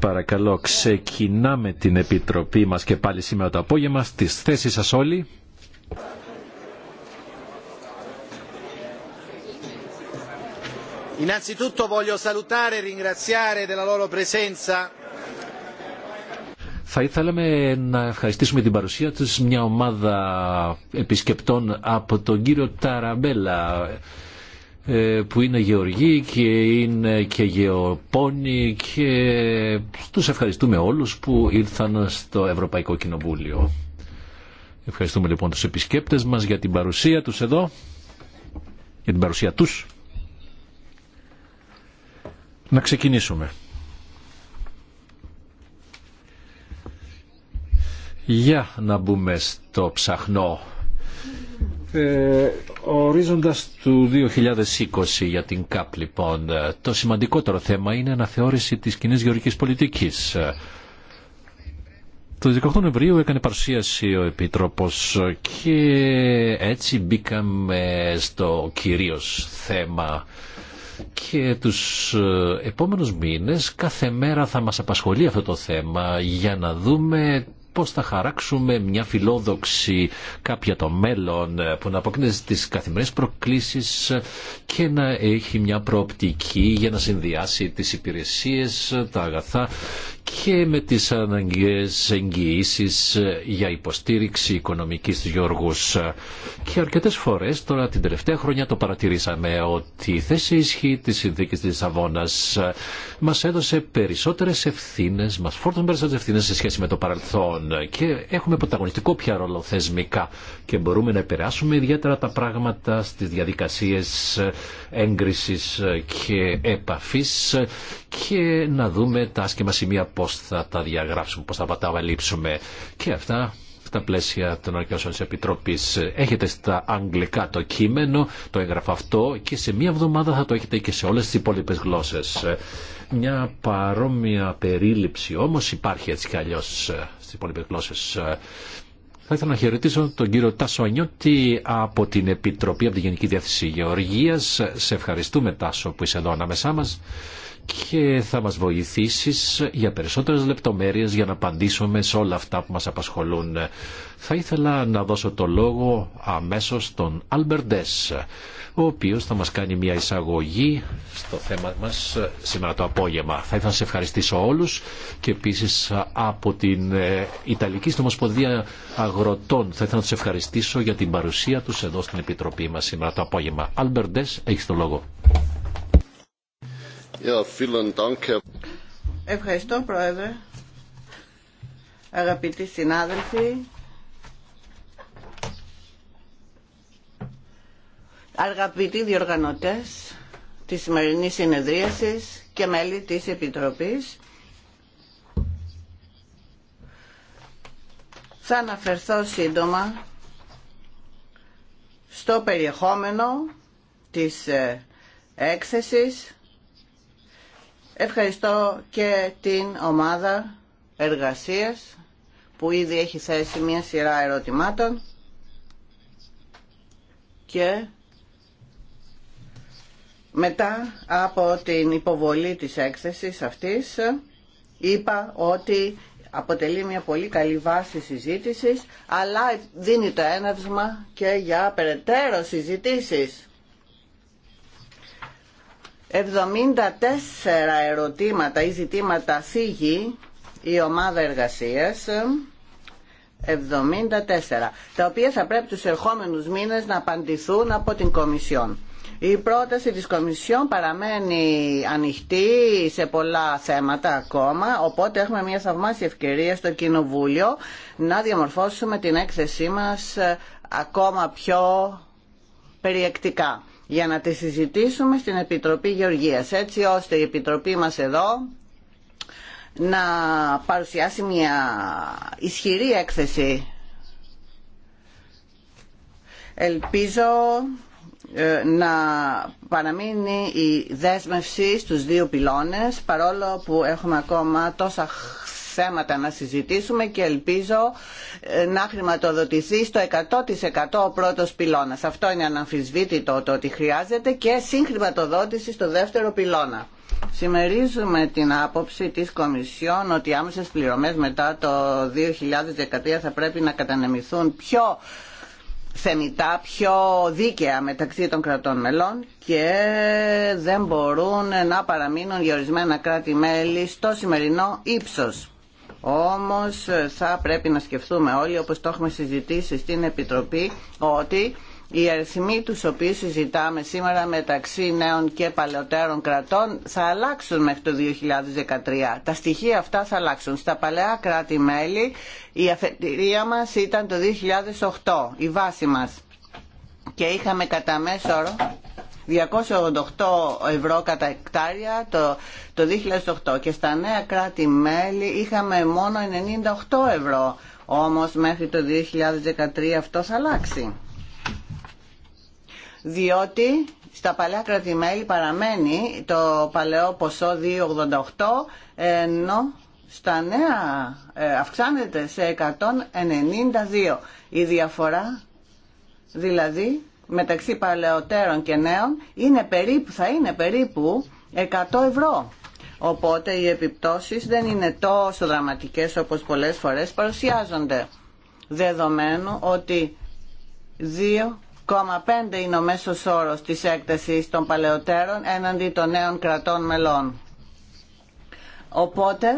Παρακαλώ, ξεκινάμε την Επιτροπή μας και πάλι σήμερα το απόγευμα στις θέσεις σας όλοι. Innanzitutto voglio salutare e ringraziare della loro presenza θα ήθελα να ευχαριστήσουμε την παρουσία τους μια ομάδα επισκεπτών από τον κύριο Ταραμπέλα, ε, που είναι γεωργοί και είναι και γεωπόνοι και τους ευχαριστούμε όλους που ήρθαν στο Ευρωπαϊκό Κοινοβούλιο. Ευχαριστούμε λοιπόν τους επισκέπτες μας για την παρουσία τους εδώ, για την παρουσία τους. Να ξεκινήσουμε. Για να μπούμε στο ψαχνό. Ε, ορίζοντας του 2020 για την ΚΑΠ λοιπόν, ε, το σημαντικότερο θέμα είναι αναθεώρηση της κοινή γεωργικής πολιτικής. Ε, το 18 Νοεμβρίου έκανε παρουσίαση ο Επίτροπος και έτσι μπήκαμε στο κυρίως θέμα και τους ε, επόμενους μήνες κάθε μέρα θα μας απασχολεί αυτό το θέμα για να δούμε πώς θα χαράξουμε μια φιλόδοξη κάποια το μέλλον ε, που να αποκνίζει τις καθημερινές προκλήσεις ε, και να έχει μια προοπτική για να συνδυάσει τις υπηρεσίες, ε, τα αγαθά και με τις αναγκαίες εγγυήσει για υποστήριξη οικονομικής του Γιώργους. Και αρκετές φορές τώρα την τελευταία χρονιά το παρατηρήσαμε ότι η θέση ισχύ της συνθήκης της Σαββόνας μας έδωσε περισσότερες ευθύνες, μας φόρτωσε περισσότερες ευθύνες σε σχέση με το παρελθόν και έχουμε πρωταγωνιστικό πια ρόλο θεσμικά και μπορούμε να επηρεάσουμε ιδιαίτερα τα πράγματα στις διαδικασίες έγκρισης και επαφής και να δούμε τα άσχημα σημεία πώς θα τα διαγράψουμε, πώς θα τα βαλείψουμε και αυτά στα πλαίσια των Αρκαιώσεων της Επιτροπής. Έχετε στα αγγλικά το κείμενο, το έγγραφα αυτό και σε μία εβδομάδα θα το έχετε και σε όλες τις υπόλοιπες γλώσσες. Μια παρόμοια περίληψη όμως υπάρχει έτσι κι αλλιώς στις ε, Θα ήθελα να χαιρετήσω τον κύριο Τάσο Ανιώτη από την Επιτροπή, από την Γενική Διάθεση Γεωργίας. Σε ευχαριστούμε Τάσο που είσαι εδώ ανάμεσά μας και θα μας βοηθήσεις για περισσότερες λεπτομέρειες για να απαντήσουμε σε όλα αυτά που μας απασχολούν. Θα ήθελα να δώσω το λόγο αμέσως στον Άλμπερντες ο οποίος θα μας κάνει μια εισαγωγή στο θέμα μας σήμερα το απόγευμα. Θα ήθελα να σε ευχαριστήσω όλους και επίσης από την ε, Ιταλική Συνομοσπονδία Αγροτών θα ήθελα να του ευχαριστήσω για την παρουσία τους εδώ στην Επιτροπή μας σήμερα το απόγευμα. Αλμπερντές, έχεις το λόγο. Ευχαριστώ Πρόεδρε, αγαπητοί συνάδελφοι, Αγαπητοί διοργανωτές της σημερινής συνεδρίασης και μέλη της Επιτροπής, θα αναφερθώ σύντομα στο περιεχόμενο της ε, έκθεσης. Ευχαριστώ και την ομάδα εργασίας που ήδη έχει θέσει μια σειρά ερωτημάτων και μετά από την υποβολή της έκθεσης αυτής είπα ότι αποτελεί μια πολύ καλή βάση συζήτησης αλλά δίνει το έναυσμα και για περαιτέρω συζητήσεις. 74 ερωτήματα ή ζητήματα θίγει η ομάδα εργασίας 74 τα οποία θα πρέπει τους ερχόμενους μήνες να απαντηθούν από την Κομισιόν. Η πρόταση της Κομισιόν παραμένει ανοιχτή σε πολλά θέματα ακόμα, οπότε έχουμε μια θαυμάσια ευκαιρία στο Κοινοβούλιο να διαμορφώσουμε την έκθεσή μας ε, ακόμα πιο περιεκτικά για να τη συζητήσουμε στην Επιτροπή Γεωργίας, έτσι ώστε η Επιτροπή μας εδώ να παρουσιάσει μια ισχυρή έκθεση. Ελπίζω ε, να παραμείνει η δέσμευση στους δύο πυλώνες παρόλο που έχουμε ακόμα τόσα θέματα να συζητήσουμε και ελπίζω ε, να χρηματοδοτηθεί στο 100% ο πρώτος πυλώνας. Αυτό είναι αναμφισβήτητο το ότι χρειάζεται και συγχρηματοδότηση στο δεύτερο πυλώνα. Σημερίζουμε την άποψη της Κομισιόν ότι οι άμεσες πληρωμές μετά το 2013 θα πρέπει να κατανεμηθούν πιο θεμητά, πιο δίκαια μεταξύ των κρατών μελών και δεν μπορούν να παραμείνουν για ορισμένα κράτη-μέλη στο σημερινό ύψος. Όμως θα πρέπει να σκεφτούμε όλοι, όπως το έχουμε συζητήσει στην Επιτροπή, ότι οι αριθμοί τους οποίους συζητάμε σήμερα μεταξύ νέων και παλαιότερων κρατών θα αλλάξουν μέχρι το 2013. Τα στοιχεία αυτά θα αλλάξουν. Στα παλαιά κράτη-μέλη η αφετηρία μας ήταν το 2008, η βάση μας. Και είχαμε κατά μέσο όρο 288 ευρώ κατά εκτάρια το, το 2008 και στα νέα κράτη-μέλη είχαμε μόνο 98 ευρώ. Όμως μέχρι το 2013 αυτό θα αλλάξει διότι στα παλιά κρατημέλη παραμένει το παλαιό ποσό 2,88 ενώ στα νέα ε, αυξάνεται σε 192. Η διαφορά δηλαδή μεταξύ παλαιότερων και νέων είναι περίπου, θα είναι περίπου 100 ευρώ. Οπότε οι επιπτώσεις δεν είναι τόσο δραματικές όπως πολλές φορές παρουσιάζονται. Δεδομένου ότι δύο είναι ο μέσος όρος της έκτασης των παλαιότερων έναντι των νέων κρατών μελών. Οπότε,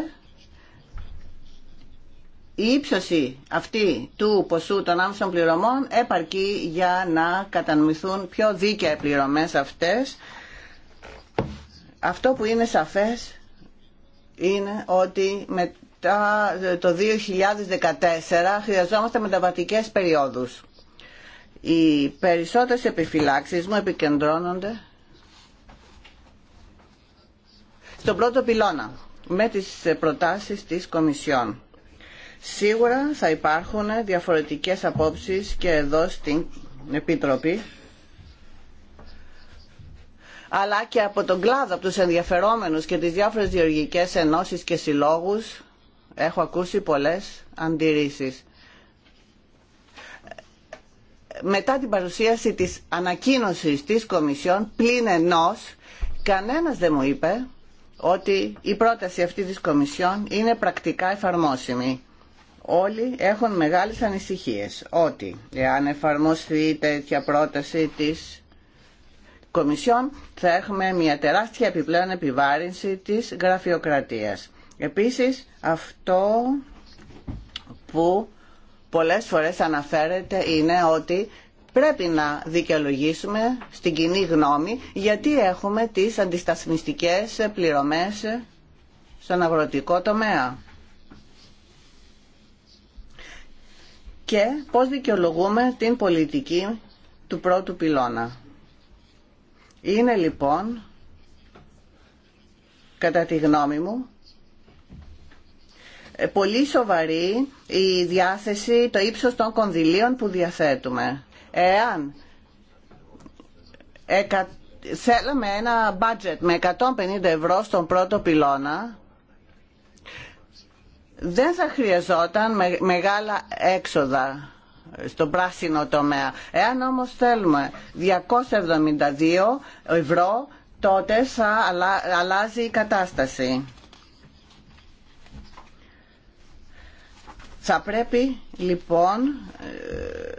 η ύψωση αυτή του ποσού των άμεσων πληρωμών επαρκεί για να κατανοηθούν πιο δίκαια οι πληρωμές αυτές. Αυτό που είναι σαφές είναι ότι μετά το 2014 χρειαζόμαστε μεταβατικές περιόδους. Οι περισσότερες επιφυλάξεις μου επικεντρώνονται στον πρώτο πυλώνα με τις προτάσεις της Κομισιόν. Σίγουρα θα υπάρχουν διαφορετικές απόψεις και εδώ στην Επιτροπή αλλά και από τον κλάδο, από τους ενδιαφερόμενους και τις διάφορες διοργικές ενώσεις και συλλόγους έχω ακούσει πολλές αντιρρήσεις μετά την παρουσίαση της ανακοίνωσης της Κομισιόν πλην ενός κανένας δεν μου είπε ότι η πρόταση αυτή της Κομισιόν είναι πρακτικά εφαρμόσιμη. Όλοι έχουν μεγάλες ανησυχίες ότι εάν εφαρμοστεί τέτοια πρόταση της Κομισιόν θα έχουμε μια τεράστια επιπλέον επιβάρυνση της γραφειοκρατίας. Επίσης αυτό που πολλές φορές αναφέρεται είναι ότι πρέπει να δικαιολογήσουμε στην κοινή γνώμη γιατί έχουμε τις αντιστασμιστικές πληρωμές στον αγροτικό τομέα. Και πώς δικαιολογούμε την πολιτική του πρώτου πυλώνα. Είναι λοιπόν, κατά τη γνώμη μου, πολύ σοβαρή η διάθεση, το ύψος των κονδυλίων που διαθέτουμε. Εάν εκα, θέλαμε ένα budget με 150 ευρώ στον πρώτο πυλώνα, δεν θα χρειαζόταν μεγάλα έξοδα στον πράσινο τομέα. Εάν όμως θέλουμε 272 ευρώ, τότε θα αλλάζει η κατάσταση. Θα πρέπει λοιπόν ε,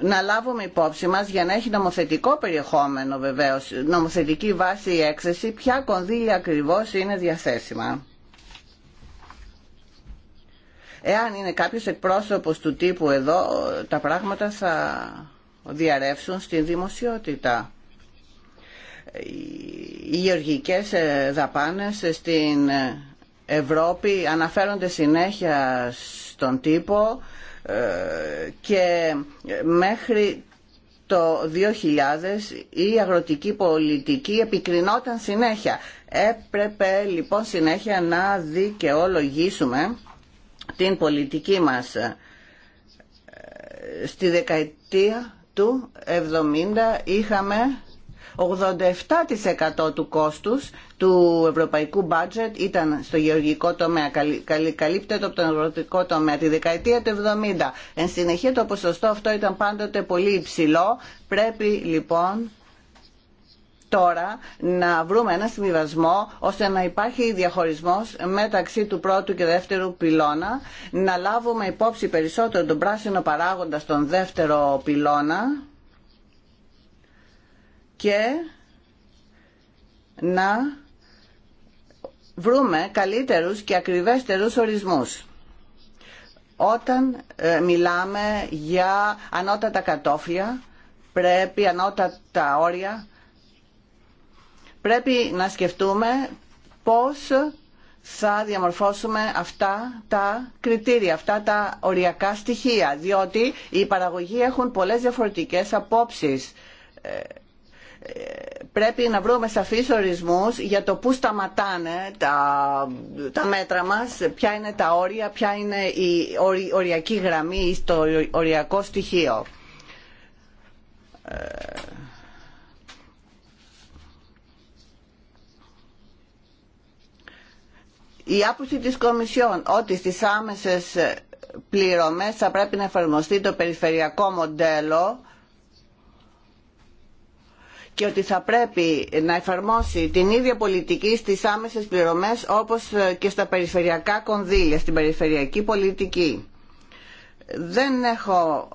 να λάβουμε υπόψη μας για να έχει νομοθετικό περιεχόμενο βεβαίως, νομοθετική βάση η έξεση, ποια κονδύλια ακριβώς είναι διαθέσιμα. Εάν είναι κάποιος εκπρόσωπος του τύπου εδώ, τα πράγματα θα διαρρεύσουν στην δημοσιότητα. Οι γεωργικές ε, δαπάνες στην ε, Ευρώπη αναφέρονται συνέχεια στον τύπο ε, και μέχρι το 2000 η αγροτική πολιτική επικρινόταν συνέχεια. Έπρεπε λοιπόν συνέχεια να δικαιολογήσουμε την πολιτική μας ε, στη δεκαετία του 70 είχαμε 87% του κόστους του ευρωπαϊκού μπάτζετ ήταν στο γεωργικό τομέα, καλύπτεται από τον αγροτικό τομέα τη δεκαετία του 70. Εν συνεχεία το ποσοστό αυτό ήταν πάντοτε πολύ υψηλό. Πρέπει λοιπόν τώρα να βρούμε ένα συμβιβασμό ώστε να υπάρχει διαχωρισμός μεταξύ του πρώτου και δεύτερου πυλώνα, να λάβουμε υπόψη περισσότερο τον πράσινο παράγοντα στον δεύτερο πυλώνα και να βρούμε καλύτερους και ακριβέστερους ορισμούς. Όταν ε, μιλάμε για ανώτατα κατόφλια, πρέπει ανώτατα όρια, πρέπει να σκεφτούμε πώς θα διαμορφώσουμε αυτά τα κριτήρια, αυτά τα οριακά στοιχεία, διότι οι παραγωγοί έχουν πολλές διαφορετικές απόψεις ε, πρέπει να βρούμε σαφείς ορισμούς για το πού σταματάνε τα, τα μέτρα μας, ποια είναι τα όρια, ποια είναι η οριακή γραμμή ή το οριακό στοιχείο. Ε, η άποψη της Κομισιόν ότι στις άμεσες πληρωμές θα πρέπει να εφαρμοστεί το περιφερειακό μοντέλο και ότι θα πρέπει να εφαρμόσει την ίδια πολιτική στις άμεσες πληρωμές όπως και στα περιφερειακά κονδύλια, στην περιφερειακή πολιτική. Δεν έχω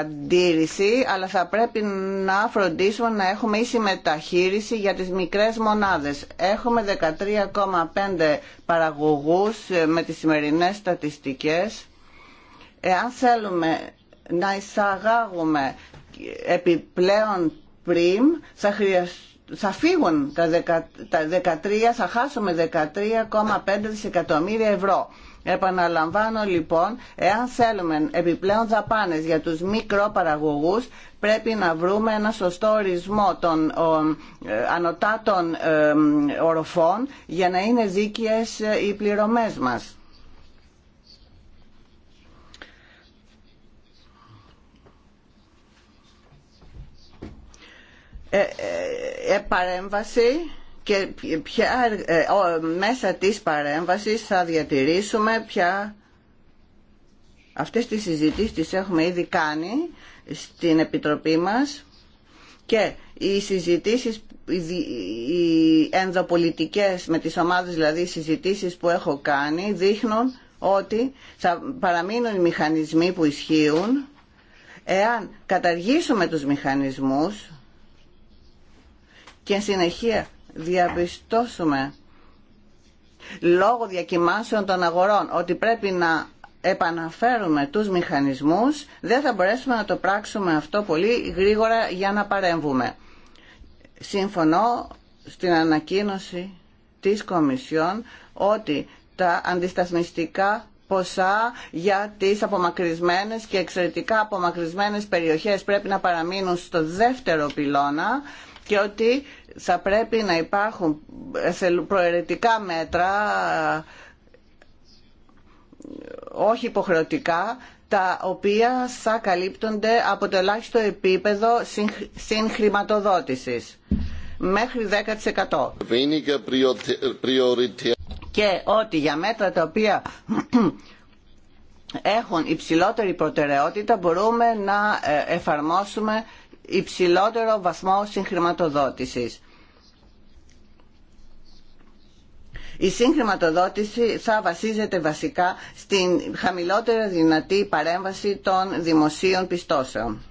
αντίρρηση, αλλά θα πρέπει να φροντίσουμε να έχουμε ίση μεταχείριση για τις μικρές μονάδες. Έχουμε 13,5 παραγωγούς με τις σημερινές στατιστικές. Εάν θέλουμε να εισαγάγουμε επιπλέον πριν, θα θα φύγουν τα 13, θα χάσουμε 13,5 δισεκατομμύρια ευρώ. Επαναλαμβάνω λοιπόν, εάν θέλουμε επιπλέον δαπάνες για τους μικροπαραγωγούς, πρέπει να βρούμε ένα σωστό ορισμό των ο, ε, ανωτάτων ε, οροφών για να είναι δίκαιες ε, οι πληρωμές μας. Ε, ε, ε, παρέμβαση και ποια, μέσα της παρέμβασης θα διατηρήσουμε πια αυτές τις συζητήσεις τις έχουμε ήδη κάνει στην Επιτροπή μας και οι συζητήσεις οι ενδοπολιτικές με τις ομάδες δηλαδή οι συζητήσεις που έχω κάνει δείχνουν ότι θα παραμείνουν οι μηχανισμοί που ισχύουν εάν καταργήσουμε τους μηχανισμούς και συνεχεία διαπιστώσουμε λόγω διακοιμάσεων των αγορών ότι πρέπει να επαναφέρουμε τους μηχανισμούς δεν θα μπορέσουμε να το πράξουμε αυτό πολύ γρήγορα για να παρέμβουμε. Σύμφωνο στην ανακοίνωση της Κομισιόν ότι τα αντισταθμιστικά ποσά για τις απομακρυσμένες και εξαιρετικά απομακρυσμένες περιοχές πρέπει να παραμείνουν στο δεύτερο πυλώνα και ότι θα πρέπει να υπάρχουν προαιρετικά μέτρα όχι υποχρεωτικά τα οποία θα καλύπτονται από το ελάχιστο επίπεδο συγχρηματοδότησης μέχρι 10%. Και ότι για μέτρα τα οποία έχουν υψηλότερη προτεραιότητα μπορούμε να ε, εφαρμόσουμε υψηλότερο βαθμό συγχρηματοδότησης. Η συγχρηματοδότηση θα βασίζεται βασικά στην χαμηλότερη δυνατή παρέμβαση των δημοσίων πιστώσεων.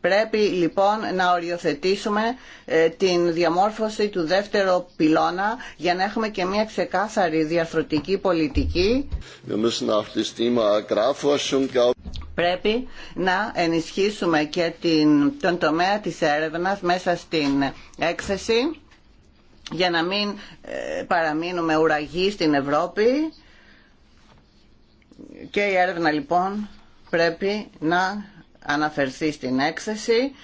Πρέπει λοιπόν να οριοθετήσουμε ε, την διαμόρφωση του δεύτερου πυλώνα για να έχουμε και μια ξεκάθαρη διαρθρωτική πολιτική. Πρέπει να ενισχύσουμε και την, τον τομέα της έρευνας μέσα στην έκθεση για να μην ε, παραμείνουμε ουραγοί στην Ευρώπη και η έρευνα λοιπόν πρέπει να αναφερθεί στην έκθεση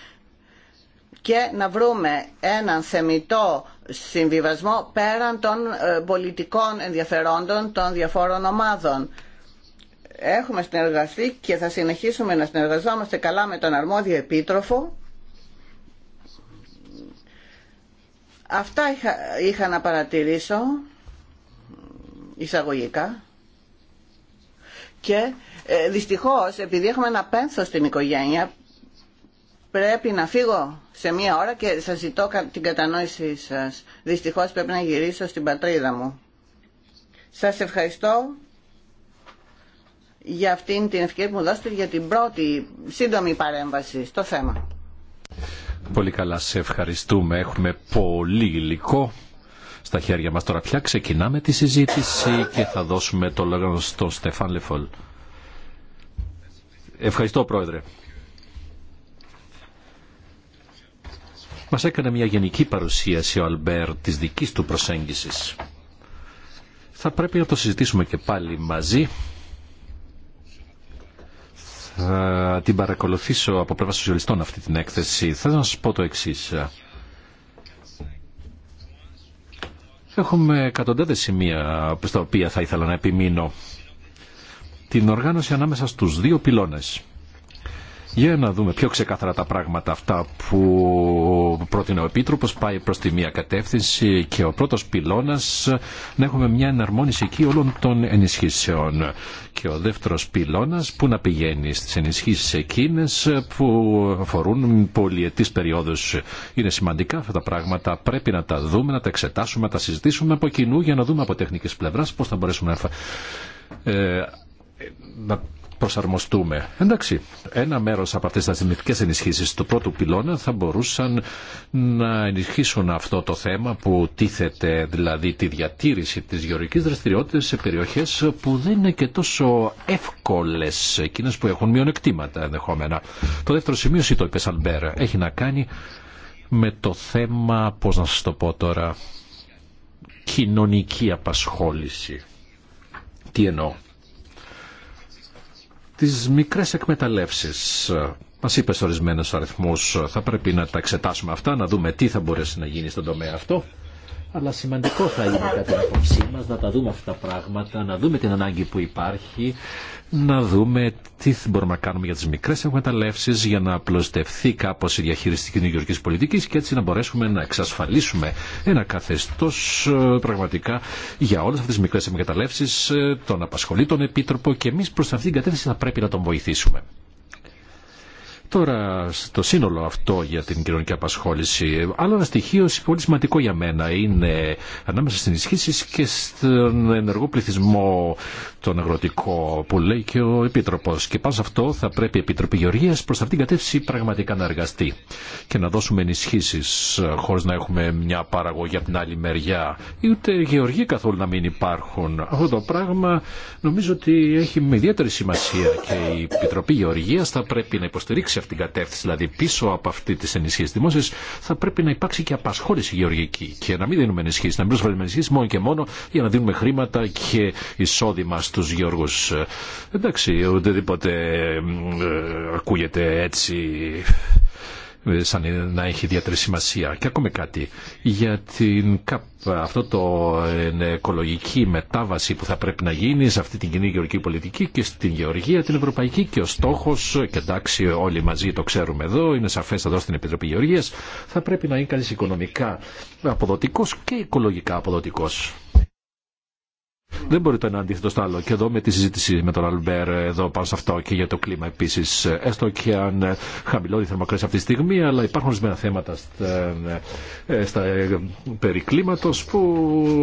και να βρούμε έναν θεμητό συμβιβασμό πέραν των ε, πολιτικών ενδιαφερόντων των διαφόρων ομάδων έχουμε συνεργαστεί και θα συνεχίσουμε να συνεργαζόμαστε καλά με τον αρμόδιο επίτροφο. Αυτά είχα, είχα να παρατηρήσω εισαγωγικά και ε, δυστυχώς επειδή έχουμε ένα πένθος στην οικογένεια πρέπει να φύγω σε μία ώρα και σας ζητώ την κατανόησή σας. Δυστυχώς πρέπει να γυρίσω στην πατρίδα μου. Σας ευχαριστώ για αυτήν την ευκαιρία που μου δώσετε για την πρώτη σύντομη παρέμβαση στο θέμα. Πολύ καλά, σε ευχαριστούμε. Έχουμε πολύ υλικό στα χέρια μας τώρα πια. Ξεκινάμε τη συζήτηση και θα δώσουμε το λόγο στον Στεφάν Λεφόλ. Ευχαριστώ, Πρόεδρε. Μας έκανε μια γενική παρουσίαση ο Αλμπέρ της δικής του προσέγγισης. Θα πρέπει να το συζητήσουμε και πάλι μαζί θα την παρακολουθήσω από πλευρά σοσιαλιστών αυτή την έκθεση. Θέλω να σας πω το εξής. Έχουμε εκατοντάδες σημεία στα οποία θα ήθελα να επιμείνω. Την οργάνωση ανάμεσα στους δύο πυλώνες. Για να δούμε πιο ξεκάθαρα τα πράγματα αυτά που πρότεινε ο Επίτροπο. πάει προς τη μία κατεύθυνση και ο πρώτος πυλώνα να έχουμε μια εναρμόνιση εκεί όλων των ενισχύσεων. Και ο δεύτερος πυλώνα που να πηγαίνει στις ενισχύσει εκείνε που αφορούν πολιετή περιόδους. Είναι σημαντικά αυτά τα πράγματα, πρέπει να τα δούμε, να τα εξετάσουμε, να τα συζητήσουμε από κοινού για να δούμε από τεχνική πλευρά πώ θα μπορέσουμε να ε, προσαρμοστούμε. Εντάξει, ένα μέρος από αυτέ τις δημιουργικές ενισχύσεις του πρώτου πυλώνα θα μπορούσαν να ενισχύσουν αυτό το θέμα που τίθεται, δηλαδή τη διατήρηση της γεωργικής δραστηριότητας σε περιοχές που δεν είναι και τόσο εύκολες, εκείνες που έχουν μειονεκτήματα ενδεχόμενα. Το δεύτερο σημείο, το είπε έχει να κάνει με το θέμα, πώς να σας το πω τώρα, κοινωνική απασχόληση. Τι εννοώ τις μικρές εκμεταλλεύσεις. μα είπε ορισμένου αριθμούς, θα πρέπει να τα εξετάσουμε αυτά, να δούμε τι θα μπορέσει να γίνει στον τομέα αυτό. Αλλά σημαντικό θα είναι κατά την απόψή μα να τα δούμε αυτά τα πράγματα, να δούμε την ανάγκη που υπάρχει, να δούμε τι μπορούμε να κάνουμε για τις μικρές εκμεταλλεύσει για να απλωστευθεί κάπω η διαχειριστική τη πολιτική πολιτικής και έτσι να μπορέσουμε να εξασφαλίσουμε ένα καθεστώ ε, πραγματικά για όλες αυτές τις μικρές εκμεταλλεύσει, ε, τον απασχολεί τον Επίτροπο και εμείς προ αυτήν την κατεύθυνση θα πρέπει να τον βοηθήσουμε. Τώρα, στο σύνολο αυτό για την κοινωνική απασχόληση, άλλο ένα στοιχείο πολύ σημαντικό για μένα είναι ανάμεσα στι ενισχύσει και στον ενεργό πληθυσμό τον αγροτικό που λέει και ο Επίτροπο. Και πάνω σε αυτό θα πρέπει η Επίτροπη Γεωργία προ αυτήν την κατεύθυνση πραγματικά να εργαστεί και να δώσουμε ενισχύσει ε, χωρί να έχουμε μια παραγωγή από την άλλη μεριά ή ούτε γεωργοί καθόλου να μην υπάρχουν. Αυτό το πράγμα νομίζω ότι έχει με ιδιαίτερη σημασία και η Επιτροπή Γεωργία θα πρέπει να υποστηρίξει αυτήν την κατεύθυνση, δηλαδή πίσω από αυτή τη ενισχύσει δημόσια θα πρέπει να υπάρξει και απασχόληση γεωργική και να μην δίνουμε ενισχύσει, να μην προσφέρουμε ενισχύσει μόνο και μόνο για να δίνουμε χρήματα και εισόδημα στου γεωργού. Ε, εντάξει, οτιδήποτε ε, ακούγεται έτσι σαν να έχει ιδιαίτερη σημασία. Και ακόμα κάτι για την ΚΑΠ, αυτό το ε, ναι, οικολογική μετάβαση που θα πρέπει να γίνει σε αυτή την κοινή γεωργική πολιτική και στην γεωργία την ευρωπαϊκή και ο στόχος, και εντάξει όλοι μαζί το ξέρουμε εδώ, είναι σαφές εδώ στην Επιτροπή Γεωργίας, θα πρέπει να είναι κανείς οικονομικά αποδοτικός και οικολογικά αποδοτικός. Δεν μπορεί το ένα αντίθετο στο άλλο. Και εδώ με τη συζήτηση με τον Αλμπέρ εδώ πάνω σε αυτό και για το κλίμα επίση. Έστω και αν χαμηλώνει η θερμοκρασία αυτή τη στιγμή, αλλά υπάρχουν ορισμένα θέματα στα, ε, στα ε, περί κλίματο που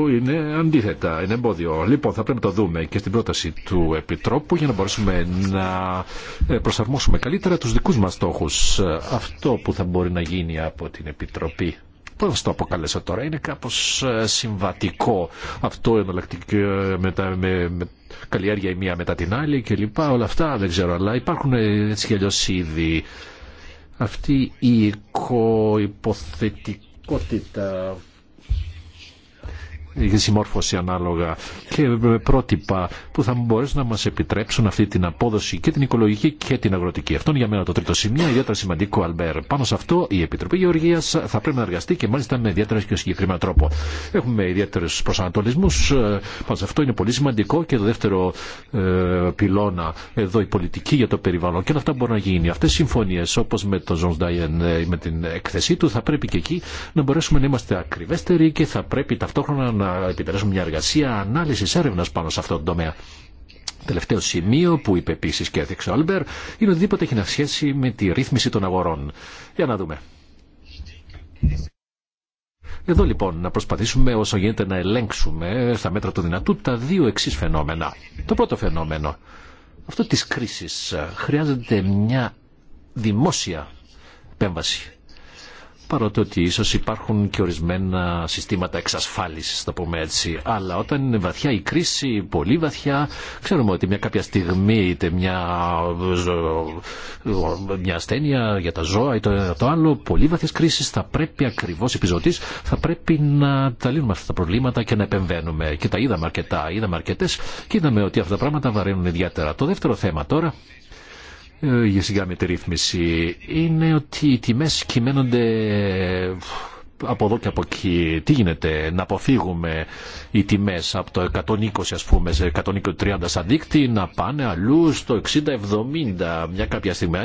είναι αντίθετα, είναι εμπόδιο. Λοιπόν, θα πρέπει να το δούμε και στην πρόταση του Επιτρόπου για να μπορέσουμε να ε, προσαρμόσουμε καλύτερα του δικού μα στόχου. Αυτό που θα μπορεί να γίνει από την Επιτροπή. Πώς το αποκαλέσω τώρα, είναι κάπως ε, συμβατικό αυτό εναλλακτική ε, με, με, καλλιέργεια η μία μετά την άλλη και λοιπά, όλα αυτά δεν ξέρω, αλλά υπάρχουν ε, έτσι κι ήδη αυτή η οικοποθετικότητα συμμόρφωση ανάλογα και πρότυπα που θα μπορέσουν να μας επιτρέψουν αυτή την απόδοση και την οικολογική και την αγροτική. Αυτό είναι για μένα το τρίτο σημείο, ιδιαίτερα σημαντικό, Αλμπέρ. Πάνω σε αυτό η Επιτροπή Γεωργίας θα πρέπει να εργαστεί και μάλιστα με ιδιαίτερο και συγκεκριμένο τρόπο. Έχουμε ιδιαίτερου προσανατολισμού. Ε, πάνω σε αυτό είναι πολύ σημαντικό και το δεύτερο ε, πυλώνα εδώ η πολιτική για το περιβάλλον. Και όλα αυτά μπορούν να γίνει. Αυτέ οι συμφωνίε όπω με τον Ζον Ντάιεν με την έκθεσή του θα πρέπει και εκεί να μπορέσουμε να είμαστε ακριβέστεροι και θα πρέπει ταυτόχρονα να να επιτελέσουμε μια εργασία ανάλυση έρευνα πάνω σε αυτό το τομέα. Τελευταίο σημείο που είπε επίση και έδειξε ο Άλμπερ είναι οτιδήποτε έχει να σχέση με τη ρύθμιση των αγορών. Για να δούμε. Εδώ λοιπόν να προσπαθήσουμε όσο γίνεται να ελέγξουμε στα μέτρα του δυνατού τα δύο εξή φαινόμενα. Το πρώτο φαινόμενο, αυτό της κρίσης, χρειάζεται μια δημόσια επέμβαση παρότι ότι ίσως υπάρχουν και ορισμένα συστήματα εξασφάλισης, το πούμε έτσι. Αλλά όταν είναι βαθιά η κρίση, πολύ βαθιά, ξέρουμε ότι μια κάποια στιγμή είτε μια, μια ασθένεια για τα ζώα ή το, άλλο, πολύ βαθιές κρίσεις θα πρέπει ακριβώς επιζωτής, θα πρέπει να τα λύνουμε αυτά τα προβλήματα και να επεμβαίνουμε. Και τα είδαμε αρκετά, είδαμε αρκετές και είδαμε ότι αυτά τα πράγματα βαραίνουν ιδιαίτερα. Το δεύτερο θέμα τώρα ε, για σιγά ρύθμιση είναι ότι οι τιμές κυμαίνονται από εδώ και από εκεί. Τι γίνεται, να αποφύγουμε οι τιμέ από το 120 ας πούμε σε 130 σαν δίκτυ να πάνε αλλού στο 60-70 μια κάποια στιγμή,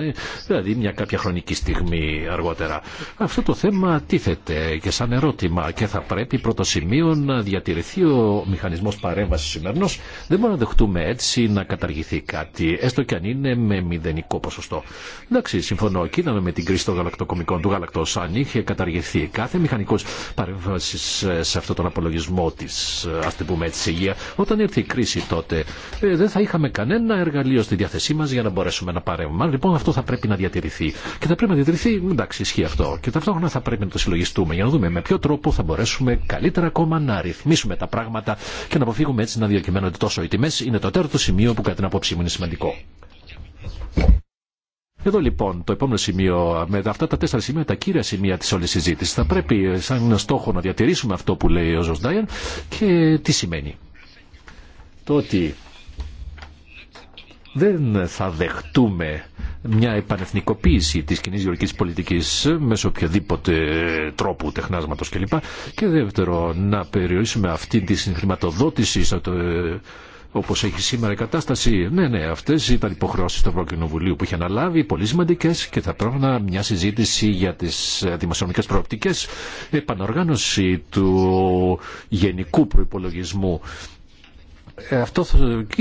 δηλαδή μια κάποια χρονική στιγμή αργότερα. Αυτό το θέμα τίθεται και σαν ερώτημα και θα πρέπει πρώτο σημείο να διατηρηθεί ο μηχανισμό παρέμβαση σημερινό. Δεν μπορούμε να δεχτούμε έτσι να καταργηθεί κάτι, έστω και αν είναι με μηδενικό ποσοστό. Εντάξει, συμφωνώ κοίταμε με την κρίση των γαλακτοκομικών του Γαλακτό, αν είχε καταργηθεί κάθε μηχανικό παρέμβαση σε αυτόν τον απολογισμό τη. Α ε, την πούμε έτσι, υγεία. Όταν ήρθε η κρίση τότε ε, δεν θα είχαμε κανένα εργαλείο στη διάθεσή μα για να μπορέσουμε να παρέμβουμε. Λοιπόν αυτό θα πρέπει να διατηρηθεί. Και θα πρέπει να διατηρηθεί, εντάξει ισχύει αυτό. Και ταυτόχρονα θα πρέπει να το συλλογιστούμε για να δούμε με ποιο τρόπο θα μπορέσουμε καλύτερα ακόμα να ρυθμίσουμε τα πράγματα και να αποφύγουμε έτσι να διακυμαίνονται τόσο οι τιμέ. Είναι το τέταρτο σημείο που κατά την απόψη μου είναι σημαντικό. Εδώ λοιπόν το επόμενο σημείο, με αυτά τα τέσσερα σημεία, τα κύρια σημεία τη όλη συζήτηση, θα πρέπει ε, σαν στόχο να διατηρήσουμε αυτό που λέει ο Ζωσντάιερ και τι σημαίνει. Το ότι δεν θα δεχτούμε μια επανεθνικοποίηση της κοινή γεωργικής πολιτικής μέσω οποιοδήποτε ε, τρόπου τεχνάσματος κλπ. Και δεύτερο, να περιορίσουμε αυτή τη συγχρηματοδότηση στο ε, Όπω έχει σήμερα η κατάσταση. Ναι, ναι, αυτές ήταν υποχρεώσει του Ευρωκοινοβουλίου που είχε αναλάβει, πολύ σημαντικέ και θα πρόβλημα μια συζήτηση για τις ε, δημοσιονομικές προοπτικές, επανοργάνωση του γενικού προϋπολογισμού ε, αυτό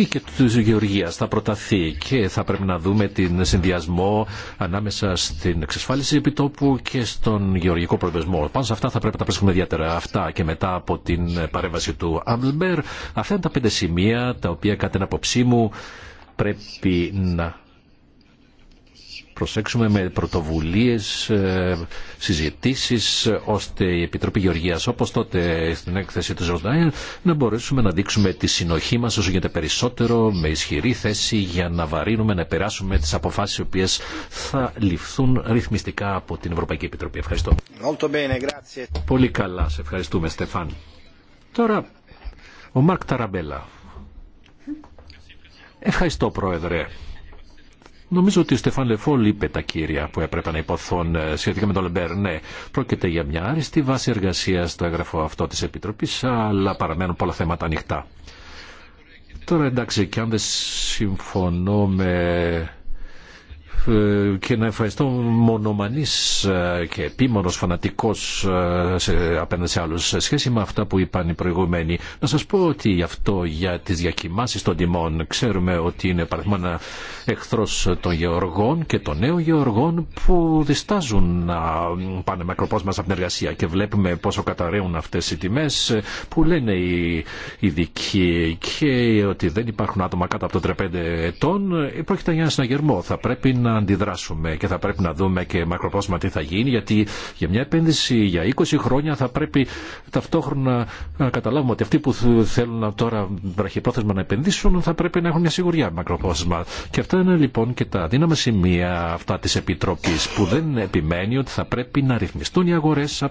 και τη γεωργίας θα προταθεί και θα πρέπει να δούμε την συνδυασμό ανάμεσα στην εξασφάλιση επιτόπου και στον γεωργικό προβλεσμό. Πάνω σε αυτά θα πρέπει να πρέσουμε ιδιαίτερα αυτά και μετά από την παρέμβαση του Άμπλμπερ. Αυτά είναι τα πέντε σημεία τα οποία κατά την απόψή μου πρέπει να προσέξουμε με πρωτοβουλίες, ε, συζητήσεις, ώστε η Επιτροπή Γεωργίας, όπως τότε στην έκθεση του Ζορντάιν, να μπορέσουμε να δείξουμε τη συνοχή μας όσο γίνεται περισσότερο, με ισχυρή θέση για να βαρύνουμε, να περάσουμε τις αποφάσεις οι οποίες θα ληφθούν ρυθμιστικά από την Ευρωπαϊκή Επιτροπή. Ευχαριστώ. Πολύ καλά. Σε ευχαριστούμε, Στεφάν. Τώρα, ο Μάρκ Ταραμπέλα. Ευχαριστώ, Πρόεδρε. Νομίζω ότι ο Στεφάν Λεφόλ είπε τα κύρια που έπρεπε να υποθούν ε, σχετικά με τον Λεμπέρ. Ναι, πρόκειται για μια άριστη βάση εργασία στο έγγραφο αυτό τη Επιτροπή, αλλά παραμένουν πολλά θέματα ανοιχτά. Τώρα εντάξει, και αν δεν συμφωνώ με ε, και να ευχαριστώ μονομανής ε, και επίμονος φανατικός ε, απέναντι σε άλλους σε σχέση με αυτά που είπαν οι προηγουμένοι. Να σας πω ότι γι' αυτό για τις διακοιμάσεις των τιμών ξέρουμε ότι είναι παραδείγμα εχθρός των γεωργών και των νέων γεωργών που διστάζουν να πάνε μακροπρόθεσμα από την εργασία και βλέπουμε πόσο καταραίουν αυτές οι τιμές που λένε οι ειδικοί και ότι δεν υπάρχουν άτομα κάτω από το 35 ετών. Πρόκειται για ένα συναγερμό. Θα πρέπει να να αντιδράσουμε και θα πρέπει να δούμε και μακροπρόθεσμα τι θα γίνει γιατί για μια επένδυση για 20 χρόνια θα πρέπει ταυτόχρονα να καταλάβουμε ότι αυτοί που θέλουν τώρα βραχυπρόθεσμα να επενδύσουν θα πρέπει να έχουν μια σιγουριά μακροπρόθεσμα. Και αυτά είναι λοιπόν και τα δύναμα σημεία αυτά της Επιτροπής που δεν επιμένει ότι θα πρέπει να ρυθμιστούν οι αγορές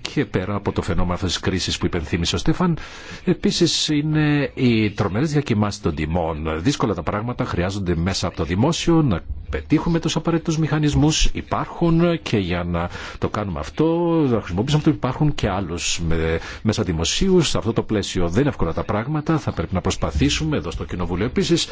και πέρα από το φαινόμενο αυτής της κρίσης που υπενθύμησε ο Στέφαν, επίσης είναι οι τρομερές διακοιμάσει των τιμών. Δύσκολα τα πράγματα χρειάζονται μέσα από το δημόσιο να πετύχουμε του απαραίτητους μηχανισμούς. Υπάρχουν και για να το κάνουμε αυτό, να χρησιμοποιήσουμε ότι υπάρχουν και άλλου μέσα δημοσίου. Σε αυτό το πλαίσιο δεν είναι εύκολα τα πράγματα. Θα πρέπει να προσπαθήσουμε εδώ στο Κοινοβούλιο επίση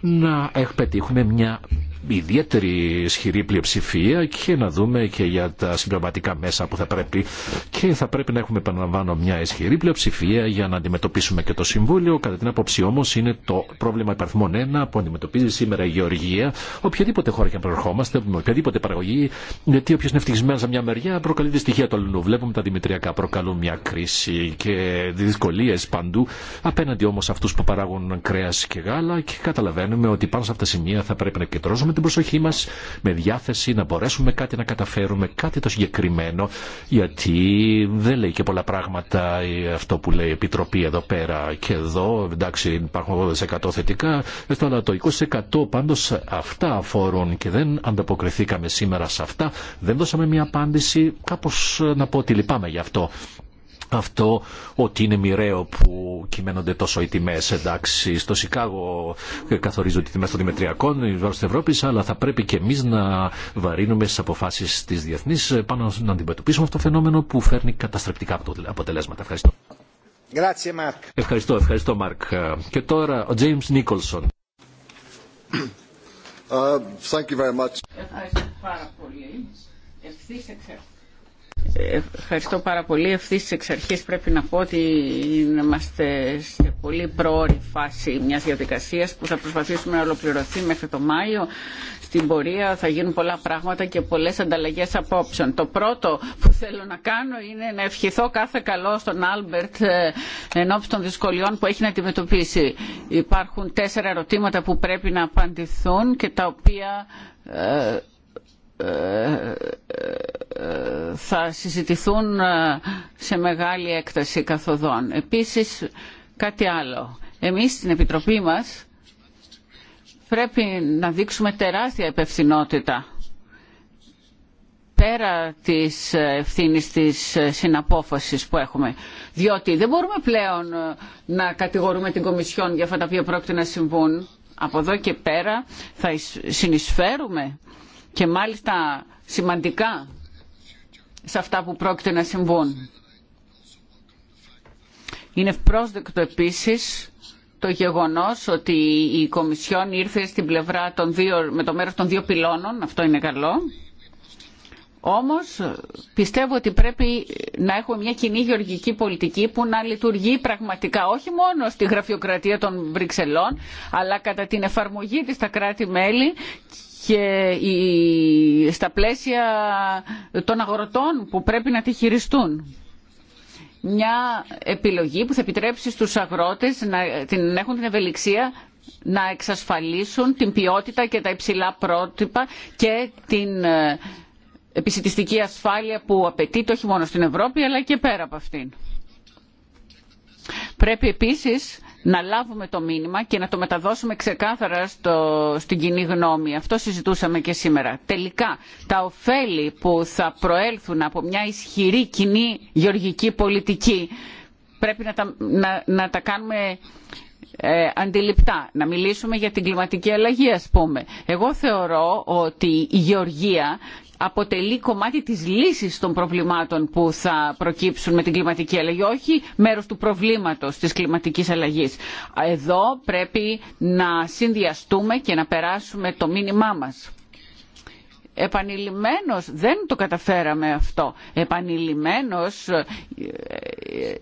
να πετύχουμε μια ιδιαίτερη ισχυρή πλειοψηφία και να δούμε και για τα συμπληρωματικά μέσα που θα πρέπει και θα πρέπει να έχουμε επαναλαμβάνω μια ισχυρή πλειοψηφία για να αντιμετωπίσουμε και το Συμβούλιο. Κατά την άποψη όμω είναι το πρόβλημα υπαριθμών 1 που αντιμετωπίζει σήμερα η Γεωργία, οποιαδήποτε χώρα και αν προερχόμαστε, με οποιαδήποτε παραγωγή, γιατί όποιο είναι ευτυχισμένο σε μια μεριά προκαλεί δυστυχία του αλλού. Βλέπουμε τα δημητριακά προκαλούν μια κρίση και δυσκολίε παντού απέναντι όμω αυτού που παράγουν κρέα και γάλα και καταλαβαίνουμε ότι πάνω σε αυτά τα σημεία θα πρέπει να κεντρώσουμε την προσοχή μας, με διάθεση να μπορέσουμε κάτι να καταφέρουμε, κάτι το συγκεκριμένο, γιατί δεν λέει και πολλά πράγματα αυτό που λέει η Επιτροπή εδώ πέρα και εδώ, εντάξει υπάρχουν 80% θετικά, αλλά το 20% πάντως αυτά αφορούν και δεν ανταποκριθήκαμε σήμερα σε αυτά, δεν δώσαμε μια απάντηση, κάπω να πω ότι λυπάμαι γι' αυτό αυτό ότι είναι μοιραίο που κυμαίνονται τόσο οι τιμέ. Εντάξει, στο Σικάγο καθορίζονται οι τιμέ των Δημητριακών, οι βάρο τη Ευρώπη, αλλά θα πρέπει και εμεί να βαρύνουμε στι αποφάσει τη διεθνή πάνω να αντιμετωπίσουμε αυτό το φαινόμενο που φέρνει καταστρεπτικά αποτελέσματα. Ευχαριστώ. Ευχαριστώ, ευχαριστώ Μάρκ. Και τώρα ο Τζέιμ Νίκολσον. Uh, thank you very much. Ευχαριστώ πάρα πολύ. Ευχαριστώ. Ευχαριστώ πάρα πολύ. Ευθύ εξ αρχή πρέπει να πω ότι είμαστε σε πολύ προώρη φάση μια διαδικασία που θα προσπαθήσουμε να ολοκληρωθεί μέχρι το Μάιο. Στην πορεία θα γίνουν πολλά πράγματα και πολλέ ανταλλαγέ απόψεων. Το πρώτο που θέλω να κάνω είναι να ευχηθώ κάθε καλό στον Άλμπερτ ε, εν ώψη των δυσκολιών που έχει να αντιμετωπίσει. Υπάρχουν τέσσερα ερωτήματα που πρέπει να απαντηθούν και τα οποία ε, θα συζητηθούν ε, σε μεγάλη έκταση καθοδόν. Επίσης κάτι άλλο. Εμείς στην Επιτροπή μας πρέπει να δείξουμε τεράστια υπευθυνότητα πέρα της ευθύνης της ε, συναπόφασης που έχουμε. Διότι δεν μπορούμε πλέον ε, να κατηγορούμε την Κομισιόν για αυτά τα οποία πρόκειται να συμβούν. Από εδώ και πέρα θα συνεισφέρουμε και μάλιστα σημαντικά σε αυτά που πρόκειται να συμβούν. Είναι ευπρόσδεκτο επίσης το γεγονός ότι η Κομισιόν ήρθε στην πλευρά των δύο, με το μέρος των δύο πυλώνων, αυτό είναι καλό. Όμως πιστεύω ότι πρέπει να έχουμε μια κοινή γεωργική πολιτική που να λειτουργεί πραγματικά όχι μόνο στη γραφειοκρατία των Βρυξελών αλλά κατά την εφαρμογή της στα κράτη-μέλη και στα πλαίσια των αγροτών που πρέπει να τη χειριστούν. Μια επιλογή που θα επιτρέψει στους αγρότες να, την, έχουν την ευελιξία να εξασφαλίσουν την ποιότητα και τα υψηλά πρότυπα και την ε, επισητιστική ασφάλεια που απαιτείται όχι μόνο στην Ευρώπη αλλά και πέρα από αυτήν. Πρέπει επίσης να λάβουμε το μήνυμα και να το μεταδώσουμε ξεκάθαρα στην κοινή γνώμη. Αυτό συζητούσαμε και σήμερα. Τελικά, τα ωφέλη που θα προέλθουν από μια ισχυρή κοινή γεωργική πολιτική πρέπει να τα, να, τα κάνουμε ε, αντιληπτά. Να μιλήσουμε για την κλιματική αλλαγή, ας πούμε. Εγώ θεωρώ ότι η γεωργία αποτελεί κομμάτι της λύσης των προβλημάτων που θα προκύψουν με την κλιματική αλλαγή, όχι μέρος του προβλήματος της κλιματικής αλλαγής. Εδώ πρέπει να συνδυαστούμε και να περάσουμε το μήνυμά μας. Επανειλημμένος δεν το καταφέραμε αυτό. Επανειλημμένος ε,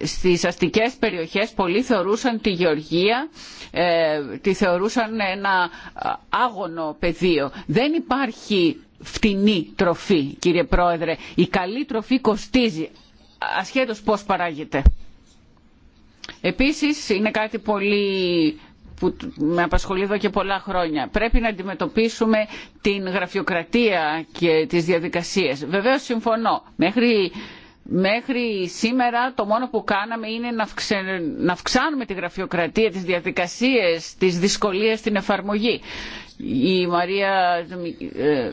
στις αστικές περιοχές πολλοί θεωρούσαν τη γεωργία, ε, τη θεωρούσαν ένα ε, άγωνο πεδίο. Δεν υπάρχει φτηνή τροφή κύριε πρόεδρε. Η καλή τροφή κοστίζει ασχέτως πώς παράγεται. Επίσης είναι κάτι πολύ που με απασχολεί εδώ και πολλά χρόνια. Πρέπει να αντιμετωπίσουμε την γραφειοκρατία και τις διαδικασίες. Βεβαίως συμφωνώ. Μέχρι, μέχρι σήμερα το μόνο που κάναμε είναι να, να αυξάνουμε τη γραφειοκρατία, τις διαδικασίες, τις δυσκολίες στην εφαρμογή. Η Μαρία ε,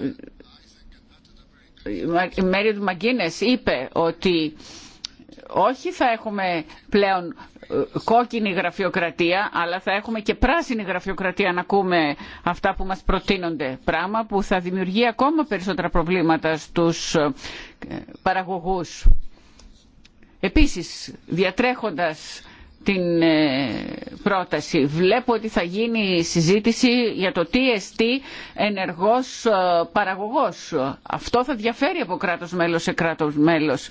η Μέριτ Μαγκίνες είπε ότι όχι θα έχουμε πλέον ε, κόκκινη γραφειοκρατία αλλά θα έχουμε και πράσινη γραφειοκρατία να ακούμε αυτά που μας προτείνονται πράγμα που θα δημιουργεί ακόμα περισσότερα προβλήματα στους ε, παραγωγούς. Επίσης διατρέχοντας την ε, πρόταση. Βλέπω ότι θα γίνει συζήτηση για το τι εστί ενεργός ε, παραγωγός. Αυτό θα διαφέρει από κράτος μέλος σε κράτος μέλος.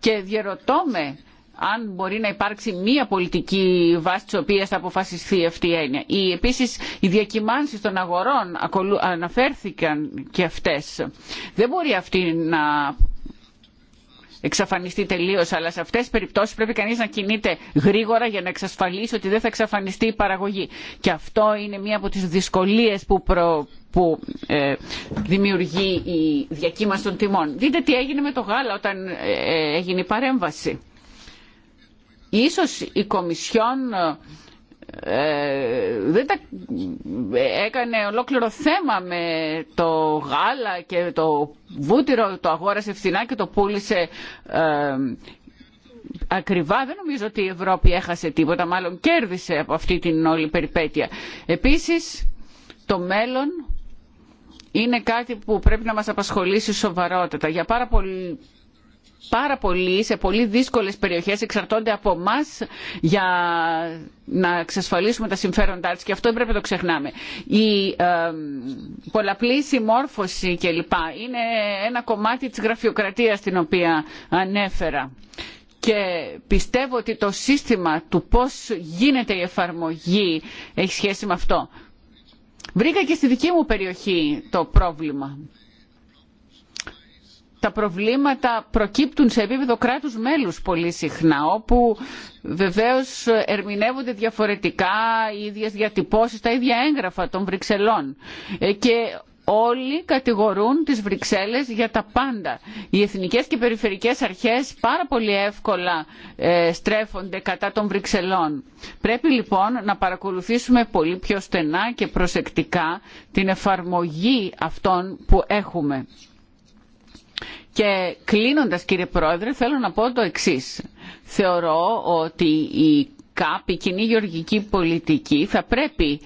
Και διαρωτώ με αν μπορεί να υπάρξει μία πολιτική βάση της οποία θα αποφασιστεί αυτή η έννοια. Οι, επίσης οι διακυμάνσεις των αγορών αναφέρθηκαν και αυτές. Δεν μπορεί αυτή να εξαφανιστεί τελείω, αλλά σε αυτές τις περιπτώσεις πρέπει κανείς να κινείται γρήγορα για να εξασφαλίσει ότι δεν θα εξαφανιστεί η παραγωγή. Και αυτό είναι μία από τις δυσκολίες που, που ε, δημιουργεί η διακύμαση των τιμών. Δείτε τι έγινε με το γάλα όταν ε, ε, έγινε η παρέμβαση. Ίσως η Κομισιόν ε, δεν έκανε ολόκληρο θέμα με το γάλα και το βούτυρο το αγόρασε φθηνά και το πούλησε ε, ακριβά. Δεν νομίζω ότι η Ευρώπη έχασε τίποτα, μάλλον κέρδισε από αυτή την όλη περιπέτεια. Επίσης, το μέλλον είναι κάτι που πρέπει να μας απασχολήσει σοβαρότατα. Για πάρα πολύ, πάρα πολύ σε πολύ δύσκολες περιοχές, εξαρτώνται από εμά για να εξασφαλίσουμε τα συμφέροντά τους και αυτό δεν πρέπει να το ξεχνάμε. Η ε, πολλαπλή συμμόρφωση κλπ. είναι ένα κομμάτι της γραφειοκρατίας την οποία ανέφερα και πιστεύω ότι το σύστημα του πώς γίνεται η εφαρμογή έχει σχέση με αυτό. Βρήκα και στη δική μου περιοχή το πρόβλημα τα προβλήματα προκύπτουν σε επίπεδο κράτους μέλους πολύ συχνά, όπου βεβαίως ερμηνεύονται διαφορετικά οι ίδιες διατυπώσεις, τα ίδια έγγραφα των Βρυξελών. Ε, και όλοι κατηγορούν τις βρυξέλλες για τα πάντα. οι εθνικές και περιφερειακές αρχές πάρα πολύ εύκολα ε, στρέφονται κατά των βρυξελών. πρέπει λοιπόν να παρακολουθήσουμε πολύ πιο στενά και προσεκτικά την εφαρμογή αυτών που έχουμε. Και κλείνοντας κύριε Πρόεδρε θέλω να πω το εξής. Θεωρώ ότι η ΚΑΠ, η κοινή γεωργική πολιτική, θα πρέπει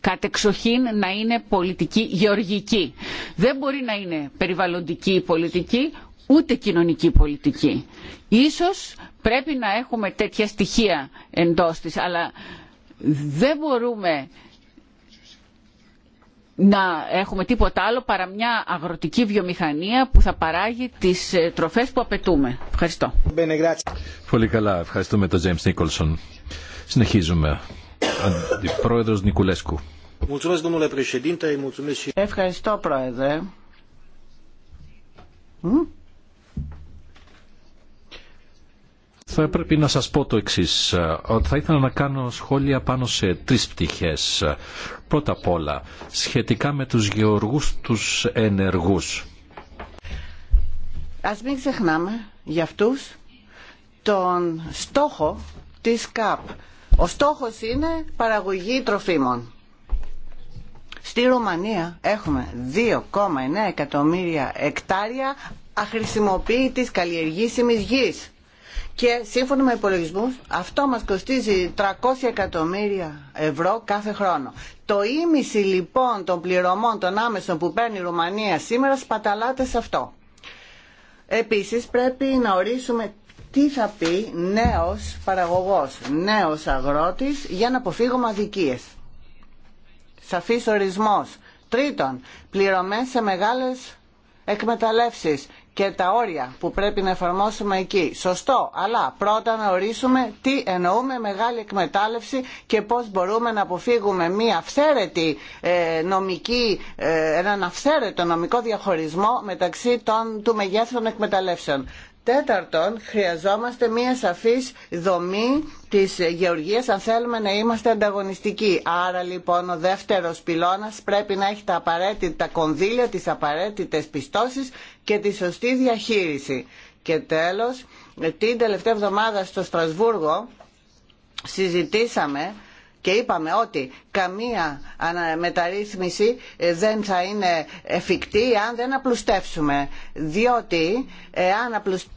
κατεξοχήν να είναι πολιτική γεωργική. Δεν μπορεί να είναι περιβαλλοντική πολιτική, ούτε κοινωνική πολιτική. Ίσως πρέπει να έχουμε τέτοια στοιχεία εντός της, αλλά δεν μπορούμε να έχουμε τίποτα άλλο παρά μια αγροτική βιομηχανία που θα παράγει τις ε, τροφές που απαιτούμε. Ευχαριστώ. Πολύ καλά. Ευχαριστούμε τον James Νίκολσον. Συνεχίζουμε. Αντιπρόεδρος Νικουλέσκου. Ευχαριστώ πρόεδρε. Θα έπρεπε να σας πω το εξής, ότι ε, θα ήθελα να κάνω σχόλια πάνω σε τρεις πτυχές. Πρώτα απ' όλα, σχετικά με τους γεωργούς τους ενεργούς. Ας μην ξεχνάμε για αυτούς τον στόχο της ΚΑΠ. Ο στόχος είναι παραγωγή τροφίμων. Στη Ρουμανία έχουμε 2,9 εκατομμύρια εκτάρια αχρησιμοποιητής καλλιεργήσιμης γης και σύμφωνα με υπολογισμούς αυτό μας κοστίζει 300 εκατομμύρια ευρώ κάθε χρόνο. Το ίμιση λοιπόν των πληρωμών των άμεσων που παίρνει η Ρουμανία σήμερα σπαταλάται σε αυτό. Επίσης πρέπει να ορίσουμε τι θα πει νέος παραγωγός, νέος αγρότης για να αποφύγουμε αδικίες. Σαφής ορισμός. Τρίτον, πληρωμές σε μεγάλες εκμεταλλεύσεις και τα όρια που πρέπει να εφαρμόσουμε εκεί. Σωστό, αλλά πρώτα να ορίσουμε τι εννοούμε μεγάλη εκμετάλλευση και πώς μπορούμε να αποφύγουμε μια αυθαίρετη ε, νομική, ε, έναν αυθαίρετο νομικό διαχωρισμό μεταξύ των, του μεγέθων εκμεταλλεύσεων. Τέταρτον, χρειαζόμαστε μία σαφής δομή της γεωργίας αν θέλουμε να είμαστε ανταγωνιστικοί. Άρα λοιπόν ο δεύτερος πυλώνας πρέπει να έχει τα απαραίτητα κονδύλια, τις απαραίτητες πιστώσεις και τη σωστή διαχείριση. Και τέλος, την τελευταία εβδομάδα στο Στρασβούργο συζητήσαμε και είπαμε ότι καμία μεταρρύθμιση ε, δεν θα είναι εφικτή αν δεν απλουστεύσουμε. Διότι αν απλουστεύσουμε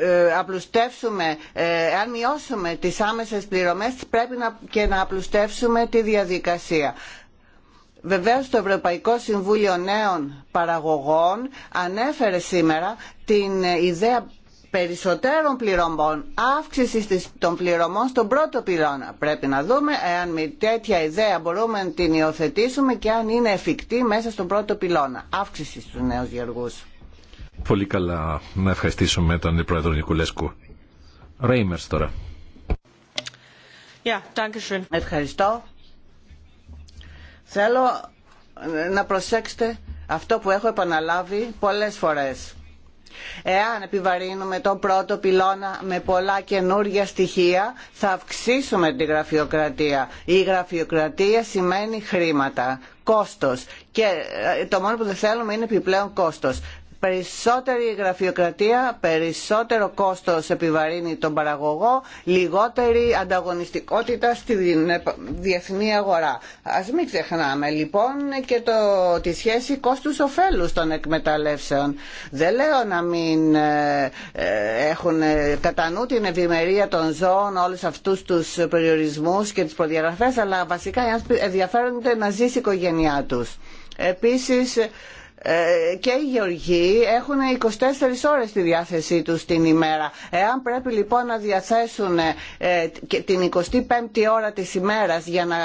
ε, απλουστεύσουμε, ε, αν μειώσουμε τις άμεσες πληρωμές πρέπει να, και να απλουστεύσουμε τη διαδικασία. Βεβαίως το Ευρωπαϊκό Συμβούλιο Νέων Παραγωγών ανέφερε σήμερα την ε, ιδέα περισσότερων πληρωμών, αύξηση των πληρωμών στον πρώτο πυλώνα. Πρέπει να δούμε εάν με τέτοια ιδέα μπορούμε να την υιοθετήσουμε και αν είναι εφικτή μέσα στον πρώτο πυλώνα. Αύξηση στους νέους γεργούς. Πολύ καλά. Να ευχαριστήσουμε τον πρόεδρο Νικουλέσκου. Ρέιμερς τώρα. Ευχαριστώ. Θέλω να προσέξετε αυτό που έχω επαναλάβει πολλές φορές. Εάν επιβαρύνουμε τον πρώτο πυλώνα με πολλά καινούργια στοιχεία, θα αυξήσουμε τη γραφειοκρατία. Η γραφειοκρατία σημαίνει χρήματα, κόστος. Και ε, το μόνο που δεν θέλουμε είναι επιπλέον κόστος περισσότερη γραφειοκρατία, περισσότερο κόστος επιβαρύνει τον παραγωγό, λιγότερη ανταγωνιστικότητα στη διεθνή αγορά. Ας μην ξεχνάμε λοιπόν και το, τη σχέση κόστους-οφέλους των εκμεταλλεύσεων. Δεν λέω να μην ε, ε, έχουν ε, κατά νου την ευημερία των ζώων όλους αυτούς τους περιορισμούς και τις προδιαγραφές, αλλά βασικά ενδιαφέρονται να ζήσει η οικογένειά τους. Επίσης, ε, και οι γεωργοί έχουν 24 ώρες στη διάθεσή τους την ημέρα. Εάν πρέπει λοιπόν να διαθέσουν ε, την 25η ώρα της ημέρας για να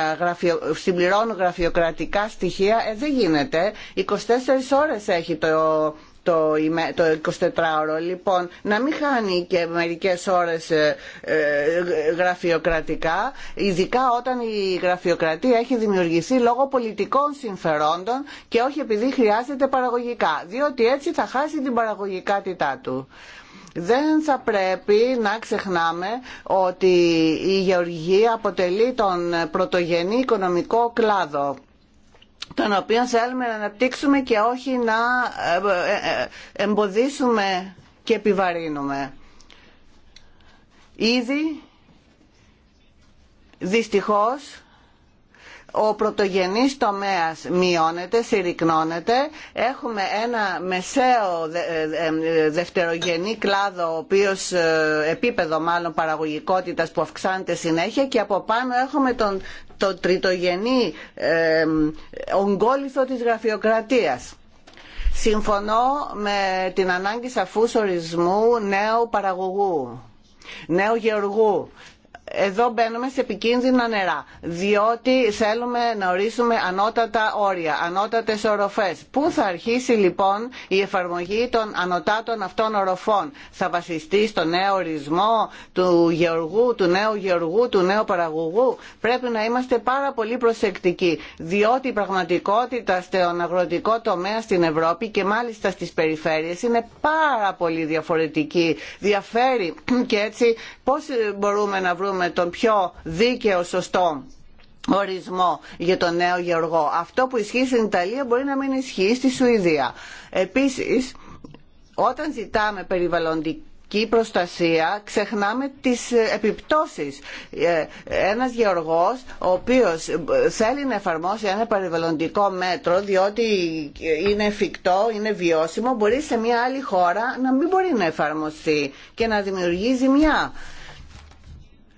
συμπληρώνουν γραφειοκρατικά στοιχεία, ε, δεν γίνεται. 24 ώρες έχει το το, 24ωρο. Λοιπόν, να μην χάνει και μερικές ώρες ε, ε, γραφειοκρατικά, ειδικά όταν η γραφειοκρατία έχει δημιουργηθεί λόγω πολιτικών συμφερόντων και όχι επειδή χρειάζεται παραγωγικά, διότι έτσι θα χάσει την παραγωγικότητά του. Δεν θα πρέπει να ξεχνάμε ότι η γεωργία αποτελεί τον πρωτογενή οικονομικό κλάδο τον οποίο θέλουμε να αναπτύξουμε και όχι να ε, ε, ε, εμποδίσουμε και επιβαρύνουμε. Ήδη δυστυχώς ο πρωτογενής τομέας μειώνεται, συρρυκνώνεται. Έχουμε ένα μεσαίο ε, ε, ε, δευτερογενή κλάδο, ο οποίος επίπεδο μάλλον παραγωγικότητας που αυξάνεται συνέχεια και από πάνω έχουμε τον, το τριτογενή ε, της γραφειοκρατίας. Συμφωνώ με την ανάγκη σαφούς ορισμού νέου παραγωγού νέου γεωργού εδώ μπαίνουμε σε επικίνδυνα νερά, διότι θέλουμε να ορίσουμε ανώτατα όρια, ανώτατες οροφές. Πού θα αρχίσει λοιπόν η εφαρμογή των ανωτάτων αυτών οροφών. Θα βασιστεί στον νέο ορισμό του γεωργού, του νέου γεωργού, του νέου παραγωγού. Πρέπει να είμαστε πάρα πολύ προσεκτικοί, διότι η πραγματικότητα στον αγροτικό τομέα στην Ευρώπη και μάλιστα στις περιφέρειες είναι πάρα πολύ διαφορετική. Διαφέρει και έτσι πώς μπορούμε να με τον πιο δίκαιο σωστό ορισμό για τον νέο γεωργό. Αυτό που ισχύει στην Ιταλία μπορεί να μην ισχύει στη Σουηδία. Επίσης, όταν ζητάμε περιβαλλοντική προστασία ξεχνάμε τις επιπτώσεις. Ε, ένας γεωργός ο οποίος θέλει να εφαρμόσει ένα περιβαλλοντικό μέτρο διότι είναι εφικτό, είναι βιώσιμο μπορεί σε μια άλλη χώρα να μην μπορεί να εφαρμοστεί και να δημιουργεί ζημιά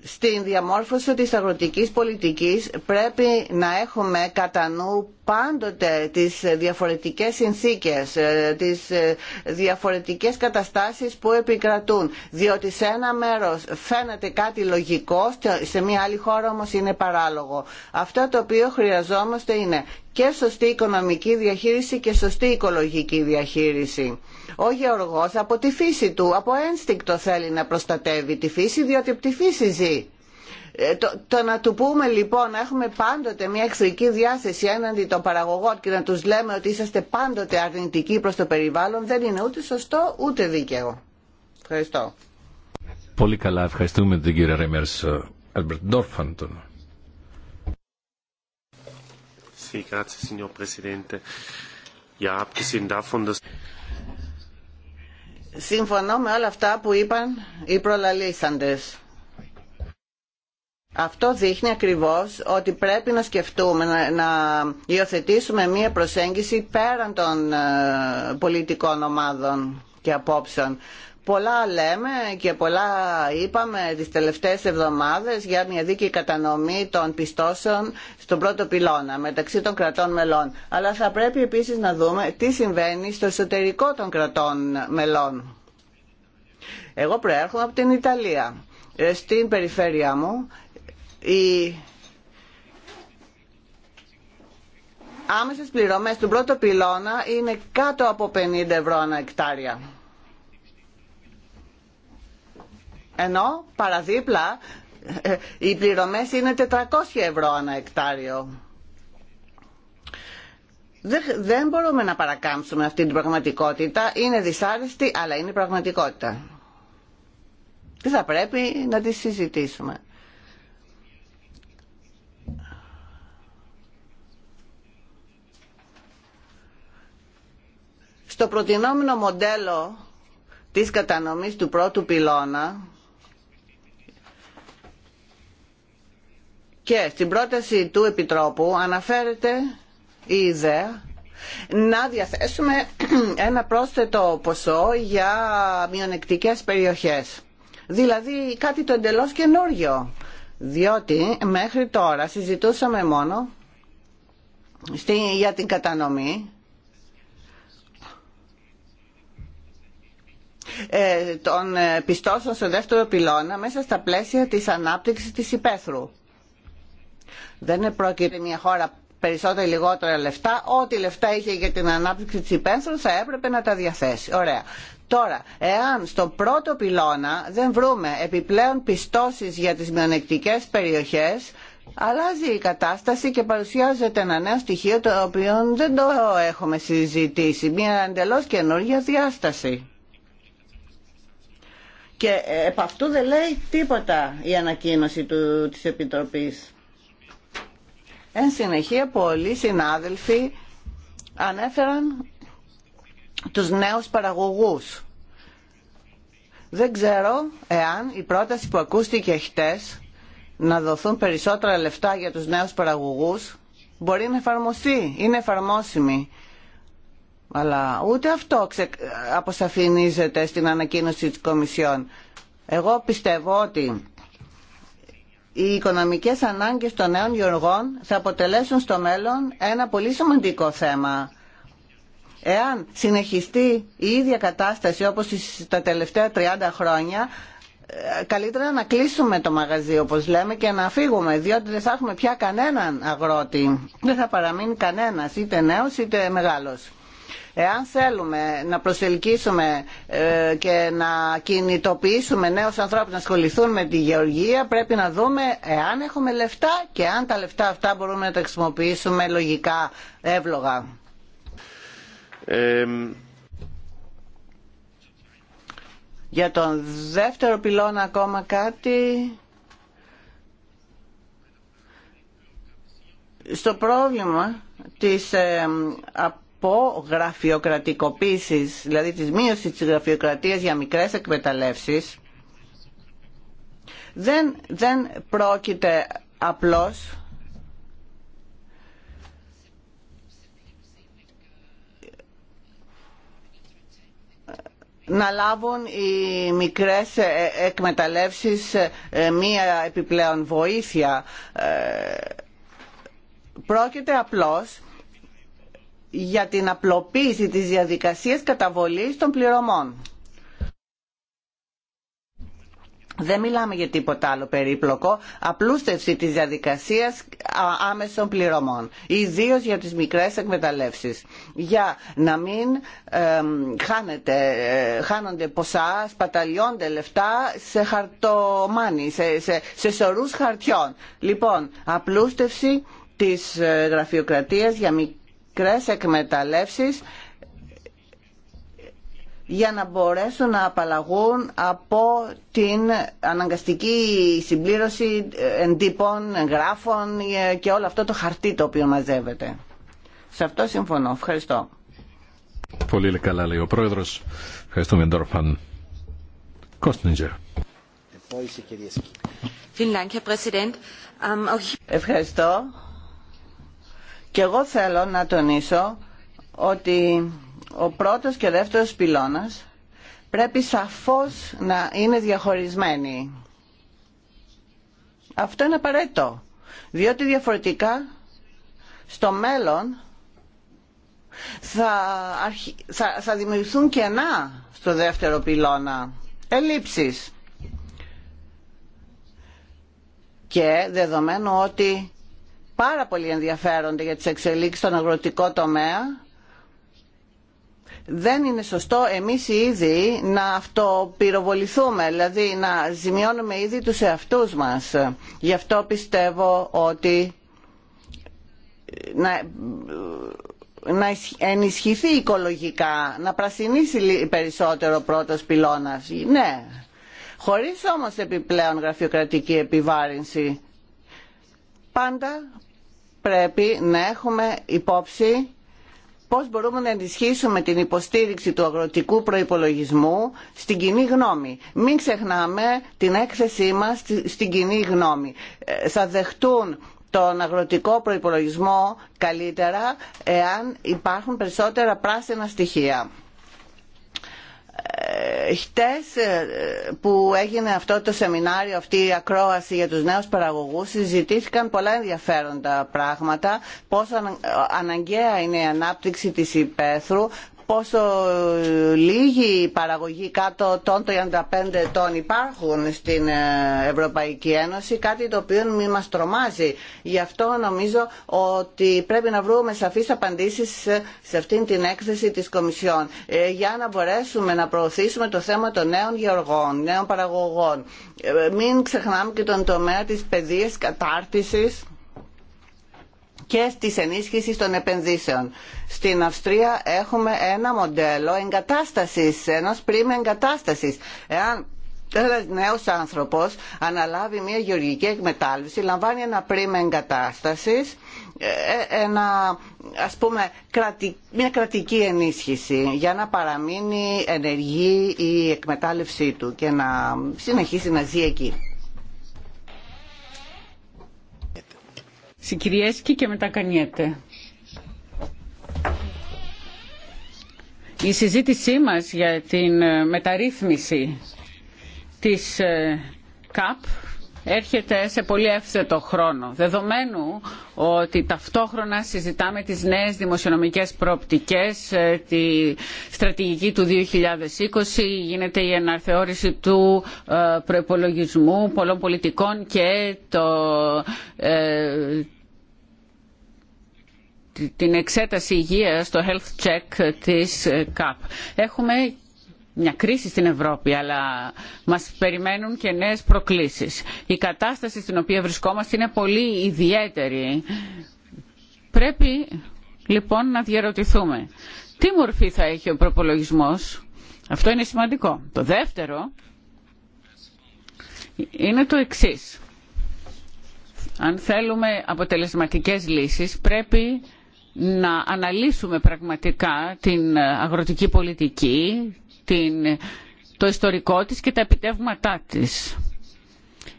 στην διαμόρφωση της αγροτικής πολιτικής πρέπει να έχουμε κατά νου πάντοτε τις διαφορετικές συνθήκες, ε, τις ε, διαφορετικές καταστάσεις που επικρατούν. Διότι σε ένα μέρος φαίνεται κάτι λογικό, σε μια άλλη χώρα όμως είναι παράλογο. Αυτό το οποίο χρειαζόμαστε είναι και σωστή οικονομική διαχείριση και σωστή οικολογική διαχείριση. Ο γεωργός από τη φύση του, από ένστικτο θέλει να προστατεύει τη φύση διότι από τη φύση ζει. Ε, το, να του πούμε λοιπόν να έχουμε πάντοτε μια εχθρική διάθεση έναντι των παραγωγών και να τους λέμε ότι είσαστε πάντοτε αρνητικοί προς το περιβάλλον δεν είναι ούτε σωστό ούτε δίκαιο. Ευχαριστώ. Πολύ καλά. Ευχαριστούμε ε, τον κύριο Ρέμερς Αλμπερτ Ντόρφαντον. Συμφωνώ με όλα αυτά που είπαν οι προλαλήσαντες. Αυτό δείχνει ακριβώς ότι πρέπει να σκεφτούμε, να υιοθετήσουμε μία προσέγγιση πέραν των ε, πολιτικών ομάδων και απόψεων. Πολλά λέμε και πολλά είπαμε τις τελευταίες εβδομάδες για μια δίκαιη κατανομή των πιστώσεων στον πρώτο πυλώνα μεταξύ των κρατών μελών. Αλλά θα πρέπει επίσης να δούμε τι συμβαίνει στο εσωτερικό των κρατών μελών. Εγώ προέρχομαι από την Ιταλία. Ε, στην περιφέρεια μου οι άμεσες πληρωμές του πρώτο πυλώνα είναι κάτω από 50 ευρώ ανά εκτάρια. ενώ παραδίπλα ε, οι πληρωμές είναι 400 ευρώ ανά εκτάριο. Δεν μπορούμε να παρακάμψουμε αυτή την πραγματικότητα. Είναι δυσάρεστη, αλλά είναι πραγματικότητα. Και θα πρέπει να τη συζητήσουμε. Στο προτινόμενο μοντέλο της κατανομής του πρώτου πυλώνα, Και στην πρόταση του Επιτρόπου αναφέρεται η ιδέα να διαθέσουμε ένα πρόσθετο ποσό για μειονεκτικές περιοχές. Δηλαδή κάτι το εντελώς καινούργιο. Διότι μέχρι τώρα συζητούσαμε μόνο για την κατανομή ε, των ε, πιστώσεων στο δεύτερο πυλώνα μέσα στα πλαίσια της ανάπτυξης της υπαίθρου. Δεν επρόκειται μια χώρα περισσότερα ή λιγότερα λεφτά. Ό,τι λεφτά είχε για την ανάπτυξη τη υπαίθρου θα έπρεπε να τα διαθέσει. Ωραία. Τώρα, εάν στον πρώτο πυλώνα δεν βρούμε επιπλέον πιστώσει για τι μειονεκτικέ περιοχέ, αλλάζει η κατάσταση και παρουσιάζεται ένα νέο στοιχείο το οποίο δεν το έχουμε συζητήσει. Μια εντελώ καινούργια διάσταση. Και ε, επ' αυτού δεν λέει τίποτα η ανακοίνωση του, της Επιτροπής. Εν συνεχεία πολλοί συνάδελφοι ανέφεραν τους νέους παραγωγούς. Δεν ξέρω εάν η πρόταση που ακούστηκε χτες να δοθούν περισσότερα λεφτά για τους νέους παραγωγούς μπορεί να εφαρμοστεί, είναι εφαρμόσιμη. Αλλά ούτε αυτό ξε... αποσαφηνίζεται στην ανακοίνωση της Κομισιόν. Εγώ πιστεύω ότι οι οικονομικές ανάγκες των νέων γεωργών θα αποτελέσουν στο μέλλον ένα πολύ σημαντικό θέμα. Εάν συνεχιστεί η ίδια κατάσταση όπως τα τελευταία 30 χρόνια, ε, καλύτερα να κλείσουμε το μαγαζί όπως λέμε και να φύγουμε, διότι δεν θα έχουμε πια κανέναν αγρότη. Δεν θα παραμείνει κανένας, είτε νέος είτε μεγάλος. Εάν θέλουμε να προσελκύσουμε ε, και να κινητοποιήσουμε νέους ανθρώπους να ασχοληθούν με τη γεωργία πρέπει να δούμε εάν έχουμε λεφτά και αν τα λεφτά αυτά μπορούμε να τα χρησιμοποιήσουμε λογικά εύλογα. για τον δεύτερο πυλώνα ακόμα κάτι. Στο πρόβλημα της ε, από γραφειοκρατικοποίησης, δηλαδή της μείωσης της γραφειοκρατίας για μικρές εκμεταλλεύσεις, δεν, δεν πρόκειται απλώς να λάβουν οι μικρές ε, εκμεταλλεύσεις ε, μία επιπλέον βοήθεια. Ε, πρόκειται απλώς για την απλοποίηση της διαδικασίας καταβολής των πληρωμών. Δεν μιλάμε για τίποτα άλλο περίπλοκο, απλούστευση της διαδικασίας άμεσων πληρωμών, ιδίως για τις μικρές εκμεταλλεύσεις, για να μην ε, χάνονται ποσά, σπαταλιώνται λεφτά σε χαρτομάνι, σε, σε, σε σωρούς χαρτιών. Λοιπόν, απλούστευση της ε, γραφειοκρατίας για μικρές μικρές εκμεταλλεύσεις για να μπορέσουν να απαλλαγούν από την αναγκαστική συμπλήρωση εντύπων, γράφων και όλο αυτό το χαρτί το οποίο μαζεύεται. Σε αυτό συμφωνώ. Ευχαριστώ. Πολύ καλά Πρόεδρος. Ευχαριστώ. Και εγώ θέλω να τονίσω ότι ο πρώτος και ο δεύτερος πυλώνας πρέπει σαφώς να είναι διαχωρισμένοι. Αυτό είναι απαραίτητο, διότι διαφορετικά στο μέλλον θα, αρχι... θα, θα δημιουργηθούν κενά στο δεύτερο πυλώνα, ελλείψεις. Και δεδομένου ότι πάρα πολύ ενδιαφέρονται για τις εξελίξεις στον αγροτικό τομέα δεν είναι σωστό εμείς οι ίδιοι να αυτοπυροβοληθούμε, δηλαδή να ζημιώνουμε ήδη τους εαυτούς μας. Γι' αυτό πιστεύω ότι να, να ενισχυθεί οικολογικά, να πρασινίσει περισσότερο ο πρώτος πυλώνας. Ναι, χωρίς όμως επιπλέον γραφειοκρατική επιβάρυνση. Πάντα πρέπει να έχουμε υπόψη πώς μπορούμε να ενισχύσουμε την υποστήριξη του αγροτικού προϋπολογισμού στην κοινή γνώμη. Μην ξεχνάμε την έκθεσή μας στην κοινή γνώμη. Ε, θα δεχτούν τον αγροτικό προϋπολογισμό καλύτερα εάν υπάρχουν περισσότερα πράσινα στοιχεία. Ε, χτες ε, που έγινε αυτό το σεμινάριο, αυτή η ακρόαση για τους νέους παραγωγούς συζητήθηκαν πολλά ενδιαφέροντα πράγματα, πόσο ε, αναγκαία είναι η ανάπτυξη της υπαίθρου, πόσο λίγη παραγωγή κάτω των 35 ετών υπάρχουν στην ε, Ευρωπαϊκή Ένωση, κάτι το οποίο μη μας τρομάζει. Γι' αυτό νομίζω ότι πρέπει να βρούμε σαφείς απαντήσεις σε αυτήν την έκθεση της Κομισιόν ε, για να μπορέσουμε να προωθήσουμε το θέμα των νέων γεωργών, νέων παραγωγών. Ε, μην ξεχνάμε και τον τομέα της παιδείας κατάρτισης και τη ενίσχυση των επενδύσεων. Στην Αυστρία έχουμε ένα μοντέλο εγκατάστασης, ενός πριν εγκατάστασης. Εάν ένα νέο άνθρωπο αναλάβει μια γεωργική εκμετάλλευση, λαμβάνει ένα πρίμα εγκατάσταση, ε, ε, ένα, ας πούμε, μια κρατική ενίσχυση για να παραμείνει ενεργή η εκμετάλλευσή του και να συνεχίσει να ζει εκεί. Συγκυριέσκη και μετά Η συζήτησή μας για την μεταρρύθμιση της ε, ΚΑΠ έρχεται σε πολύ εύθετο χρόνο. Δεδομένου ότι ταυτόχρονα συζητάμε τις νέες δημοσιονομικές προοπτικές, ε, τη στρατηγική του 2020, γίνεται η αναθεώρηση του ε, προπολογισμού πολλών πολιτικών και το, ε, την εξέταση υγείας, το health check της ΚΑΠ. Έχουμε μια κρίση στην Ευρώπη, αλλά μας περιμένουν και νέες προκλήσεις. Η κατάσταση στην οποία βρισκόμαστε είναι πολύ ιδιαίτερη. Πρέπει λοιπόν να διαρωτηθούμε τι μορφή θα έχει ο προπολογισμός. Αυτό είναι σημαντικό. Το δεύτερο είναι το εξής. Αν θέλουμε αποτελεσματικές λύσεις πρέπει να αναλύσουμε πραγματικά την αγροτική πολιτική το ιστορικό της και τα επιτεύγματά της.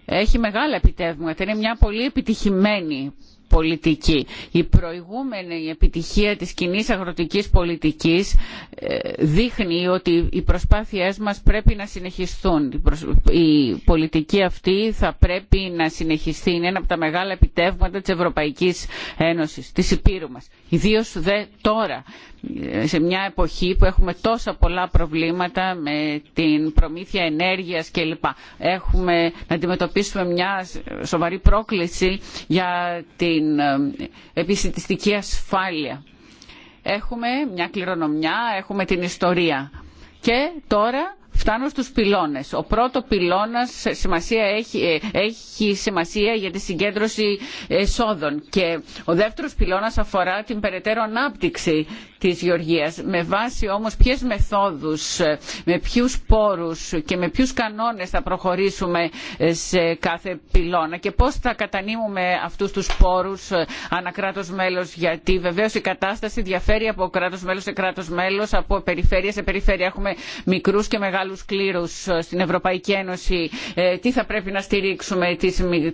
Έχει μεγάλα επιτεύγματα, είναι μια πολύ επιτυχημένη πολιτική. Η προηγούμενη επιτυχία της κοινή αγροτικής πολιτικής ε, δείχνει ότι οι προσπάθειές μας πρέπει να συνεχιστούν. Η πολιτική αυτή θα πρέπει να συνεχιστεί. Είναι ένα από τα μεγάλα επιτεύγματα της Ευρωπαϊκής Ένωσης, της Υπήρου μας. Ιδίως δε τώρα σε μια εποχή που έχουμε τόσα πολλά προβλήματα με την προμήθεια ενέργειας κλπ. Έχουμε να αντιμετωπίσουμε μια σοβαρή πρόκληση για την ε, επιστημιστική ασφάλεια. Έχουμε μια κληρονομιά, έχουμε την ιστορία. Και τώρα φτάνω στους πυλώνες. Ο πρώτο πυλώνας σημασία έχει, ε, έχει σημασία για τη συγκέντρωση εσόδων και ο δεύτερος πυλώνας αφορά την περαιτέρω ανάπτυξη με βάση όμως ποιες μεθόδους, ε, με ποιους πόρους και με ποιους κανόνες θα προχωρήσουμε ε, σε κάθε πυλώνα και πώς θα κατανείμουμε αυτούς τους πόρους ε, ανά κράτος μέλος γιατί βεβαίως η κατάσταση διαφέρει από κράτος μέλος σε κράτος μέλος, από περιφέρεια σε περιφέρεια. Έχουμε μικρούς και μεγάλους κλήρους στην Ευρωπαϊκή Ένωση. Τι θα πρέπει να στηρίξουμε,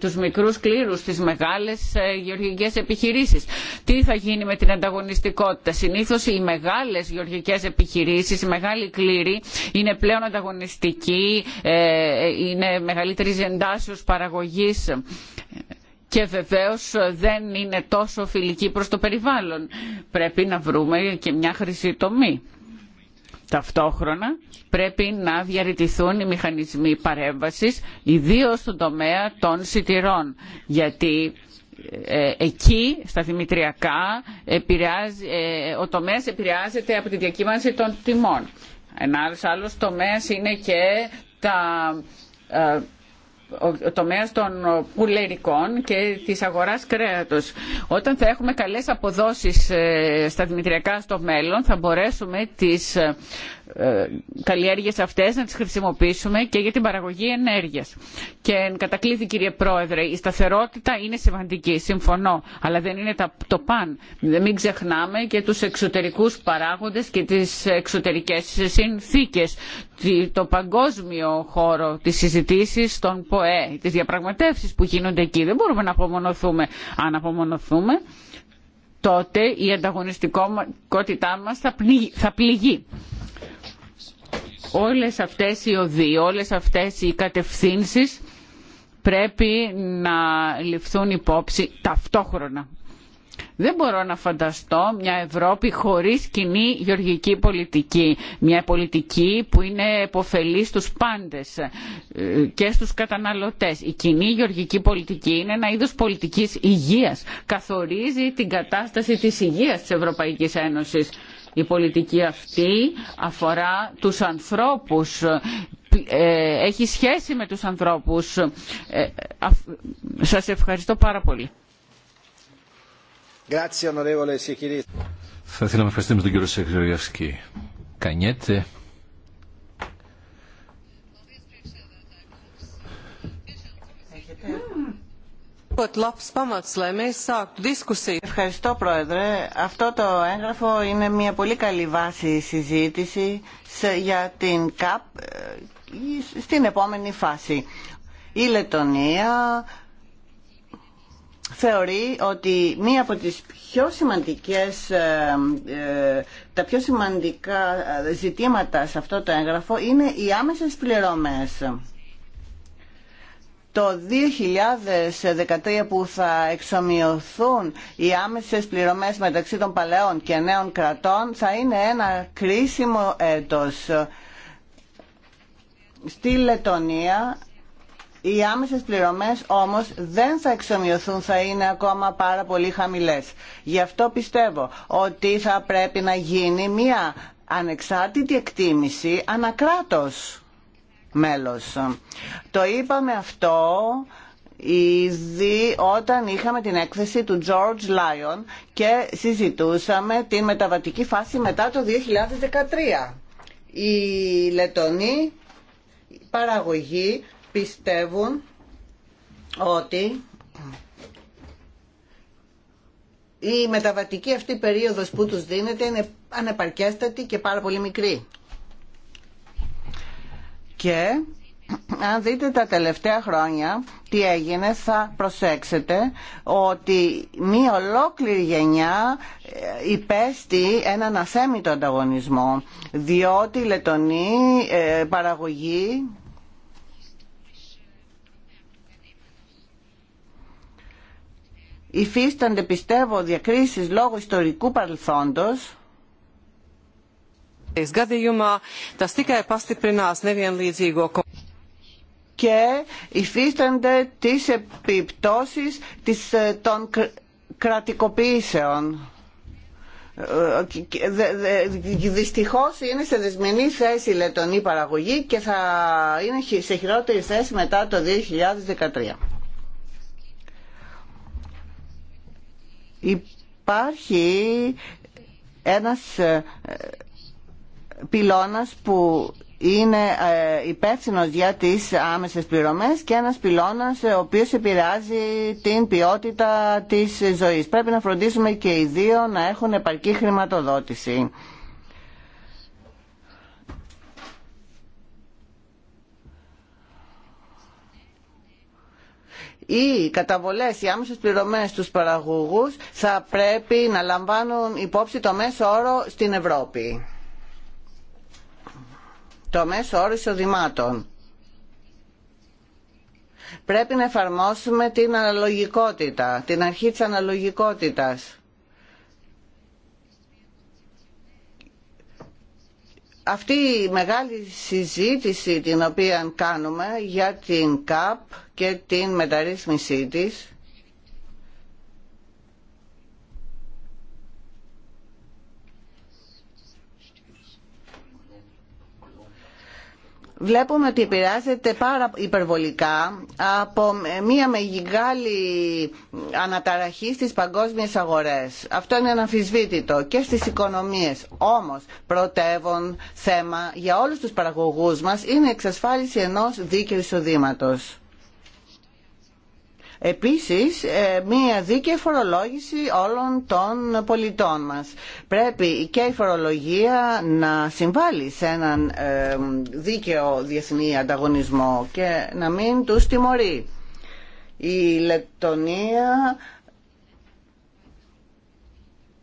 τους μικρούς κλήρους, τις μεγάλες γεωργικές επιχειρήσεις. Τι θα γίνει με την ανταγωνιστικότητα οι μεγάλες γεωργικές επιχειρήσεις, οι μεγάλοι κλήροι είναι πλέον ανταγωνιστικοί, ε, είναι μεγαλύτερης εντάσεως παραγωγής και βεβαίως δεν είναι τόσο φιλική προς το περιβάλλον. Πρέπει να βρούμε και μια χρυσή τομή. Ταυτόχρονα πρέπει να διαρρητηθούν οι μηχανισμοί παρέμβασης, ιδίως στον τομέα των σιτηρών, γιατί ε, εκεί, στα Δημητριακά, ε, ο τομέας επηρεάζεται από τη διακύμανση των τιμών. Ένα άλλος, τομέας είναι και τα, ε, ο τομέας των πουλερικών και της αγοράς κρέατος. Όταν θα έχουμε καλές αποδόσεις στα Δημητριακά στο μέλλον θα μπορέσουμε τις ε, καλλιέργειες αυτές να τις χρησιμοποιήσουμε και για την παραγωγή ενέργειας. Και κατακλείδη κύριε Πρόεδρε, η σταθερότητα είναι σημαντική, συμφωνώ, αλλά δεν είναι το παν. Μην ξεχνάμε και τους εξωτερικούς παράγοντες και τις εξωτερικές συνθήκες, το παγκόσμιο χώρο, τις συζητήσεις των ΠΟΕ, τις διαπραγματεύσεις που γίνονται εκεί. Δεν μπορούμε να απομονωθούμε. Αν απομονωθούμε, τότε η ανταγωνιστικότητά μας θα πληγεί. Όλες αυτές οι οδοί, όλες αυτές οι κατευθύνσεις πρέπει να ληφθούν υπόψη ταυτόχρονα. Δεν μπορώ να φανταστώ μια Ευρώπη χωρίς κοινή γεωργική πολιτική. Μια πολιτική που είναι επωφελή στους πάντες ε, και στους καταναλωτές. Η κοινή γεωργική πολιτική είναι ένα είδος πολιτικής υγείας. Καθορίζει την κατάσταση της υγείας της Ευρωπαϊκής Ένωσης η πολιτική αυτή αφορά τους ανθρώπους, ε, ε, έχει σχέση με τους ανθρώπους. Ε, σας ευχαριστώ πάρα πολύ. Θα ήθελα να ευχαριστήσουμε τον κύριο Σεχριογιαυσκή. Ευχαριστώ Πρόεδρε. Αυτό το έγγραφο είναι μια πολύ καλή βάση συζήτηση για την ΚΑΠ ε, στην επόμενη φάση. Η Λετωνία θεωρεί ότι μία από τις πιο σημαντικές, ε, ε, τα πιο σημαντικά ζητήματα σε αυτό το έγγραφο είναι οι άμεσες πληρωμές το 2013 που θα εξομοιωθούν οι άμεσες πληρωμές μεταξύ των παλαιών και νέων κρατών θα είναι ένα κρίσιμο έτος. Στη Λετωνία οι άμεσες πληρωμές όμως δεν θα εξομοιωθούν, θα είναι ακόμα πάρα πολύ χαμηλές. Γι' αυτό πιστεύω ότι θα πρέπει να γίνει μια ανεξάρτητη εκτίμηση ανακράτος μέλος. Το είπαμε αυτό ήδη όταν είχαμε την έκθεση του George Lyon και συζητούσαμε την μεταβατική φάση μετά το 2013. Οι Λετονοί παραγωγοί πιστεύουν ότι η μεταβατική αυτή περίοδος που τους δίνεται είναι ανεπαρκέστατη και πάρα πολύ μικρή. Και αν δείτε τα τελευταία χρόνια τι έγινε θα προσέξετε ότι μία ολόκληρη γενιά ε, υπέστη έναν αθέμητο ανταγωνισμό διότι η παραγωγή ε, παραγωγή υφίστανται πιστεύω διακρίσεις λόγω ιστορικού παρελθόντος και υφίστανται τις επιπτώσεις των κρατικοποιήσεων. Δυστυχώς είναι σε δεσμενή θέση λετωνή παραγωγή και θα είναι σε χειρότερη θέση μετά το 2013. Υπάρχει ένας πυλώνας που είναι ε, υπεύθυνο για τις άμεσες πληρωμές και ένας πυλώνας ο οποίος επηρεάζει την ποιότητα της ζωής. Πρέπει να φροντίσουμε και οι δύο να έχουν επαρκή χρηματοδότηση. οι καταβολές, οι άμεσες πληρωμές στους παραγωγούς θα πρέπει να λαμβάνουν υπόψη το μέσο όρο στην Ευρώπη το μέσο όρο εισοδημάτων. Πρέπει να εφαρμόσουμε την αναλογικότητα, την αρχή της αναλογικότητας. Αυτή η μεγάλη συζήτηση την οποία κάνουμε για την ΚΑΠ και την μεταρρύθμισή της βλέπουμε ότι επηρεάζεται πάρα υπερβολικά από μια μεγάλη αναταραχή στις παγκόσμιες αγορές. Αυτό είναι αναμφισβήτητο και στις οικονομίες. Όμως, πρωτεύον θέμα για όλους τους παραγωγούς μας είναι η εξασφάλιση ενός δίκαιου εισοδήματος. Επίσης, ε, μία δίκαιη φορολόγηση όλων των πολιτών μας. Πρέπει και η φορολογία να συμβάλλει σε έναν ε, δίκαιο διεθνή ανταγωνισμό και να μην τους τιμωρεί. Η Λετωνία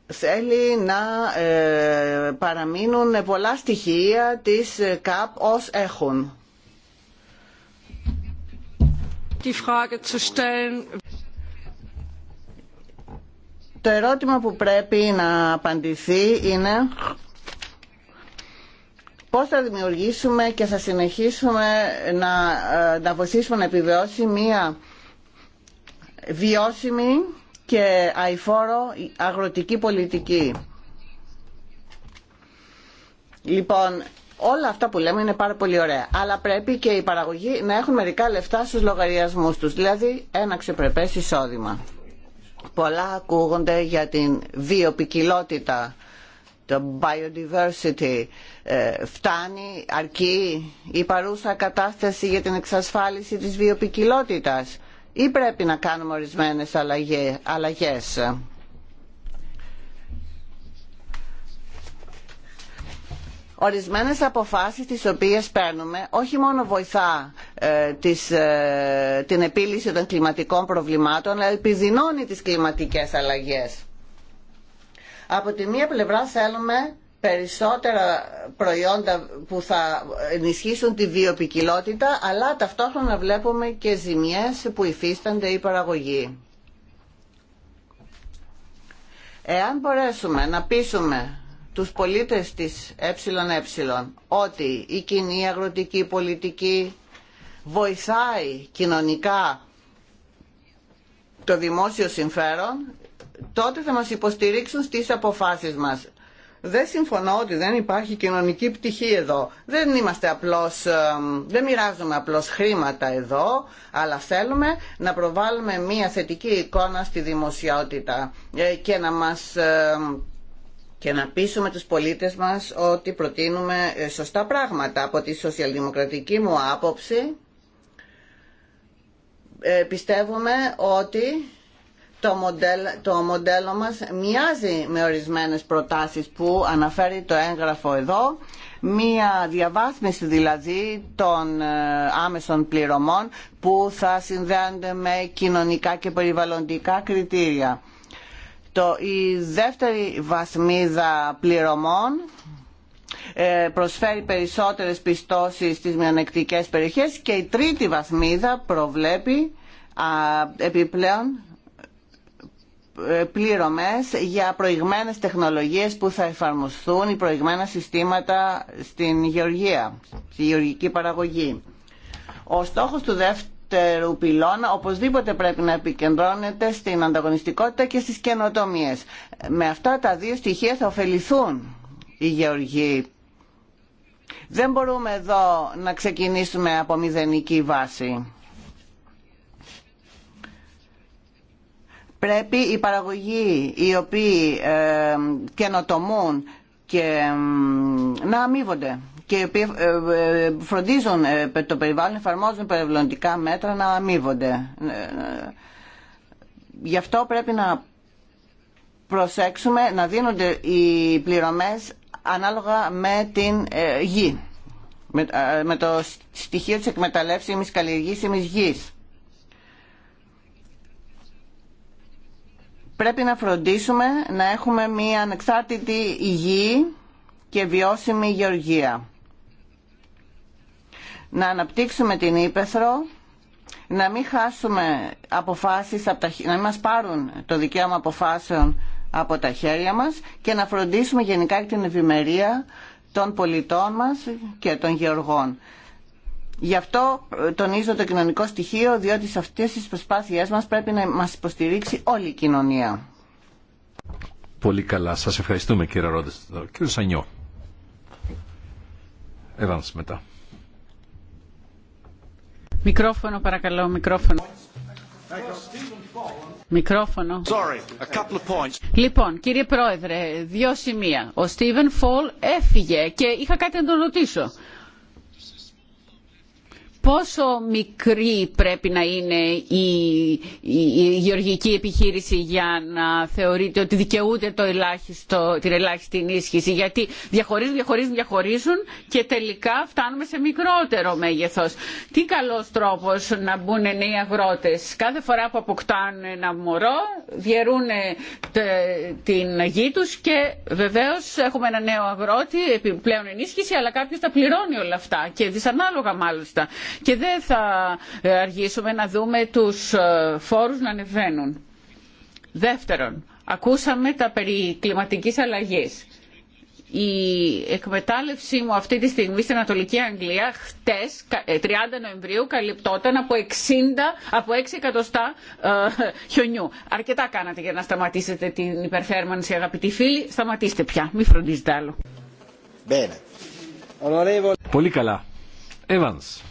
θέλει να ε, παραμείνουν πολλά στοιχεία της ΚΑΠ ως έχουν. Το ερώτημα που πρέπει να απαντηθεί είναι πώς θα δημιουργήσουμε και θα συνεχίσουμε να, ε, να βοηθήσουμε να επιβιώσει μία βιώσιμη και αηφόρο αγροτική πολιτική. Λοιπόν, Όλα αυτά που λέμε είναι πάρα πολύ ωραία. Αλλά πρέπει και οι παραγωγοί να έχουν μερικά λεφτά στους λογαριασμούς τους. Δηλαδή ένα ξεπρεπές εισόδημα. Πολλά ακούγονται για την βιοπικιλότητα, το biodiversity. Ε, φτάνει, αρκεί η παρούσα κατάσταση για την εξασφάλιση της βιοπικιλότητας. Ή πρέπει να κάνουμε ορισμένες αλλαγές. ορισμένες αποφάσεις τις οποίες παίρνουμε όχι μόνο βοηθά ε, ε, την επίλυση των κλιματικών προβλημάτων αλλά επιδεινώνει τις κλιματικές αλλαγές. Από τη μία πλευρά θέλουμε περισσότερα προϊόντα που θα ενισχύσουν τη βιοπικιλότητα αλλά ταυτόχρονα βλέπουμε και ζημιές που υφίστανται η παραγωγή. Εάν μπορέσουμε να πείσουμε τους πολίτες της ΕΕ ότι η κοινή αγροτική πολιτική βοηθάει κοινωνικά το δημόσιο συμφέρον, τότε θα μας υποστηρίξουν στις αποφάσεις μας. Δεν συμφωνώ ότι δεν υπάρχει κοινωνική πτυχή εδώ. Δεν, είμαστε απλώς, δεν μοιράζουμε απλώς χρήματα εδώ, αλλά θέλουμε να προβάλλουμε μία θετική εικόνα στη δημοσιότητα ε, και να μας και να πείσουμε τους πολίτες μας ότι προτείνουμε ε, σωστά πράγματα. Από τη σοσιαλδημοκρατική μου άποψη ε, πιστεύουμε ότι το μοντέλο, το μοντέλο μας μοιάζει με ορισμένες προτάσεις που αναφέρει το έγγραφο εδώ μία διαβάθμιση δηλαδή των ε, άμεσων πληρωμών που θα συνδέονται με κοινωνικά και περιβαλλοντικά κριτήρια. Το, η δεύτερη βασμίδα πληρωμών ε, προσφέρει περισσότερες πιστώσεις στις μειονεκτικές περιοχές και η τρίτη βαθμίδα προβλέπει επιπλέον ε, πληρωμές για προηγμένες τεχνολογίες που θα εφαρμοστούν οι προηγμένα συστήματα στην γεωργία, στη γεωργική παραγωγή. Ο στόχος του δεύτερου δεύτερου πυλώνα οπωσδήποτε πρέπει να επικεντρώνεται στην ανταγωνιστικότητα και στις καινοτομίες. Με αυτά τα δύο στοιχεία θα ωφεληθούν οι γεωργοί. Δεν μπορούμε εδώ να ξεκινήσουμε από μηδενική βάση. Πρέπει οι παραγωγοί οι οποίοι ε, καινοτομούν και ε, να αμείβονται και οι ε, ε, φροντίζουν ε, το περιβάλλον, εφαρμόζουν περιβαλλοντικά μέτρα να αμείβονται. Γι' αυτό πρέπει να προσέξουμε να δίνονται οι πληρωμές ανάλογα με την γη, με, το στοιχείο της εκμεταλλεύσιμης καλλιεργήσιμης γης. Πρέπει να φροντίσουμε να έχουμε μία ανεξάρτητη υγιή και βιώσιμη γεωργία να αναπτύξουμε την Ήπεθρο, να μην χάσουμε αποφάσεις, από τα, να μας πάρουν το δικαίωμα αποφάσεων από τα χέρια μας και να φροντίσουμε γενικά την ευημερία των πολιτών μας και των γεωργών. Γι' αυτό ε, τονίζω το κοινωνικό στοιχείο, διότι σε αυτές τις προσπάθειές μας πρέπει να μας υποστηρίξει όλη η κοινωνία. Πολύ καλά. Σας ευχαριστούμε κύριε Ρόντες. Κύριε μετά. Μικρόφωνο παρακαλώ, μικρόφωνο. Μικρόφωνο. Sorry, Λοιπόν, κύριε Πρόεδρε, δύο σημεία. Ο Στίβεν Φολ έφυγε και είχα κάτι να τον ρωτήσω πόσο μικρή πρέπει να είναι η γεωργική επιχείρηση για να θεωρείται ότι δικαιούται την ελάχιστη ενίσχυση. Γιατί διαχωρίζουν, διαχωρίζουν, διαχωρίζουν και τελικά φτάνουμε σε μικρότερο μέγεθος. Τι καλός τρόπος να μπουν νέοι αγρότες. Κάθε φορά που αποκτάνε ένα μωρό, διαιρούν ε, την γη τους και βεβαίως έχουμε ένα νέο αγρότη, επιπλέον ενίσχυση, αλλά κάποιος τα πληρώνει όλα αυτά και δυσανάλογα μάλιστα και δεν θα ε, αργήσουμε να δούμε τους ε, φόρους να ανεβαίνουν. Δεύτερον, ακούσαμε τα περί κλιματικής αλλαγής. Η εκμετάλλευσή μου αυτή τη στιγμή στην Ανατολική Αγγλία χτες, 30 ε, Νοεμβρίου, καλυπτόταν από, 60, από 6 εκατοστά χιονιού. Αρκετά κάνατε για να σταματήσετε την υπερθέρμανση, αγαπητοί φίλοι. Σταματήστε πια, μην φροντίζετε άλλο. Πολύ καλά. Evans.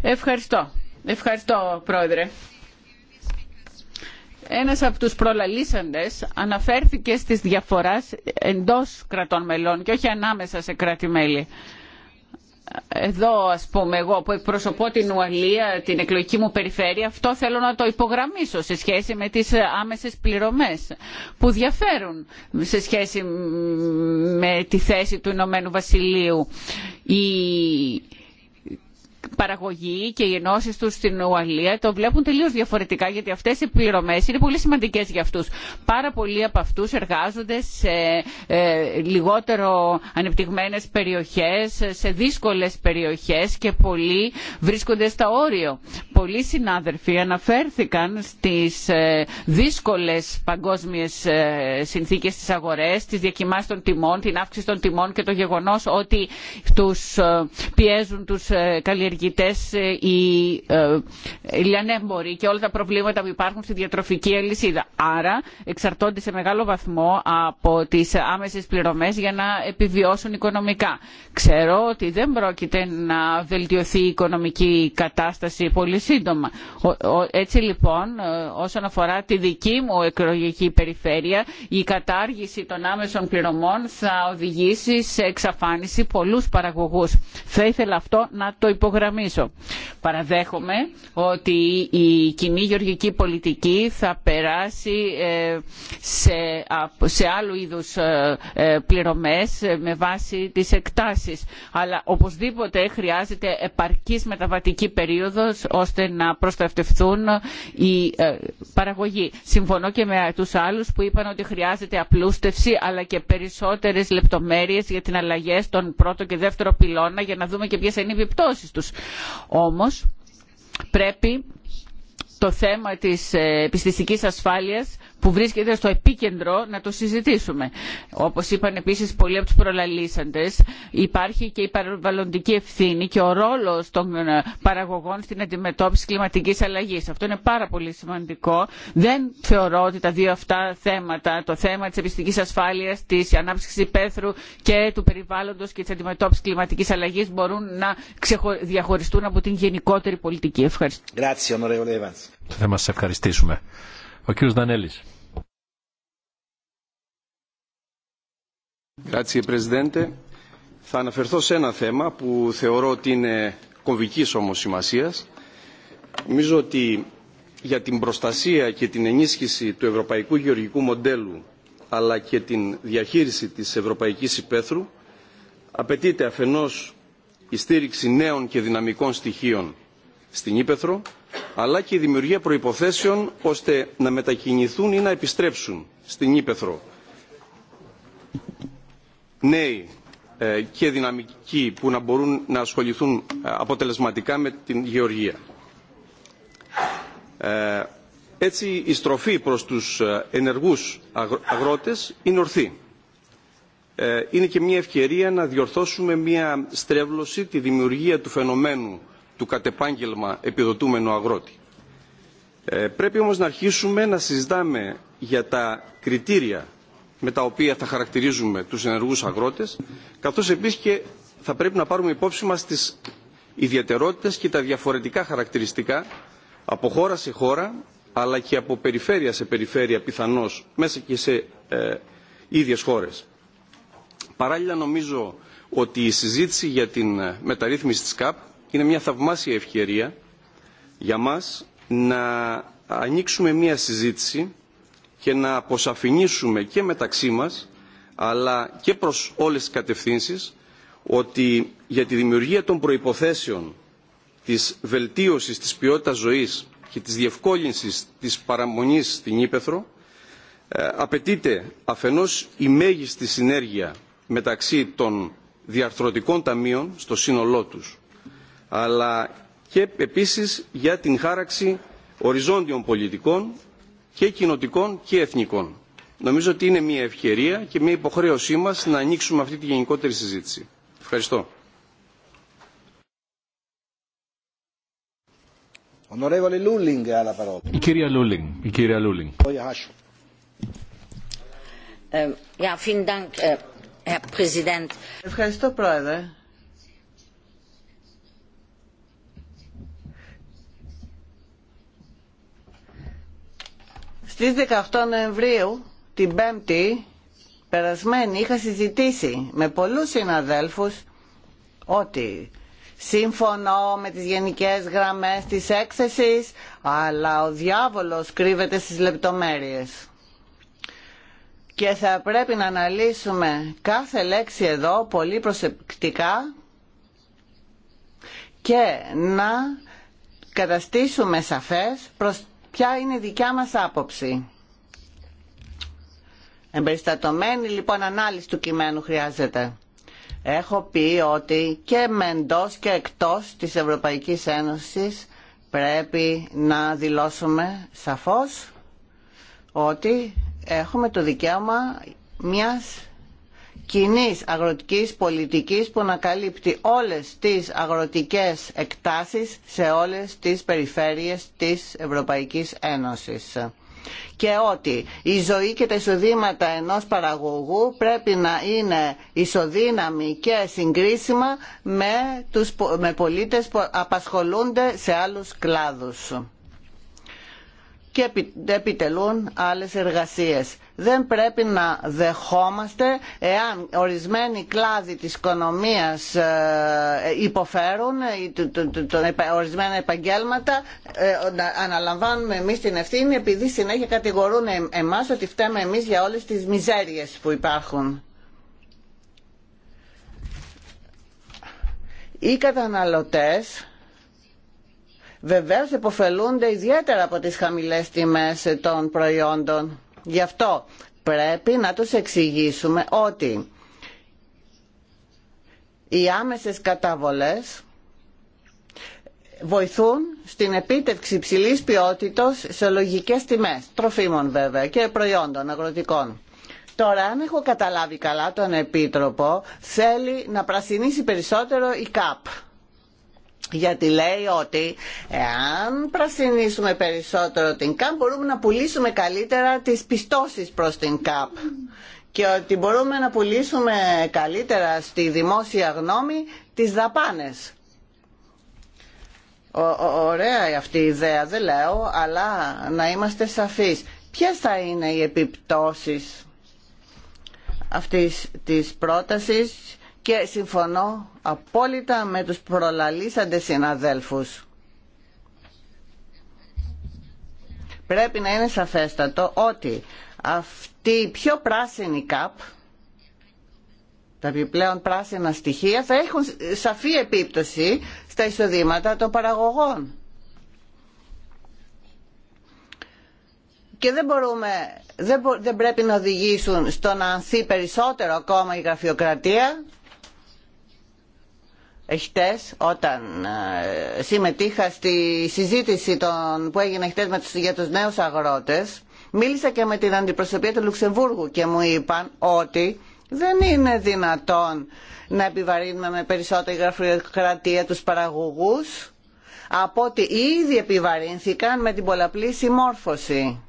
Ευχαριστώ. Ευχαριστώ, Πρόεδρε. Ένας από τους προλαλήσαντες αναφέρθηκε στις διαφοράς εντός κρατών μελών και όχι ανάμεσα σε κράτη-μέλη εδώ ας πούμε εγώ που εκπροσωπώ την Ουαλία, την εκλογική μου περιφέρεια, αυτό θέλω να το υπογραμμίσω σε σχέση με τις άμεσες πληρωμές που διαφέρουν σε σχέση με τη θέση του Ηνωμένου Βασιλείου. Η παραγωγή και οι ενώσει του στην Ουαλία το βλέπουν τελείω διαφορετικά γιατί αυτέ οι πληρωμέ είναι πολύ σημαντικέ για αυτού. Πάρα πολλοί από αυτού εργάζονται σε ε, λιγότερο ανεπτυγμένε περιοχέ, σε δύσκολε περιοχέ και πολλοί βρίσκονται στα όριο. Πολλοί συνάδελφοι αναφέρθηκαν στι ε, δύσκολε παγκόσμιε ε, συνθήκε στι αγορέ, τι διακοιμάσει των τιμών, την αύξηση των τιμών και το γεγονό ότι του πιέζουν του καλλιεργητέ ε, ε, οι λιανέμποροι και όλα τα προβλήματα που υπάρχουν στη διατροφική αλυσίδα. Άρα εξαρτώνται σε μεγάλο βαθμό από τις άμεσες πληρωμές για να επιβιώσουν οικονομικά. Ξέρω ότι δεν πρόκειται να βελτιωθεί η οικονομική κατάσταση πολύ σύντομα. Έτσι λοιπόν ε, όσον αφορά τη δική μου εκλογική περιφέρεια η κατάργηση των άμεσων πληρωμών θα οδηγήσει σε εξαφάνιση πολλούς παραγωγούς. Θα ήθελα αυτό να το υπογραμμίσω Παραδέχομαι ότι η κοινή γεωργική πολιτική θα περάσει ε, σε άλλου είδους ε, ε, πληρωμές με βάση τις εκτάσεις. Αλλά οπωσδήποτε χρειάζεται επαρκής μεταβατική περίοδος ώστε να προστατευτούν οι παραγωγοί. Συμφωνώ και με τους άλλους που είπαν ότι χρειάζεται απλούστευση αλλά και περισσότερες λεπτομέρειες για την αλλαγή των πρώτο και δεύτερο πυλώνα για να δούμε και ποιες είναι οι επιπτώσεις τους όμως πρέπει το θέμα της ε, επιστημικής ασφάλειας που βρίσκεται στο επίκεντρο να το συζητήσουμε. Όπως είπαν επίσης πολλοί από τους προλαλήσαντες, υπάρχει και η παραβαλλοντική ευθύνη και ο ρόλος των ε, παραγωγών στην αντιμετώπιση κλιματικής αλλαγής. Αυτό είναι πάρα πολύ σημαντικό. Δεν θεωρώ ότι τα δύο αυτά θέματα, το θέμα της επιστικής ασφάλειας, της ανάπτυξης υπαίθρου και του περιβάλλοντος και της αντιμετώπισης κλιματικής αλλαγής μπορούν να διαχωριστούν από την γενικότερη πολιτική. Ευχαριστώ. Θα ευχαριστήσουμε. Ο κύριος Δανέλης. Grazie, Θα αναφερθώ σε ένα θέμα που θεωρώ ότι είναι κομβικής όμως σημασίας. Νομίζω ότι για την προστασία και την ενίσχυση του ευρωπαϊκού γεωργικού μοντέλου αλλά και την διαχείριση της ευρωπαϊκής υπαίθρου απαιτείται αφενός η στήριξη νέων και δυναμικών στοιχείων στην Ήπεθρο αλλά και η δημιουργία προϋποθέσεων ώστε να μετακινηθούν ή να επιστρέψουν στην Ήπεθρο. Νέοι ε, και δυναμικοί που να μπορούν να ασχοληθούν ε, αποτελεσματικά με την γεωργία. Ε, έτσι η στροφή προς τους ενεργούς αγρότες είναι ορθή. Είναι και μια ευκαιρία να διορθώσουμε μια στρέβλωση τη δημιουργία του φαινομένου του κατεπάγγελμα επιδοτούμενου αγρότη. Ε, πρέπει όμως να αρχίσουμε να συζητάμε για τα κριτήρια με τα οποία θα χαρακτηρίζουμε τους ενεργούς αγρότες, καθώς επίσης και θα πρέπει να πάρουμε υπόψη μας τις ιδιαιτερότητες και τα διαφορετικά χαρακτηριστικά από χώρα σε χώρα, αλλά και από περιφέρεια σε περιφέρεια πιθανώς, μέσα και σε ε, ίδιες χώρες. Παράλληλα νομίζω ότι η συζήτηση για την ε, μεταρρύθμιση της ΚΑΠ είναι μια θαυμάσια ευκαιρία για μας να ανοίξουμε μια συζήτηση και να αποσαφηνίσουμε και μεταξύ μας αλλά και προς όλες τις κατευθύνσεις ότι για τη δημιουργία των προϋποθέσεων της βελτίωσης της ποιότητας ζωής και της διευκόλυνσης της παραμονής στην Ήπεθρο ε, απαιτείται αφενός η μέγιστη συνέργεια μεταξύ των διαρθρωτικών ταμείων στο σύνολό τους αλλά και επίσης για την χάραξη οριζόντιων πολιτικών και κοινοτικών και εθνικών. Νομίζω ότι είναι μια ευκαιρία και μια υποχρέωσή μας να ανοίξουμε αυτή τη γενικότερη συζήτηση. Ευχαριστώ. Η κυρία Λούλινγκ. Ε, ε, Ευχαριστώ, Πρόεδρε. Στις 18 Νοεμβρίου, την Πέμπτη, περασμένη, είχα συζητήσει με πολλούς συναδέλφους ότι Σύμφωνο με τις γενικές γραμμές της έκθεσης, αλλά ο διάβολος κρύβεται στις λεπτομέρειες. Και θα πρέπει να αναλύσουμε κάθε λέξη εδώ πολύ προσεκτικά και να καταστήσουμε σαφές προς ποια είναι η δικιά μας άποψη. Εμπεριστατωμένη λοιπόν ανάλυση του κειμένου χρειάζεται. Έχω πει ότι και με και εκτός της Ευρωπαϊκής Ένωσης πρέπει να δηλώσουμε σαφώς ότι έχουμε το δικαίωμα μιας κοινή αγροτικής πολιτικής που να καλύπτει όλες τις αγροτικές εκτάσεις σε όλες τις περιφέρειες της Ευρωπαϊκής Ένωσης. Και ότι η ζωή και τα εισοδήματα ενός παραγωγού πρέπει να είναι ισοδύναμη και συγκρίσιμα με, τους, με πολίτες που απασχολούνται σε άλλους κλάδους και επιτελούν άλλες εργασίες δεν πρέπει να δεχόμαστε εάν ορισμένοι κλάδοι της οικονομίας ε, υποφέρουν ορισμένα επαγγέλματα ε, να αναλαμβάνουμε εμείς την ευθύνη επειδή συνέχεια κατηγορούν εμάς ότι φταίμε εμείς για όλες τις μιζέριες που υπάρχουν. Οι καταναλωτές βεβαίως επωφελούνται ιδιαίτερα από τις χαμηλές τιμές των προϊόντων Γι' αυτό πρέπει να τους εξηγήσουμε ότι οι άμεσες καταβολές βοηθούν στην επίτευξη ψηλής ποιότητας σε λογικές τιμές, τροφίμων βέβαια και προϊόντων αγροτικών. Τώρα, αν έχω καταλάβει καλά τον Επίτροπο, θέλει να πρασινίσει περισσότερο η ΚΑΠ γιατί λέει ότι εάν πρασινίσουμε περισσότερο την ΚΑΠ μπορούμε να πουλήσουμε καλύτερα τις πιστώσεις προς την ΚΑΠ και ότι μπορούμε να πουλήσουμε καλύτερα στη δημόσια γνώμη τις δαπάνες. ωραία αυτή η ιδέα, δεν λέω, αλλά να είμαστε σαφείς. Ποιες θα είναι οι επιπτώσεις αυτής της πρότασης και συμφωνώ απόλυτα με τους προλαλήσαντες συναδέλφους. Πρέπει να είναι σαφέστατο ότι αυτή η πιο πράσινη ΚΑΠ, τα επιπλέον πράσινα στοιχεία, θα έχουν σαφή επίπτωση στα εισοδήματα των παραγωγών. και δεν, μπορούμε, δεν, δεν πρέπει να οδηγήσουν στο να ανθεί περισσότερο ακόμα η γραφειοκρατία χτες όταν ε, συμμετείχα στη συζήτηση που έγινε χτες με τους, για τους νέους αγρότες μίλησα και με την αντιπροσωπεία του Λουξεμβούργου και μου είπαν ότι δεν είναι δυνατόν να επιβαρύνουμε με περισσότερη γραφειοκρατία τους παραγωγούς από ότι ήδη επιβαρύνθηκαν με την πολλαπλή συμμόρφωση,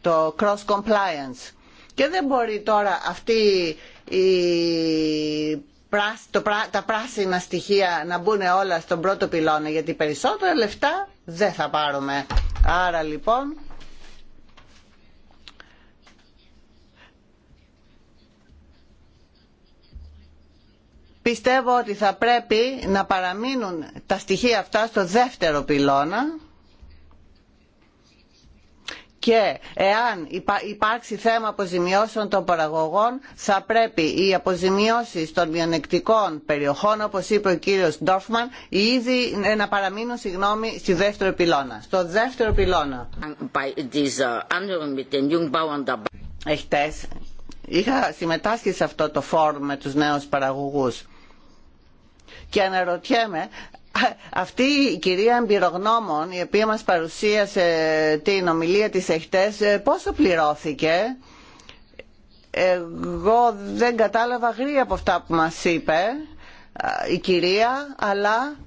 το cross compliance. Και δεν μπορεί τώρα αυτή η τα πράσινα στοιχεία να μπουν όλα στον πρώτο πυλώνα γιατί περισσότερα λεφτά δεν θα πάρουμε. Άρα λοιπόν πιστεύω ότι θα πρέπει να παραμείνουν τα στοιχεία αυτά στο δεύτερο πυλώνα και εάν υπάρξει θέμα αποζημιώσεων των παραγωγών θα πρέπει οι αποζημιώσεις των μειονεκτικών περιοχών όπως είπε ο κύριος Ντόφμαν ήδη να παραμείνουν συγγνώμη στη δεύτερο πυλώνα. Στο δεύτερο πυλώνα. Uh, είχα συμμετάσχει σε αυτό το φόρουμ με τους νέους παραγωγούς και αναρωτιέμαι αυτή η κυρία Εμπειρογνώμων η οποία μας παρουσίασε την ομιλία της εχθές πόσο πληρώθηκε εγώ δεν κατάλαβα γρήγορα από αυτά που μας είπε η κυρία αλλά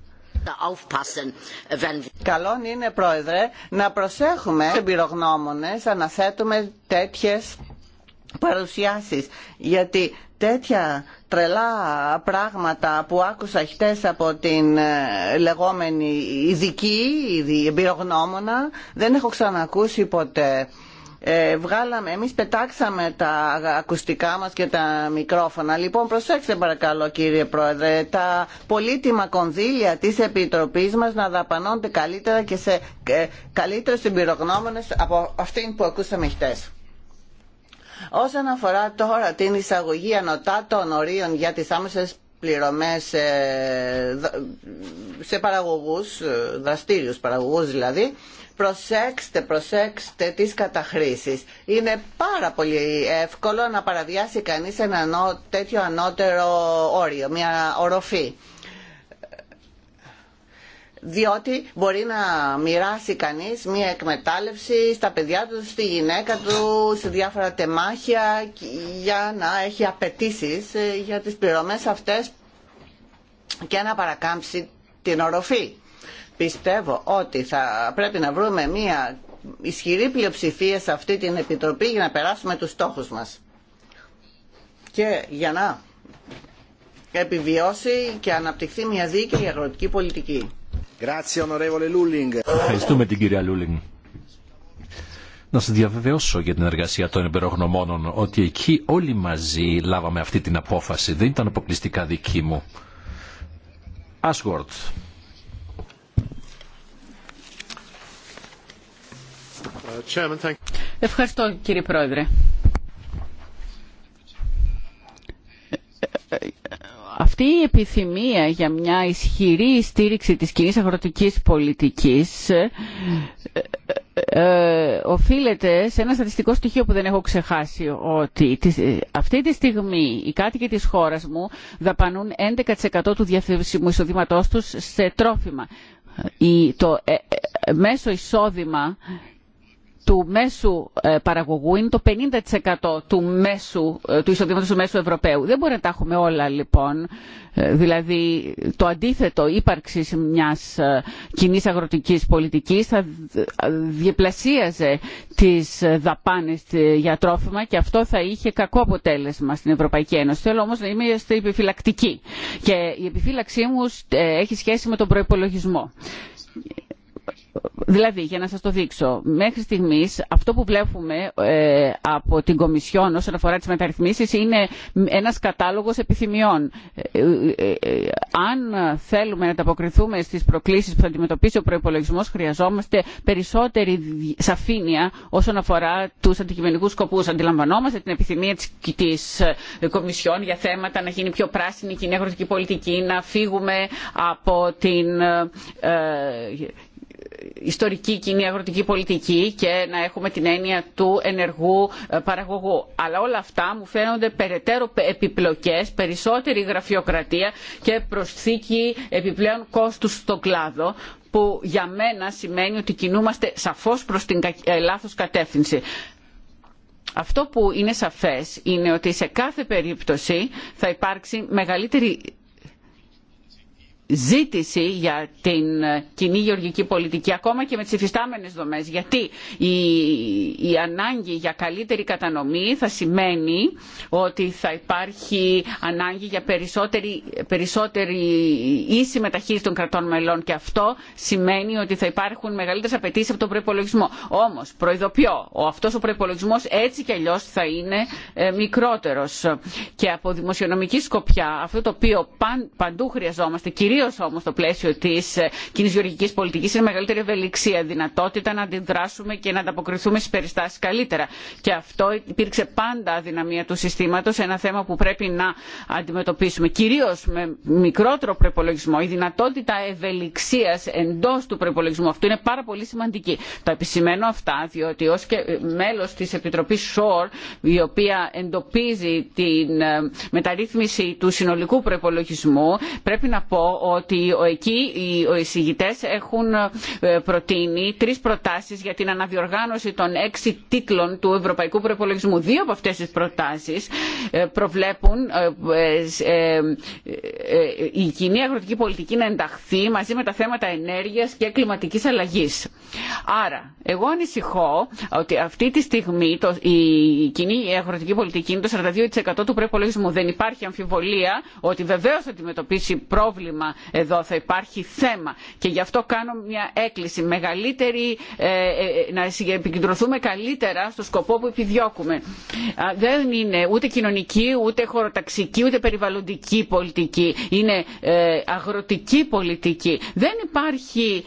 Καλό είναι πρόεδρε να προσέχουμε στους εμπειρογνώμονες αναθέτουμε τέτοιες παρουσιάσεις γιατί τέτοια τρελά πράγματα που άκουσα χτες από την ε, λεγόμενη ειδική, εμπειρογνώμονα, δεν έχω ξανακούσει ποτέ. Ε, βγάλαμε, εμείς πετάξαμε τα ακουστικά μας και τα μικρόφωνα. Λοιπόν, προσέξτε παρακαλώ κύριε Πρόεδρε, τα πολύτιμα κονδύλια της Επιτροπής μας να δαπανώνται καλύτερα και σε ε, καλύτερες εμπειρογνώμονες από αυτήν που ακούσαμε χτες. Όσον αφορά τώρα την εισαγωγή των ορίων για τις άμεσες πληρωμές σε, σε παραγωγούς, δραστήριους παραγωγούς δηλαδή, προσέξτε, προσέξτε τις καταχρήσεις. Είναι πάρα πολύ εύκολο να παραβιάσει κανείς ένα τέτοιο ανώτερο όριο, μια οροφή διότι μπορεί να μοιράσει κανείς μία εκμετάλλευση στα παιδιά του, στη γυναίκα του, σε διάφορα τεμάχια για να έχει απαιτήσει ε, για τις πληρωμές αυτές και να παρακάμψει την οροφή. Πιστεύω ότι θα πρέπει να βρούμε μία ισχυρή πλειοψηφία σε αυτή την Επιτροπή για να περάσουμε τους στόχους μας. Και για να επιβιώσει και αναπτυχθεί μια δίκαιη αγροτική πολιτική. Ευχαριστούμε την κυρία Λούλινγκ. Να σας διαβεβαιώσω για την εργασία των εμπειρογνωμόνων ότι εκεί όλοι μαζί λάβαμε αυτή την απόφαση. Δεν ήταν αποκλειστικά δική μου. Ashworth. Ευχαριστώ κύριε Πρόεδρε. Ε, ε, ε, αυτή η επιθυμία για μια ισχυρή στήριξη της κοινής αγροτικής πολιτικής ε, ε, ε, οφείλεται σε ένα στατιστικό στοιχείο που δεν έχω ξεχάσει ότι αυτή τη στιγμή οι κάτοικοι της χώρας μου δαπανούν 11% του διαθέσιμου εισοδήματός τους σε τρόφιμα. Το μέσο εισόδημα του μέσου ε, παραγωγού είναι το 50% του, μέσου, ε, του εισοδήματος του μέσου Ευρωπαίου. Δεν μπορεί να τα έχουμε όλα λοιπόν. Ε, δηλαδή το αντίθετο ύπαρξη μιας κοινή αγροτικής πολιτικής θα διεπλασίαζε τις δαπάνες για τρόφιμα και αυτό θα είχε κακό αποτέλεσμα στην Ευρωπαϊκή Ένωση. Θέλω όμως να είμαι επιφυλακτική. Και η επιφύλαξή μου έχει σχέση με τον προπολογισμό. Δηλαδή, για να σας το δείξω, μέχρι στιγμής αυτό που βλέπουμε ε, από την Κομισιόν όσον αφορά τις μεταρρυθμίσεις είναι ένας κατάλογος επιθυμιών. Ε, ε, αν θέλουμε να ανταποκριθούμε στις προκλήσεις που θα αντιμετωπίσει ο προϋπολογισμός, χρειαζόμαστε περισσότερη σαφήνεια όσον αφορά τους αντικειμενικούς σκοπούς. Αντιλαμβανόμαστε την επιθυμία της, της Κομισιόν για θέματα να γίνει πιο πράσινη η κοινή αγροτική πολιτική, να φύγουμε από την ιστορική κοινή αγροτική πολιτική και να έχουμε την έννοια του ενεργού ε, παραγωγού. Αλλά όλα αυτά μου φαίνονται περαιτέρω επιπλοκές, περισσότερη γραφειοκρατία και προσθήκη επιπλέον κόστους στον κλάδο που για μένα σημαίνει ότι κινούμαστε σαφώς προς την ε, λάθος κατεύθυνση. Αυτό που είναι σαφές είναι ότι σε κάθε περίπτωση θα υπάρξει μεγαλύτερη ζήτηση για την ε, κοινή γεωργική πολιτική ακόμα και με τις υφιστάμενες δομές γιατί η, ανάγκη για καλύτερη κατανομή θα σημαίνει ότι θα υπάρχει ανάγκη για περισσότερη, περισσότερη ίση μεταχείριση των κρατών μελών και αυτό σημαίνει ότι θα υπάρχουν μεγαλύτερες απαιτήσει από τον προπολογισμό. Όμως προειδοποιώ, ο, αυτός ο προπολογισμό έτσι κι αλλιώς θα είναι ε, μικρότερος και από δημοσιονομική σκοπιά αυτό το οποίο παν, παντού χρειαζόμαστε κυρίως κυρίω όμω στο πλαίσιο τη ε, κοινή γεωργική πολιτική είναι μεγαλύτερη ευελιξία, δυνατότητα να αντιδράσουμε και να ανταποκριθούμε στι περιστάσει καλύτερα. Και αυτό υπήρξε πάντα αδυναμία του συστήματο, ένα θέμα που πρέπει να αντιμετωπίσουμε. Κυρίω με μικρότερο προπολογισμό, η δυνατότητα ευελιξία εντό του προπολογισμού αυτού είναι πάρα πολύ σημαντική. Τα επισημαίνω αυτά, διότι ω και ε, μέλο τη Επιτροπή ΣΟΡ, η οποία εντοπίζει την ε, μεταρρύθμιση του συνολικού προπολογισμού, πρέπει να πω ότι εκεί οι εισηγητές έχουν ε, προτείνει τρεις προτάσεις για την αναδιοργάνωση των έξι τίτλων του Ευρωπαϊκού Προπολογισμού. Δύο από αυτές τις προτάσεις ε, προβλέπουν ε, η κοινή αγροτική πολιτική να ενταχθεί μαζί με τα θέματα ενέργειας και κλιματικής αλλαγής. Άρα, εγώ ανησυχώ ότι αυτή τη στιγμή η κοινή αγροτική πολιτική είναι το 42% του προπολογισμού. Δεν υπάρχει αμφιβολία ότι βεβαίως θα αντιμετωπίσει πρόβλημα εδώ θα υπάρχει θέμα και γι' αυτό κάνω μια έκκληση μεγαλύτερη, ε, ε, να επικεντρωθούμε καλύτερα στο σκοπό που επιδιώκουμε. Δεν είναι ούτε κοινωνική, ούτε χωροταξική, ούτε περιβαλλοντική πολιτική. Είναι ε, αγροτική πολιτική. Δεν υπάρχει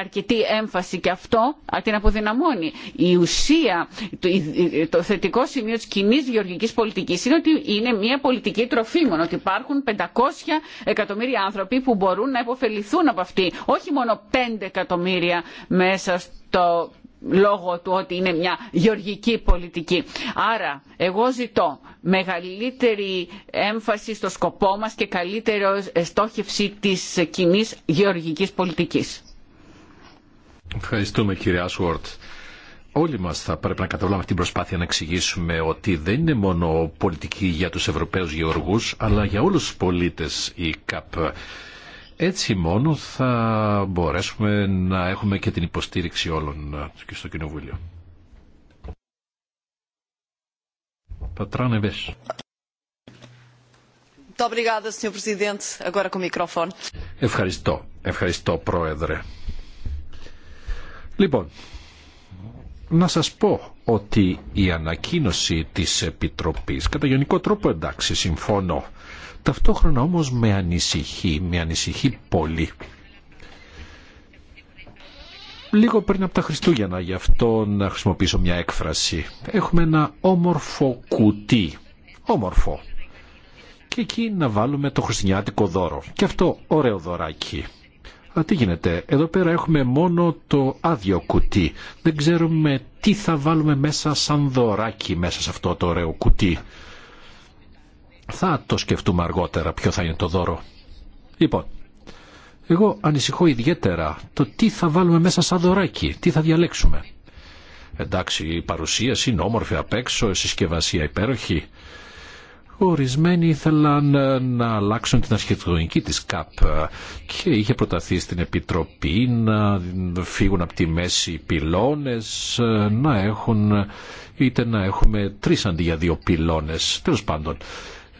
αρκετή έμφαση και αυτό την αποδυναμώνει. Η ουσία, το θετικό σημείο της κοινή γεωργικής πολιτικής είναι ότι είναι μια πολιτική τροφίμων, ότι υπάρχουν 500 εκατομμύρια άνθρωποι που μπορούν να υποφεληθούν από αυτή. Όχι μόνο 5 εκατομμύρια μέσα στο λόγο του ότι είναι μια γεωργική πολιτική. Άρα εγώ ζητώ μεγαλύτερη έμφαση στο σκοπό μας και καλύτερη στόχευση της κοινή γεωργικής πολιτικής. Ευχαριστούμε κύριε Άσουορτ. Όλοι μας θα πρέπει να καταβλάμε αυτή την προσπάθεια να εξηγήσουμε ότι δεν είναι μόνο πολιτική για τους Ευρωπαίους γεωργούς, αλλά για όλους τους πολίτες η ΚΑΠ. Έτσι μόνο θα μπορέσουμε να έχουμε και την υποστήριξη όλων ε, και στο Κοινοβούλιο. Πατράνε Ευχαριστώ. Ευχαριστώ, Πρόεδρε. Λοιπόν, να σας πω ότι η ανακοίνωση της Επιτροπής κατά γενικό τρόπο εντάξει συμφωνώ Ταυτόχρονα όμως με ανησυχεί, με ανησυχεί πολύ. Λίγο πριν από τα Χριστούγεννα γι' αυτό να χρησιμοποιήσω μια έκφραση. Έχουμε ένα όμορφο κουτί. Όμορφο. Και εκεί να βάλουμε το χριστουγεννιάτικο δώρο. Και αυτό ωραίο δωράκι. Α, τι γίνεται, εδώ πέρα έχουμε μόνο το άδειο κουτί. Δεν ξέρουμε τι θα βάλουμε μέσα σαν δωράκι μέσα σε αυτό το ωραίο κουτί. Θα το σκεφτούμε αργότερα ποιο θα είναι το δώρο. Λοιπόν, εγώ ανησυχώ ιδιαίτερα το τι θα βάλουμε μέσα σαν δωράκι, τι θα διαλέξουμε. Εντάξει, η παρουσίαση είναι όμορφη απ' έξω, η συσκευασία υπέροχη. Ορισμένοι ήθελαν ε, να αλλάξουν την αρχιτεκτονική της ΚΑΠ και είχε προταθεί στην Επιτροπή να φύγουν από τη μέση οι πυλώνες, ε, να έχουν είτε να έχουμε τρεις αντί για δύο πυλώνες. Τέλος πάντων,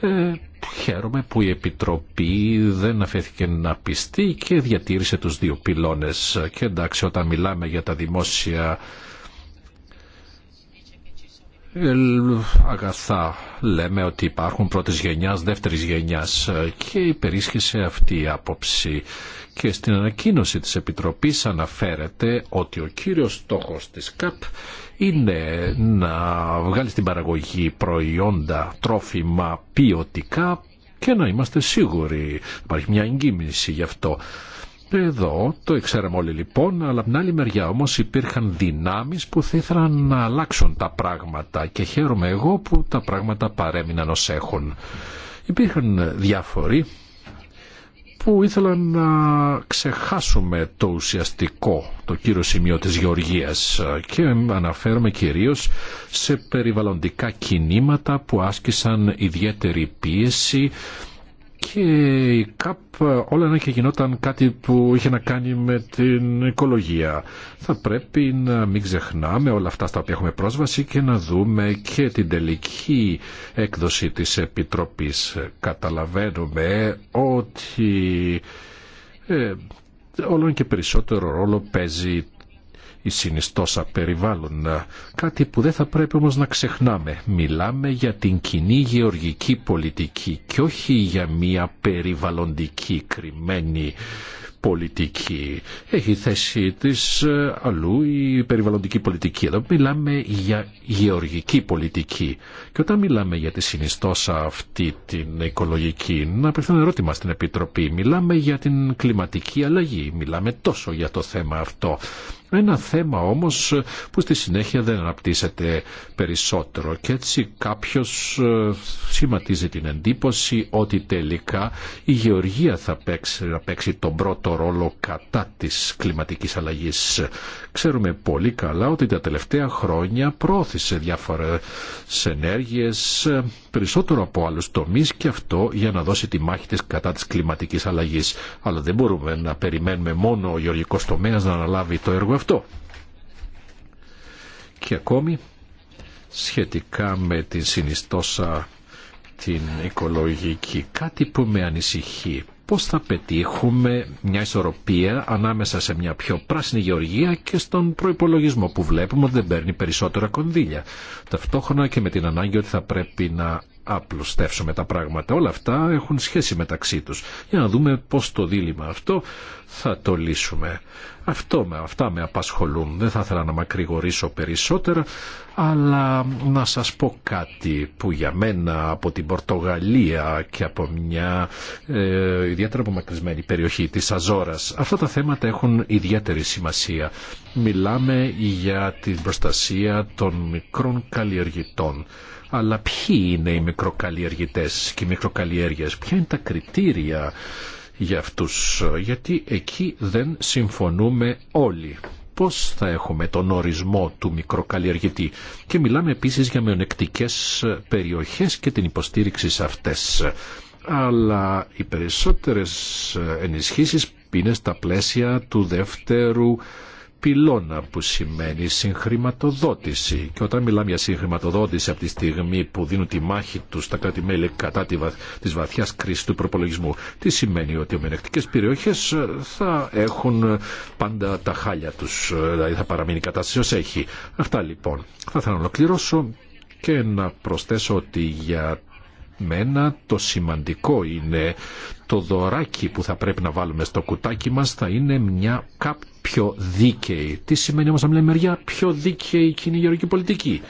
ε, χαίρομαι που η Επιτροπή δεν αφέθηκε να πιστεί και διατήρησε τους δύο πυλώνες. Και εντάξει, όταν μιλάμε για τα δημόσια ε, αγαθά λέμε ότι υπάρχουν πρώτης γενιάς, δεύτερης γενιάς και υπερίσχυσε αυτή η άποψη και στην ανακοίνωση της Επιτροπής αναφέρεται ότι ο κύριος στόχος της ΚΑΠ είναι να βγάλεις την παραγωγή προϊόντα, τρόφιμα ποιοτικά και να είμαστε σίγουροι. Υπάρχει μια εγκύμηση γι' αυτό. Εδώ το ξέραμε όλοι λοιπόν, αλλά από την άλλη μεριά όμως υπήρχαν δυνάμεις που θα ήθελαν να αλλάξουν τα πράγματα και χαίρομαι εγώ που τα πράγματα παρέμειναν ως έχουν. Υπήρχαν διάφοροι που ήθελα να ξεχάσουμε το ουσιαστικό, το κύριο σημείο της γεωργίας και αναφέρομαι κυρίως σε περιβαλλοντικά κινήματα που άσκησαν ιδιαίτερη πίεση και η ΚΑΠ όλα ένα και γινόταν κάτι που είχε να κάνει με την οικολογία. Θα πρέπει να μην ξεχνάμε όλα αυτά στα οποία έχουμε πρόσβαση και να δούμε και την τελική έκδοση της Επιτροπής. Καταλαβαίνουμε ότι ε, όλο και περισσότερο ρόλο παίζει η συνιστόσα περιβάλλον. Κάτι που δεν θα πρέπει όμως να ξεχνάμε. Μιλάμε για την κοινή γεωργική πολιτική και όχι για μια περιβαλλοντική κρυμμένη πολιτική. Έχει θέση της ε, αλλού η περιβαλλοντική πολιτική. Εδώ μιλάμε για γεωργική πολιτική. Και όταν μιλάμε για τη συνιστόσα αυτή την οικολογική, να απευθύνω ερώτημα στην Επιτροπή. Μιλάμε για την κλιματική αλλαγή. Μιλάμε τόσο για το θέμα αυτό. Ένα θέμα όμως που στη συνέχεια δεν αναπτύσσεται περισσότερο και έτσι κάποιος ε, σχηματίζει την εντύπωση ότι τελικά η γεωργία θα παίξει, θα παίξει τον πρώτο ρόλο κατά της κλιματικής αλλαγής. Ξέρουμε πολύ καλά ότι τα τελευταία χρόνια πρόθυσε διάφορες ενέργειες περισσότερο από άλλους τομείς και αυτό για να δώσει τη μάχη της κατά της κλιματικής αλλαγής. Αλλά δεν μπορούμε να περιμένουμε μόνο ο γεωργικός τομέας να αναλάβει το έργο αυτό. Και ακόμη σχετικά με την συνιστόσα την οικολογική. Κάτι που με ανησυχεί πώς θα πετύχουμε μια ισορροπία ανάμεσα σε μια πιο πράσινη γεωργία και στον προϋπολογισμό που βλέπουμε ότι δεν παίρνει περισσότερα κονδύλια. Ταυτόχρονα και με την ανάγκη ότι θα πρέπει να απλουστεύσουμε τα πράγματα. Όλα αυτά έχουν σχέση μεταξύ τους. Για να δούμε πώς το δίλημα αυτό θα το λύσουμε. Αυτό με, αυτά με απασχολούν. Δεν θα ήθελα να μακρηγορήσω περισσότερα, αλλά να σας πω κάτι που για μένα από την Πορτογαλία και από μια ε, ιδιαίτερα απομακρυσμένη περιοχή της Αζόρας, αυτά τα θέματα έχουν ιδιαίτερη σημασία. Μιλάμε για την προστασία των μικρών καλλιεργητών αλλά ποιοι είναι οι μικροκαλλιεργητές και οι μικροκαλλιέργειες, ποια είναι τα κριτήρια για αυτούς, γιατί εκεί δεν συμφωνούμε όλοι. Πώς θα έχουμε τον ορισμό του μικροκαλλιεργητή και μιλάμε επίσης για μειονεκτικές περιοχές και την υποστήριξη σε αυτές. Αλλά οι περισσότερες ενισχύσεις είναι στα πλαίσια του δεύτερου πυλώνα που σημαίνει συγχρηματοδότηση. Και όταν μιλάμε για συγχρηματοδότηση από τη στιγμή που δίνουν τη μάχη του τα κράτη-μέλη κατά τη, βα... της βαθιάς κρίσης του προπολογισμού, τι σημαίνει ότι οι μενεκτικές περιοχές ε, θα έχουν ε, πάντα τα χάλια τους, ε, δηλαδή θα παραμείνει η κατάσταση ως έχει. Αυτά λοιπόν. Θα ήθελα να ολοκληρώσω και να προσθέσω ότι για μένα το σημαντικό είναι το δωράκι που θα πρέπει να βάλουμε στο κουτάκι μας θα είναι μια κάποιο δίκαιη. Τι σημαίνει όμως να μια μεριά πιο δίκαιη κοινή γεωργική πολιτική.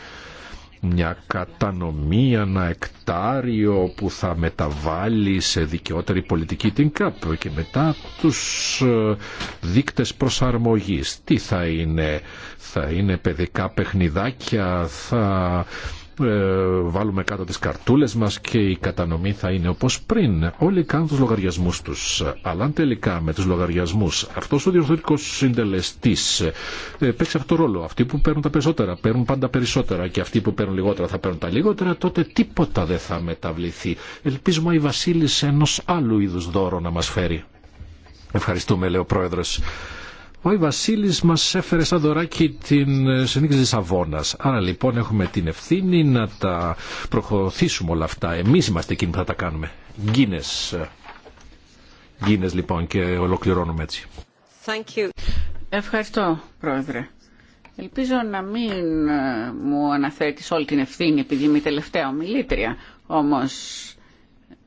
Μια κατανομή, ένα εκτάριο που θα μεταβάλει σε δικαιότερη πολιτική την ΚΑΠ και μετά τους ε, δίκτες προσαρμογής. Τι θα είναι, θα είναι παιδικά παιχνιδάκια, θα ε, βάλουμε κάτω τις καρτούλες μας και η κατανομή θα είναι όπως πριν. Όλοι κάνουν τους λογαριασμούς τους. Αλλά αν τελικά με τους λογαριασμούς αυτός ο διορθωτικός συντελεστής ε, παίξει αυτό το ρόλο. Αυτοί που παίρνουν τα περισσότερα παίρνουν πάντα περισσότερα και αυτοί που παίρνουν λιγότερα θα παίρνουν τα λιγότερα, τότε τίποτα δεν θα μεταβληθεί. Ελπίζουμε η Βασίλισσα ενός άλλου είδους δώρο να μας φέρει. Ευχαριστούμε, λέει ο Πρόεδρος. Ο Βασίλης μας έφερε σαν δωράκι την ε, συνήθεια της Αβώνας. Άρα λοιπόν έχουμε την ευθύνη να τα προχωρήσουμε όλα αυτά. Εμείς είμαστε εκείνοι που θα τα κάνουμε. Γκίνες. Ε, λοιπόν και ολοκληρώνουμε έτσι. Thank you. Ευχαριστώ πρόεδρε. Ελπίζω να μην ε, μου αναθέτεις όλη την ευθύνη επειδή είμαι η τελευταία ομιλήτρια. Όμως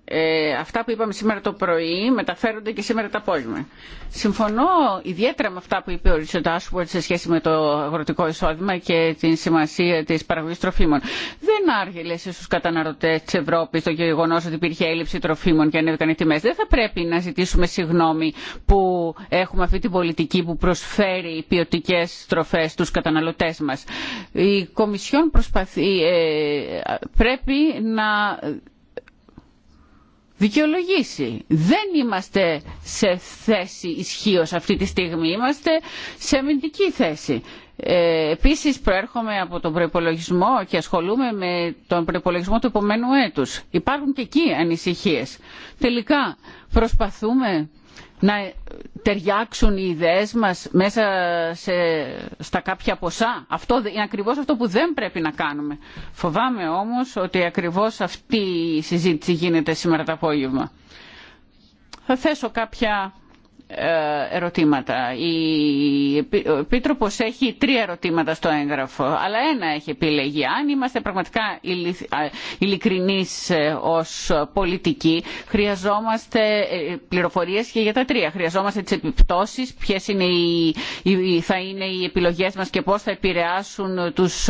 ε, αυτά που είπαμε σήμερα το πρωί μεταφέρονται και σήμερα το απόγευμα. Συμφωνώ ιδιαίτερα με αυτά που είπε ο Ρίτσο Ντάσουαρτ σε σχέση με το αγροτικό εισόδημα και την σημασία τη παραγωγή τροφίμων. Δεν άργελε στου καταναλωτέ τη Ευρώπη το γεγονό ότι υπήρχε έλλειψη τροφίμων και ανέβηκαν οι τιμέ. Δεν θα πρέπει να ζητήσουμε συγγνώμη που έχουμε αυτή την πολιτική που προσφέρει ποιοτικέ τροφέ στου καταναλωτέ μα. Η Κομισιόν προσπαθεί, ε, πρέπει να δικαιολογήσει. Δεν είμαστε σε θέση ισχύω αυτή τη στιγμή, είμαστε σε αμυντική θέση. Ε, επίσης προέρχομαι από τον προπολογισμό και ασχολούμαι με τον προπολογισμό του επομένου έτους. Υπάρχουν και εκεί ανησυχίες. Τελικά προσπαθούμε να ταιριάξουν οι ιδέες μας μέσα σε, στα κάποια ποσά. Αυτό είναι ακριβώς αυτό που δεν πρέπει να κάνουμε. Φοβάμαι όμως ότι ακριβώς αυτή η συζήτηση γίνεται σήμερα το απόγευμα. Θα θέσω κάποια ε, ερωτήματα. Ο Επίτροπος έχει τρία ερωτήματα στο έγγραφο, αλλά ένα έχει επιλεγεί. Αν είμαστε πραγματικά ειλικρινείς ε, ως πολιτικοί, χρειαζόμαστε ε, πληροφορίες και για τα τρία. Χρειαζόμαστε τις επιπτώσεις, ποιες είναι οι, θα είναι οι επιλογές μας και πώς θα επηρεάσουν τους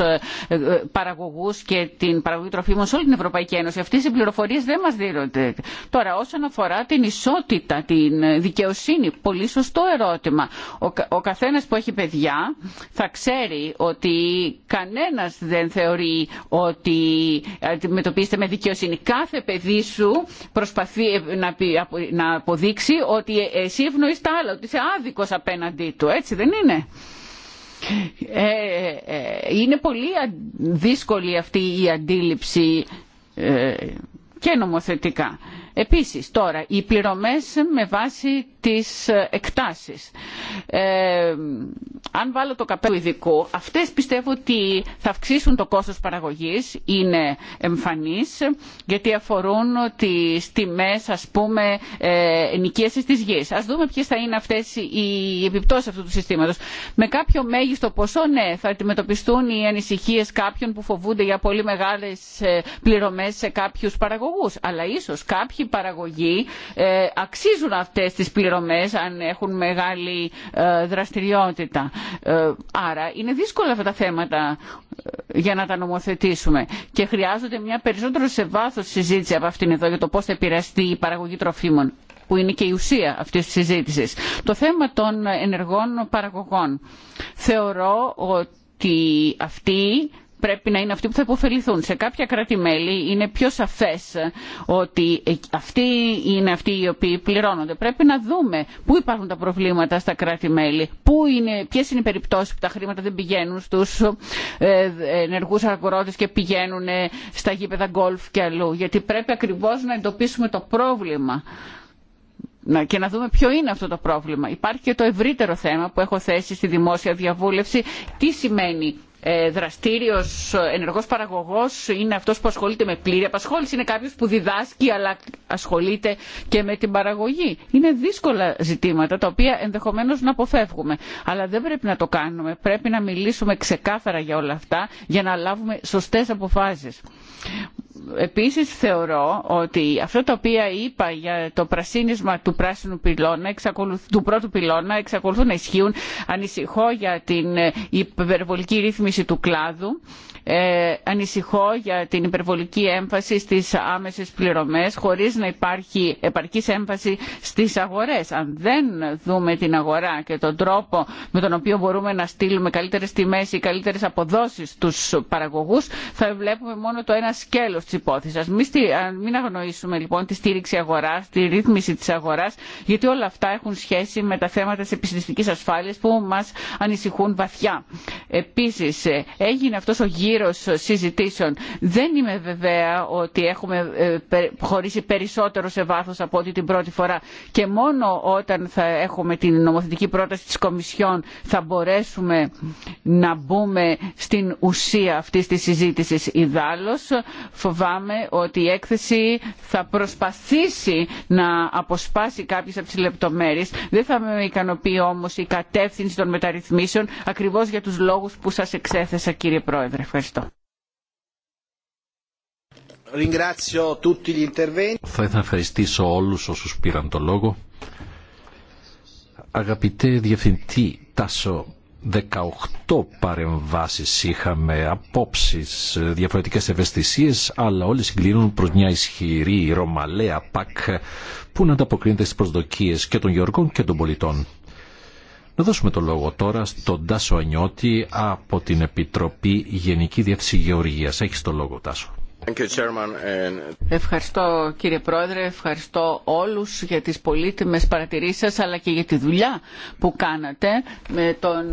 παραγωγούς και την παραγωγή τροφίμων σε όλη την Ευρωπαϊκή Ένωση. Αυτές οι πληροφορίες δεν μας δίνονται. Τώρα, όσον αφορά την ισότητα, την δικαιοσύνη, Πολύ σωστό ερώτημα. Ο, καθένας που έχει παιδιά θα ξέρει ότι κανένας δεν θεωρεί ότι αντιμετωπίζεται με δικαιοσύνη. Κάθε παιδί σου προσπαθεί ε, να, να αποδείξει ότι ε, εσύ ευνοείς τα άλλα, ότι είσαι άδικος απέναντί του. Έτσι δεν είναι. Ε, είναι πολύ δύσκολη αυτή η αντίληψη και νομοθετικά. Επίσης τώρα οι πληρωμές με βάση τις ε, εκτάσεις. Ε, αν βάλω το καπέλο ειδικού, αυτές πιστεύω ότι θα αυξήσουν το κόστος παραγωγής, είναι εμφανής, γιατί αφορούν τις τιμές ας πούμε ε, νοικίασης της γης. Ας δούμε ποιες θα είναι αυτές οι επιπτώσεις αυτού του συστήματος. Με κάποιο μέγιστο ποσό, ναι, θα αντιμετωπιστούν οι ανησυχίες κάποιων που φοβούνται για πολύ μεγάλες ε, πληρωμές σε κάποιους παραγωγούς. Αλλά ίσως κάποιοι παραγωγή ε, αξίζουν αυτές τις πληρωμές αν έχουν μεγάλη ε, δραστηριότητα. Ε, άρα είναι δύσκολα αυτά τα θέματα για να τα νομοθετήσουμε και χρειάζονται μια περισσότερο σε βάθος συζήτηση από αυτήν εδώ για το πώς θα επηρεαστεί η παραγωγή τροφίμων που είναι και η ουσία αυτής της συζήτησης. Το θέμα των ενεργών παραγωγών. Θεωρώ ότι αυτοί πρέπει να είναι αυτοί που θα υποφεληθούν. Σε κάποια κράτη-μέλη είναι πιο σαφές ότι αυτοί είναι αυτοί οι οποίοι πληρώνονται. Πρέπει να δούμε πού υπάρχουν τα προβλήματα στα κράτη-μέλη, είναι, ποιες είναι οι περιπτώσεις που τα χρήματα δεν πηγαίνουν στους ε, ενεργούς αγρότε και πηγαίνουν στα γήπεδα γκολφ και αλλού. Γιατί πρέπει ακριβώς να εντοπίσουμε το πρόβλημα και να δούμε ποιο είναι αυτό το πρόβλημα. Υπάρχει και το ευρύτερο θέμα που έχω θέσει στη δημόσια διαβούλευση. Τι σημαίνει ε, δραστήριος ενεργός παραγωγός είναι αυτός που ασχολείται με πλήρη απασχόληση, είναι κάποιος που διδάσκει αλλά ασχολείται και με την παραγωγή. Είναι δύσκολα ζητήματα τα οποία ενδεχομένως να αποφεύγουμε. Αλλά δεν πρέπει να το κάνουμε, πρέπει να μιλήσουμε ξεκάθαρα για όλα αυτά για να λάβουμε σωστές αποφάσεις επίσης θεωρώ ότι αυτό το οποίο είπα για το πρασίνισμα του, πράσινου πυλώνα, του πρώτου πυλώνα εξακολουθούν να ισχύουν. Ανησυχώ για την ε, υπερβολική ρύθμιση του κλάδου ε, ανησυχώ για την υπερβολική έμφαση στις άμεσες πληρωμές χωρίς να υπάρχει επαρκής έμφαση στις αγορές. Αν δεν δούμε την αγορά και τον τρόπο με τον οποίο μπορούμε να στείλουμε καλύτερες τιμές ή καλύτερες αποδόσεις στους παραγωγούς θα βλέπουμε μόνο το ένα σκέλος της υπόθεσης. Μην, μην αγνοήσουμε λοιπόν τη στήριξη αγοράς, τη ρύθμιση της αγοράς γιατί όλα αυτά έχουν σχέση με τα θέματα της επιστημιστικής ασφάλειας που μας ανησυχούν βαθιά. Επίσης ε, έγινε αυτός ο γύρος συζητήσεων. Δεν είμαι βεβαία ότι έχουμε ε, χωρίσει περισσότερο σε βάθος από ό,τι την πρώτη φορά και μόνο όταν θα έχουμε την νομοθετική πρόταση της Κομισιόν θα μπορέσουμε να μπούμε στην ουσία αυτής της συζήτησης. Ιδάλλως φοβάμαι ότι η έκθεση θα προσπαθήσει να αποσπάσει κάποιες από τις λεπτομέρειες. Δεν θα με ικανοποιεί όμως η κατεύθυνση των μεταρρυθμίσεων ακριβώς για τους λόγους που σας εξέθεσα κύριε Πρόεδρε. Ευχαριστώ. Θα ήθελα να ευχαριστήσω όλους όσους πήραν το λόγο. Αγαπητέ Διευθυντή Τάσο, 18 παρεμβάσεις είχαμε, απόψεις, διαφορετικές ευαισθησίες, αλλά όλοι συγκλίνουν προς μια ισχυρή ρωμαλαία ΠΑΚ που να ανταποκρίνεται στις προσδοκίες και των γεωργών και των πολιτών. Να δώσουμε το λόγο τώρα στον Τάσο Ανιώτη από την Επιτροπή Γενική Διεύθυνση Γεωργίας. Έχεις το λόγο Τάσο. Ευχαριστώ κύριε Πρόεδρε, ευχαριστώ όλους για τις πολύτιμες παρατηρήσεις σας αλλά και για τη δουλειά που κάνατε με τον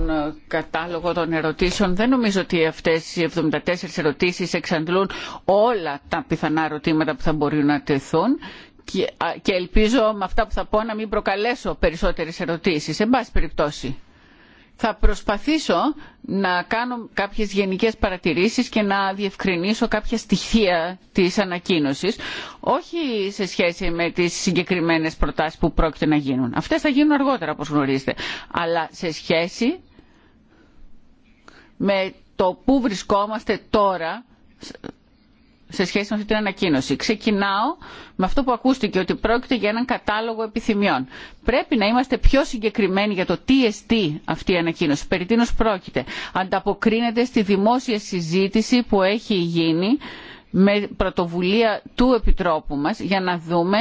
κατάλογο των ερωτήσεων. Δεν νομίζω ότι αυτές οι 74 ερωτήσεις εξαντλούν όλα τα πιθανά ερωτήματα που θα μπορούν να τεθούν και ελπίζω με αυτά που θα πω να μην προκαλέσω περισσότερες ερωτήσεις. Εν πάση περιπτώσει, θα προσπαθήσω να κάνω κάποιες γενικές παρατηρήσεις και να διευκρινίσω κάποια στοιχεία της ανακοίνωσης, όχι σε σχέση με τις συγκεκριμένες προτάσεις που πρόκειται να γίνουν. Αυτές θα γίνουν αργότερα, όπως γνωρίζετε, αλλά σε σχέση με το πού βρισκόμαστε τώρα σε σχέση με αυτή την ανακοίνωση. Ξεκινάω με αυτό που ακούστηκε ότι πρόκειται για έναν κατάλογο επιθυμιών. Πρέπει να είμαστε πιο συγκεκριμένοι για το τι εστί αυτή η ανακοίνωση, περί τίνος πρόκειται. Ανταποκρίνεται στη δημόσια συζήτηση που έχει γίνει με πρωτοβουλία του Επιτρόπου μας για να δούμε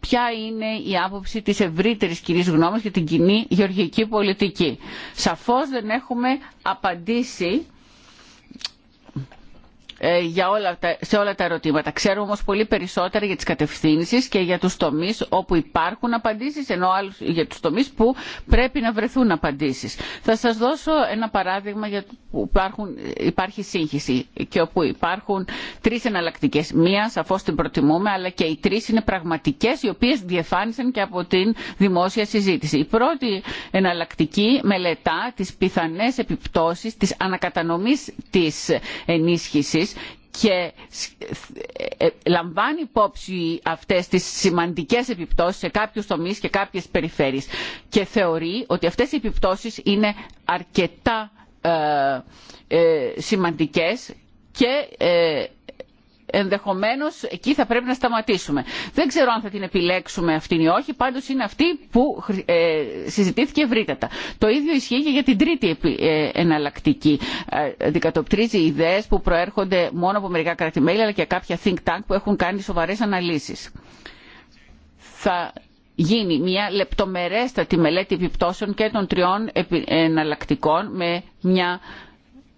ποια είναι η άποψη της ευρύτερης κοινής γνώμης για την κοινή γεωργική πολιτική. Σαφώς δεν έχουμε απαντήσει ε, για όλα σε όλα τα ερωτήματα. Ξέρουμε όμως πολύ περισσότερα για τις κατευθύνσεις και για τους τομείς όπου υπάρχουν απαντήσεις, ενώ άλλους, για τους τομείς που πρέπει να βρεθούν απαντήσεις. Θα σας δώσω ένα παράδειγμα για που υπάρχουν, υπάρχει σύγχυση και όπου υπάρχουν τρεις εναλλακτικέ. Μία σαφώς την προτιμούμε, αλλά και οι τρεις είναι πραγματικές, οι οποίες διεφάνισαν και από την δημόσια συζήτηση. Η πρώτη εναλλακτική μελετά τις πιθανές επιπτώσεις της ανακατανομής της ενίσχυσης και ε, ε, λαμβάνει υπόψη αυτές τις σημαντικές επιπτώσεις σε κάποιους τομείς και κάποιες περιφέρειες και θεωρεί ότι αυτές οι επιπτώσεις είναι αρκετά ε, σημαντικές και ενδεχομένως εκεί θα πρέπει να σταματήσουμε. Δεν ξέρω αν θα την επιλέξουμε αυτήν ή όχι, πάντω είναι αυτή που ε, συζητήθηκε ευρύτατα. Το ίδιο ισχύει και για την τρίτη ε, εναλλακτική. Δικατοπτρίζει ε, ιδέε που προέρχονται μόνο από μερικά κρατημέλη αλλά και κάποια think tank που έχουν κάνει σοβαρές αναλύσεις. Θα γίνει μια λεπτομερέστατη μελέτη επιπτώσεων και των τριών εναλλακτικών με μια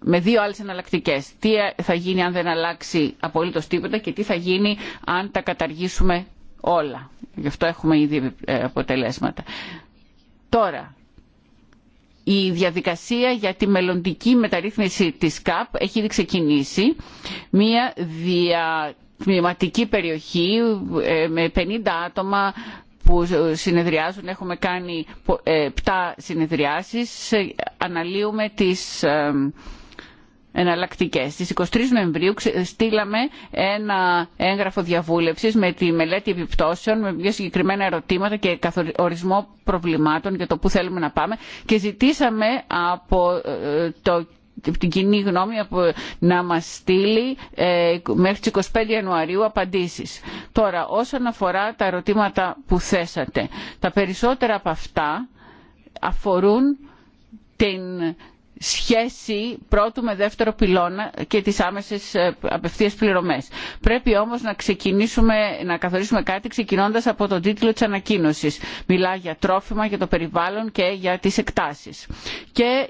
με δύο άλλε εναλλακτικέ. Τι θα γίνει αν δεν αλλάξει απολύτω τίποτα και τι θα γίνει αν τα καταργήσουμε όλα. Γι' αυτό έχουμε ήδη ε, αποτελέσματα. Τώρα, η διαδικασία για τη μελλοντική μεταρρύθμιση της ΚΑΠ έχει ήδη ξεκινήσει. Μία διατμηματική περιοχή ε, με 50 άτομα που συνεδριάζουν. Έχουμε κάνει 7 ε, συνεδριάσεις. Αναλύουμε τις εναλλακτικές. Στις 23 Νοεμβρίου στείλαμε ένα έγγραφο διαβούλευση με τη μελέτη επιπτώσεων, με πιο συγκεκριμένα ερωτήματα και καθορισμό προβλημάτων για το που θέλουμε να πάμε και ζητήσαμε από ε, το την κοινή γνώμη να μας στείλει ε, μέχρι τις 25 Ιανουαρίου απαντήσεις. Τώρα, όσον αφορά τα ερωτήματα που θέσατε, τα περισσότερα από αυτά αφορούν την σχέση πρώτου με δεύτερο πυλώνα και τις άμεσες ε, απευθείας πληρωμές. Πρέπει όμως να ξεκινήσουμε, να καθορίσουμε κάτι ξεκινώντας από τον τίτλο της ανακοίνωσης. Μιλά για τρόφιμα, για το περιβάλλον και για τις εκτάσεις. Και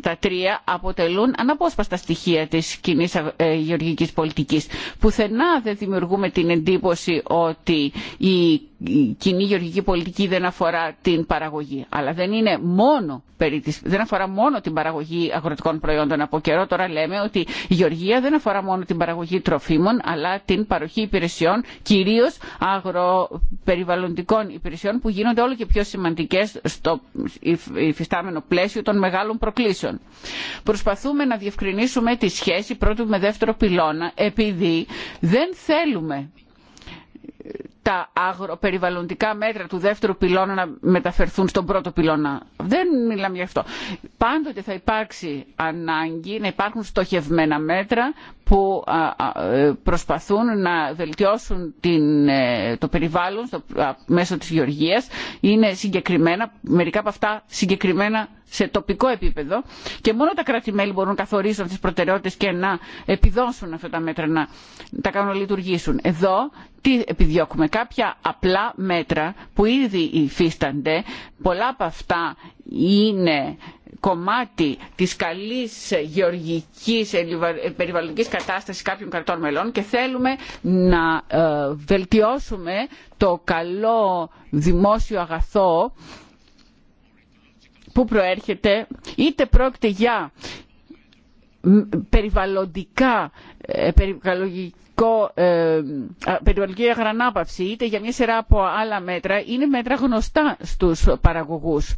τα τρία αποτελούν αναπόσπαστα στοιχεία της κοινή ε, γεωργικής πολιτικής. Πουθενά δεν δημιουργούμε την εντύπωση ότι η η κοινή γεωργική πολιτική δεν αφορά την παραγωγή. Αλλά δεν, είναι μόνο, δεν αφορά μόνο την παραγωγή αγροτικών προϊόντων. Από καιρό τώρα λέμε ότι η γεωργία δεν αφορά μόνο την παραγωγή τροφίμων, αλλά την παροχή υπηρεσιών, κυρίω αγροπεριβαλλοντικών υπηρεσιών που γίνονται όλο και πιο σημαντικέ στο υφιστάμενο πλαίσιο των μεγάλων προκλήσεων. Προσπαθούμε να διευκρινίσουμε τη σχέση πρώτου με δεύτερο πυλώνα, επειδή δεν θέλουμε τα αγροπεριβαλλοντικά μέτρα του δεύτερου πυλώνα να μεταφερθούν στον πρώτο πυλώνα. Δεν μιλάμε γι' αυτό. Πάντοτε θα υπάρξει ανάγκη να υπάρχουν στοχευμένα μέτρα που ε, προσπαθούν να βελτιώσουν την, ε, το περιβάλλον στο, μέσω της γεωργίας. Είναι συγκεκριμένα, μερικά από αυτά συγκεκριμένα σε τοπικό επίπεδο και μόνο τα κράτη-μέλη μπορούν να καθορίσουν τις προτεραιότητες και να επιδώσουν αυτά τα μέτρα να τα κάνουν να λειτουργήσουν. Εδώ τι επιδιώκουμε. Κάποια απλά μέτρα που ήδη υφίστανται, πολλά από αυτά είναι κομμάτι της καλής γεωργικής περιβαλλοντικής κατάστασης κάποιων κρατών μελών και θέλουμε να ε, βελτιώσουμε το καλό δημόσιο αγαθό που προέρχεται είτε πρόκειται για περιβαλλοντικά ε, περιβαλλοντικό ε, περιβαλλοντική αγρανάπαυση είτε για μια σειρά από άλλα μέτρα είναι μέτρα γνωστά στους παραγωγούς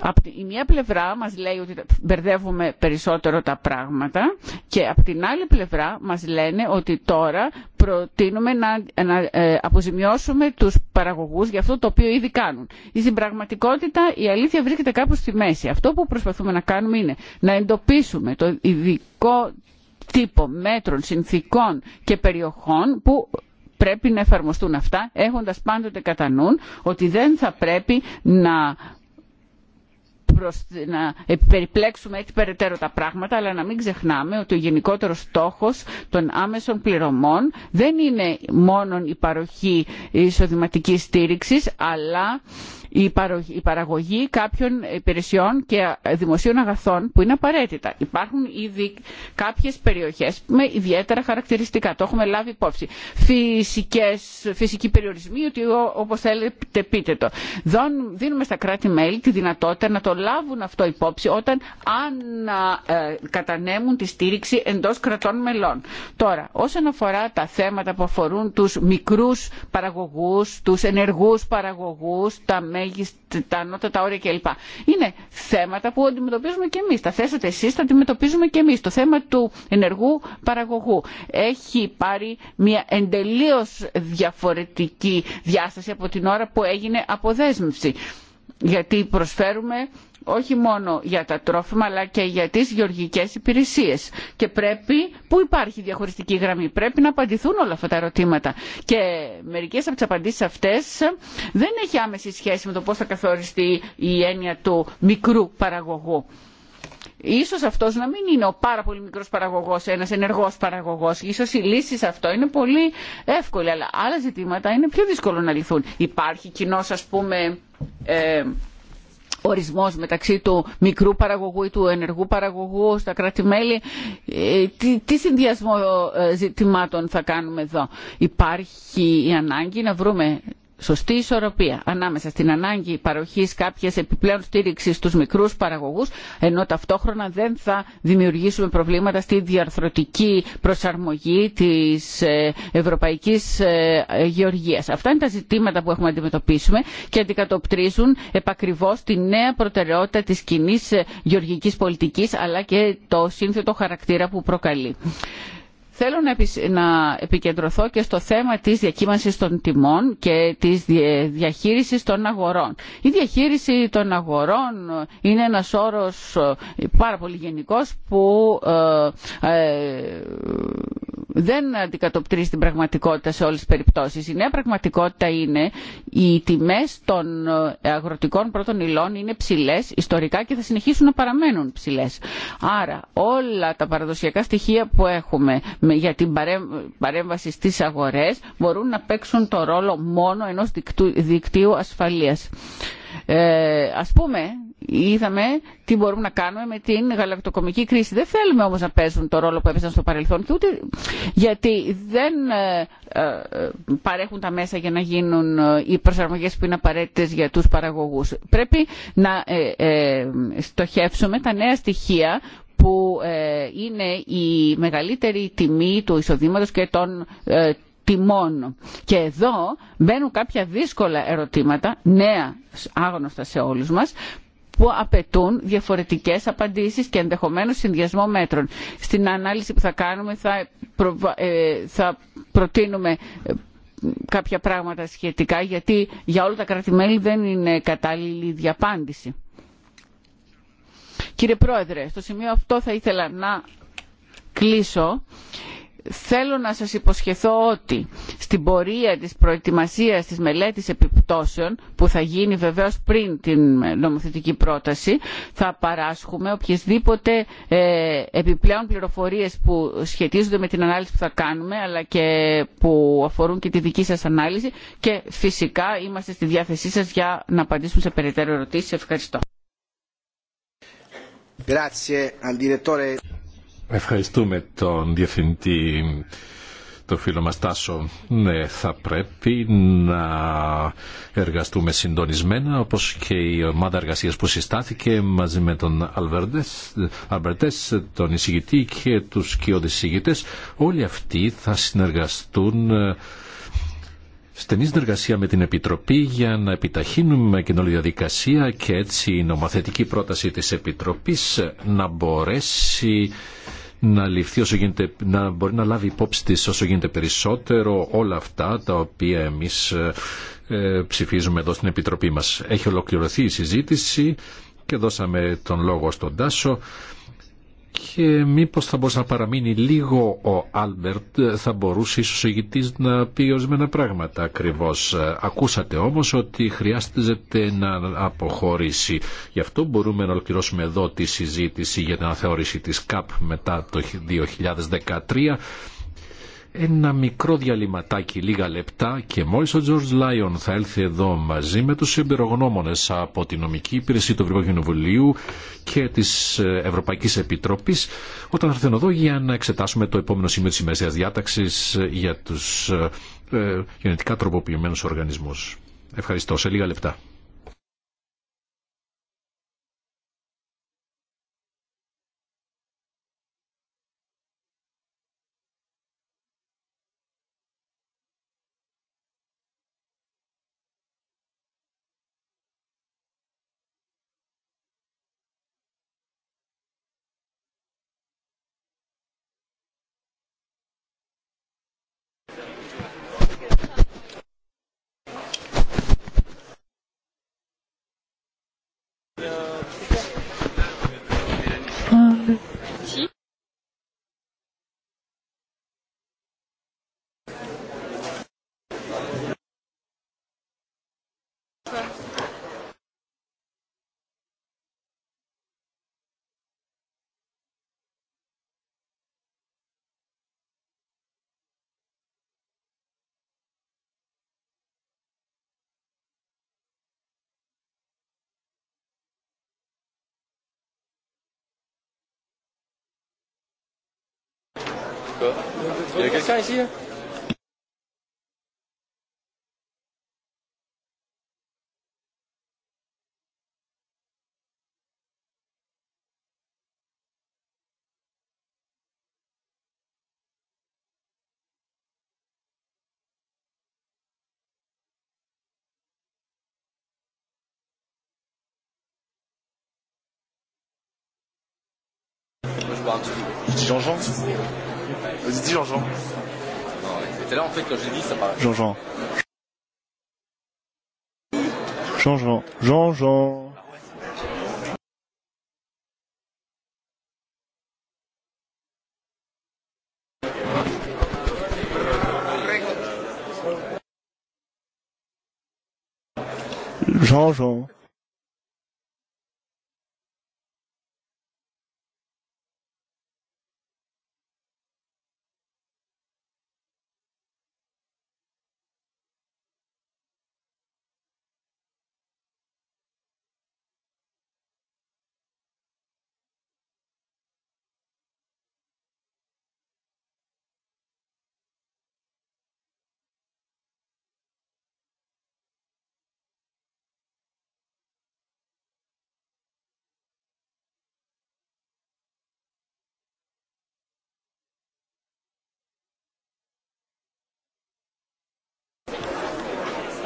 από τη μια πλευρά μας λέει ότι μπερδεύουμε περισσότερο τα πράγματα και από την άλλη πλευρά μας λένε ότι τώρα προτείνουμε να, να ε, αποζημιώσουμε τους παραγωγούς για αυτό το οποίο ήδη κάνουν. Η πραγματικότητα η αλήθεια βρίσκεται κάπου στη μέση. Αυτό που προσπαθούμε να κάνουμε είναι να εντοπίσουμε το ειδικό τύπο μέτρων, συνθήκων και περιοχών που πρέπει να εφαρμοστούν αυτά, έχοντας πάντοτε κατά νου ότι δεν θα πρέπει να να περιπλέξουμε έτσι περαιτέρω τα πράγματα, αλλά να μην ξεχνάμε ότι ο γενικότερος στόχος των άμεσων πληρωμών δεν είναι μόνο η παροχή εισοδηματικής στήριξης, αλλά η παραγωγή κάποιων υπηρεσιών και δημοσίων αγαθών που είναι απαραίτητα. Υπάρχουν ήδη κάποιες περιοχές με ιδιαίτερα χαρακτηριστικά. Το έχουμε λάβει υπόψη. Φυσικές, φυσικοί περιορισμοί, ότι όπως θέλετε πείτε το. Δίνουμε στα κράτη-μέλη τη δυνατότητα να το λάβουν αυτό υπόψη όταν ανακατανέμουν ε, τη στήριξη εντός κρατών μελών. Τώρα, όσον αφορά τα θέματα που αφορούν τους μικρούς παραγωγούς, τους ενεργούς παραγωγούς, τα τα ανώτατα κλπ. Είναι θέματα που αντιμετωπίζουμε και εμεί. Τα θέσατε εσεί τα αντιμετωπίζουμε και εμεί. Το θέμα του ενεργού παραγωγού έχει πάρει μια εντελώς διαφορετική διάσταση από την ώρα που έγινε αποδέσμευση. Γιατί προσφέρουμε όχι μόνο για τα τρόφιμα αλλά και για τις γεωργικές υπηρεσίες και πρέπει, που υπάρχει διαχωριστική γραμμή, πρέπει να απαντηθούν όλα αυτά τα ερωτήματα και μερικές από τις απαντήσεις αυτές δεν έχει άμεση σχέση με το πώς θα καθοριστεί η έννοια του μικρού παραγωγού. Ίσως αυτός να μην είναι ο πάρα πολύ μικρός παραγωγός, ένας ενεργός παραγωγός. Ίσως η λύση σε αυτό είναι πολύ εύκολη, αλλά άλλα ζητήματα είναι πιο δύσκολο να λυθούν. Υπάρχει κοινό, ας πούμε, ε, ορισμός μεταξύ του μικρού παραγωγού ή του ενεργού παραγωγού στα κράτη-μέλη. Ε, τι, τι συνδυασμό ε, ζητημάτων θα κάνουμε εδώ. Υπάρχει η ανάγκη να βρούμε σωστή ισορροπία ανάμεσα στην ανάγκη παροχής κάποιες επιπλέον στήριξης στους μικρούς παραγωγούς ενώ ταυτόχρονα δεν θα δημιουργήσουμε προβλήματα στη διαρθρωτική προσαρμογή της ε, ευρωπαϊκής ε, γεωργίας. Αυτά είναι τα ζητήματα που έχουμε να αντιμετωπίσουμε και αντικατοπτρίζουν επακριβώς τη νέα προτεραιότητα της κοινή ε, γεωργικής πολιτικής αλλά και το σύνθετο χαρακτήρα που προκαλεί. Θέλω να επικεντρωθώ και στο θέμα της διακύμανσης των τιμών και της διαχείρισης των αγορών. Η διαχείριση των αγορών είναι ένας όρος ε, πάρα πολύ γενικός που ε, ε, δεν αντικατοπτρίζει την πραγματικότητα σε όλες τις περιπτώσεις. Η νέα πραγματικότητα είναι οι τιμές των ε, αγροτικών πρώτων υλών είναι ψηλές ιστορικά και θα συνεχίσουν να παραμένουν ψηλές. Άρα όλα τα παραδοσιακά στοιχεία που έχουμε για την παρέμβαση στις αγορές μπορούν να παίξουν το ρόλο μόνο ενός δικτύου ασφαλείας. Ε, ας πούμε, είδαμε τι μπορούμε να κάνουμε με την γαλακτοκομική κρίση. Δεν θέλουμε όμως να παίζουν το ρόλο που έπαιζαν στο παρελθόν και γιατί δεν ε, ε, παρέχουν τα μέσα για να γίνουν ε, οι προσαρμογές που είναι απαραίτητες για τους παραγωγούς. Πρέπει να στοχεύσουμε τα νέα στοιχεία που είναι η μεγαλύτερη τιμή του εισοδήματος και των τιμών. Και εδώ μπαίνουν κάποια δύσκολα ερωτήματα, νέα άγνωστα σε όλους μας, που απαιτούν διαφορετικές απαντήσεις και ενδεχομένως συνδυασμό μέτρων. Στην ανάλυση που θα κάνουμε θα, ε, θα προτείνουμε ε, κάποια πράγματα σχετικά, γιατί για όλα τα κρατημέλη δεν είναι κατάλληλη η διαπάντηση. Κύριε Πρόεδρε, στο σημείο αυτό θα ήθελα να κλείσω θέλω να σας υποσχεθώ ότι στην πορεία της προετοιμασίας της μελέτης επιπτώσεων που θα γίνει βεβαίως πριν την νομοθετική πρόταση θα παράσχουμε οποιασδήποτε ε, επιπλέον πληροφορίες που σχετίζονται με την ανάλυση που θα κάνουμε αλλά και που αφορούν και τη δική σας ανάλυση και φυσικά είμαστε στη διάθεσή σας για να απαντήσουμε σε περαιτέρω ερωτήσεις. Ευχαριστώ. Ευχαριστούμε τον Διευθυντή, τον φίλο μας Τάσο. Ναι, θα πρέπει να εργαστούμε συντονισμένα, όπως και η ομάδα εργασίας που συστάθηκε μαζί με τον Αλβερτές, τον εισηγητή και τους κοιόδης εισηγητές. Όλοι αυτοί θα συνεργαστούν ε, στενή συνεργασία με την Επιτροπή για να επιταχύνουμε την όλη διαδικασία και έτσι η νομοθετική πρόταση της Επιτροπής να μπορέσει να ληφθεί όσο γίνεται, να μπορεί να λάβει υπόψη της όσο γίνεται περισσότερο όλα αυτά τα οποία εμείς ε, ψηφίζουμε εδώ στην Επιτροπή μας. Έχει ολοκληρωθεί η συζήτηση και δώσαμε τον λόγο στον Τάσο. Και μήπως θα μπορούσε να παραμείνει λίγο ο Άλμπερτ, θα μπορούσε ίσως ο ηγητής να πει ορισμένα πράγματα ακριβώς. Ακούσατε όμως ότι χρειάζεται να αποχωρήσει. Γι' αυτό μπορούμε να ολοκληρώσουμε εδώ τη συζήτηση για την αναθεώρηση της ΚΑΠ μετά το 2013 ένα μικρό διαλυματάκι, λίγα λεπτά και μόλις ο Τζορτζ Λάιον θα έλθει εδώ μαζί με τους εμπειρογνώμονες από την νομική υπηρεσία του Ευρωπαϊκού Κοινοβουλίου και της ε, Ευρωπαϊκής Επιτροπής όταν θα έρθουν εδώ για να εξετάσουμε το επόμενο σημείο της ημερησίας διάταξης ε, για τους ε, γενετικά τροποποιημένους οργανισμούς. Ευχαριστώ. Σε λίγα λεπτά. Il y a quelqu'un ici Petit Jean-Jean Vas-y dis Jean-Jean c'était là en fait quand j'ai dit ça paraît. Jean-Jean. Jean-Jean. Jean-Jean. Jean-Jean.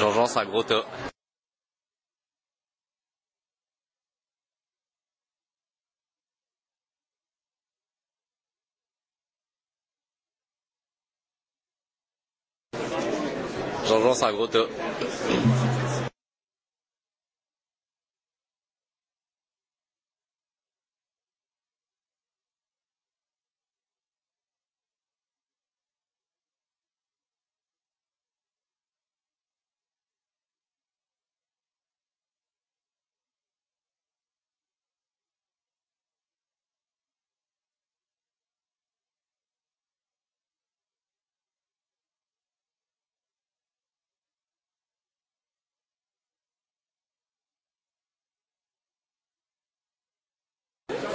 Jean-Jean, c'est Jean-Jean, Sagrotto. un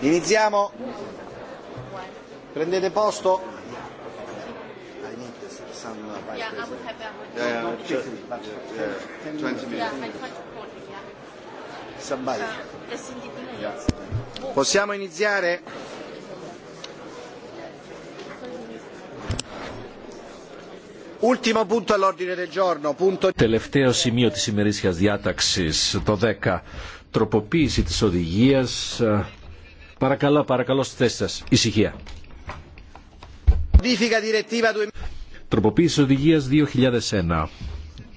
Iniziamo? Prendete posto? Possiamo iniziare? Ultimo punto all'ordine del giorno, punto της διάταξης, το 10 τροποποίηση της οδηγίας. Ε, παρακαλώ, παρακαλώ στη θέση σας. Ησυχία. Τροποποίηση οδηγίας 2001.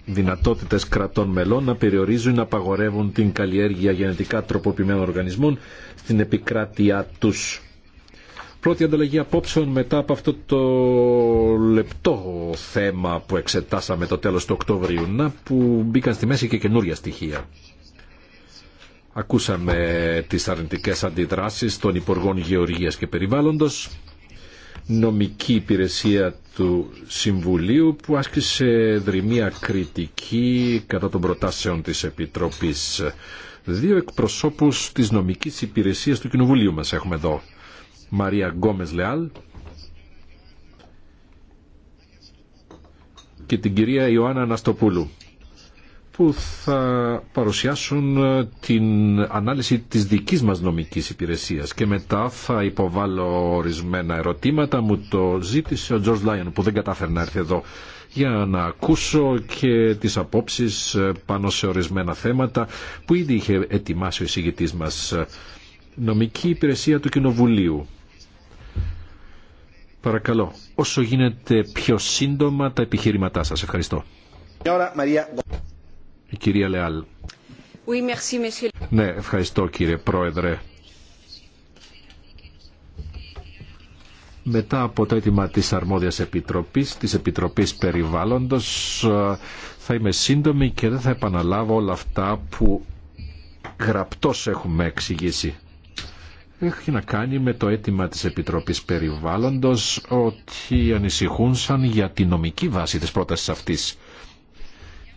Δυνατότητες κρατών μελών να περιορίζουν ή να απαγορεύουν την καλλιέργεια γενετικά τροποποιημένων οργανισμών στην επικράτειά τους. Πρώτη ανταλλαγή απόψεων μετά από αυτό το λεπτό θέμα που εξετάσαμε το τέλος του Οκτωβρίου, να που μπήκαν στη μέση και καινούρια στοιχεία. Ακούσαμε τις αρνητικές αντιδράσεις των Υπουργών Γεωργίας και Περιβάλλοντος, νομική υπηρεσία του Συμβουλίου που άσκησε δρυμία κριτική κατά των προτάσεων της Επιτροπής. Δύο εκπροσώπους της νομικής υπηρεσίας του Κοινοβουλίου μας έχουμε εδώ. Μαρία Γκόμες Λεάλ και την κυρία Ιωάννα Αναστοπούλου που θα παρουσιάσουν ε, την ανάλυση της δικής μας νομικής υπηρεσίας και μετά θα υποβάλω ορισμένα ερωτήματα μου το ζήτησε ο Τζορς Λάιον που δεν κατάφερε να έρθει εδώ για να ακούσω και τις απόψεις ε, πάνω σε ορισμένα θέματα που ήδη είχε ετοιμάσει ο εισηγητής μας νομική υπηρεσία του Κοινοβουλίου Παρακαλώ, όσο γίνεται πιο σύντομα τα επιχειρήματά σας. Ευχαριστώ. Η κυρία Λεάλ. ναι, ευχαριστώ κύριε Πρόεδρε. μετά από το αίτημα της αρμόδιας επιτροπής, της Επιτροπής Περιβάλλοντος, θα είμαι σύντομη και δεν θα επαναλάβω όλα αυτά που γραπτός έχουμε εξηγήσει. Έχει να κάνει με το αίτημα της Επιτροπής Περιβάλλοντος ότι ανησυχούν σαν για τη νομική βάση της πρότασης αυτής.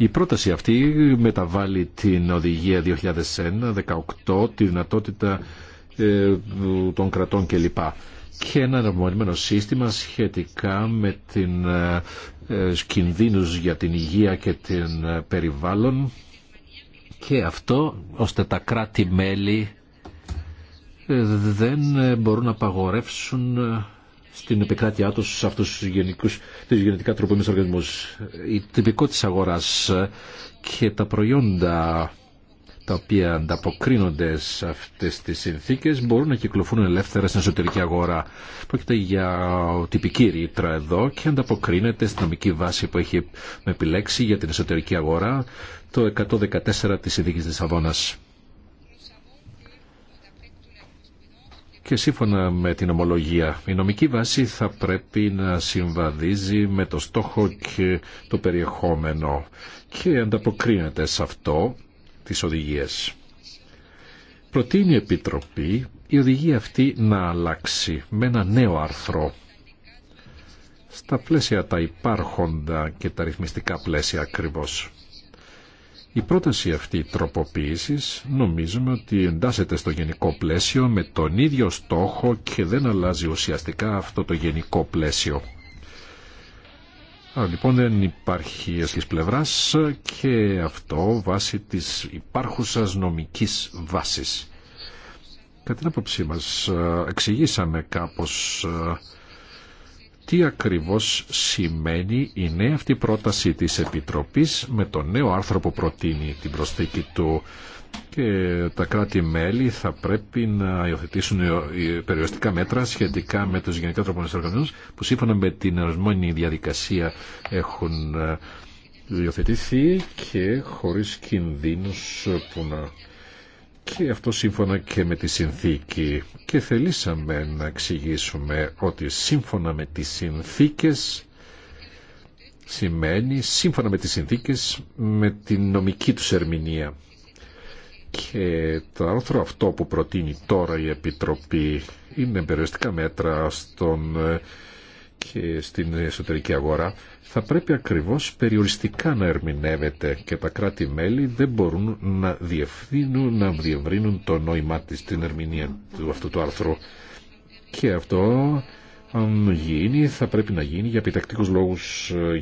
Η πρόταση αυτή μεταβάλλει την οδηγία 2001-18, τη δυνατότητα ε, των κρατών κλπ. Και ένα εναρμονισμένο σύστημα σχετικά με την ε, κινδύνους για την υγεία και την ε, περιβάλλον και αυτό ώστε τα κράτη-μέλη δεν μπορούν να απαγορεύσουν στην επικράτειά του σε αυτούς του γενικούς, της γενετικά τροποποιημένου οργανισμούς. Η τυπικότητα τη αγορα και τα προϊόντα τα οποία ανταποκρίνονται σε αυτές τις συνθήκες μπορούν να κυκλοφορούν ελεύθερα στην εσωτερική αγορά. Πρόκειται για τυπική ρήτρα εδώ και ανταποκρίνεται στην νομική βάση που έχει με επιλέξει για την εσωτερική αγορά το 114 τη Συνθήκη της Αβώνας. και σύμφωνα με την ομολογία. Η νομική βάση θα πρέπει να συμβαδίζει με το στόχο και το περιεχόμενο και ανταποκρίνεται σε αυτό τις οδηγίες. Προτείνει η Επιτροπή η οδηγία αυτή να αλλάξει με ένα νέο άρθρο στα πλαίσια τα υπάρχοντα και τα ρυθμιστικά πλαίσια ακριβώς. Η πρόταση αυτή τροποποίησης νομίζουμε ότι εντάσσεται στο γενικό πλαίσιο με τον ίδιο στόχο και δεν αλλάζει ουσιαστικά αυτό το γενικό πλαίσιο. Άρα λοιπόν δεν υπάρχει ασκής πλευράς και αυτό βάσει της υπάρχουσας νομικής βάσης. Κατά την άποψή μας εξηγήσαμε κάπως τι ακριβώς σημαίνει η νέα αυτή πρόταση της Επιτροπής με το νέο άρθρο που προτείνει την προσθήκη του και τα κράτη-μέλη θα πρέπει να υιοθετήσουν ε, ε, περιοριστικά μέτρα σχετικά με τους γενικά τροπονές που σύμφωνα με την ορισμένη διαδικασία έχουν ε, υιοθετηθεί και χωρίς κινδύνους που να και αυτό σύμφωνα και με τη συνθήκη και θελήσαμε να εξηγήσουμε ότι σύμφωνα με τις συνθήκες σημαίνει σύμφωνα με τις συνθήκες με την νομική του ερμηνεία. Και το άρθρο αυτό που προτείνει τώρα η Επιτροπή είναι περιοριστικά μέτρα στον ε, και στην εσωτερική αγορά θα πρέπει ακριβώς περιοριστικά να ερμηνεύεται και τα κράτη-μέλη δεν μπορούν να διευθύνουν, να διευρύνουν το νόημά της στην ερμηνεία του αυτού του άρθρου. Και αυτό αν γίνει θα πρέπει να γίνει για επιτακτικούς λόγους ε,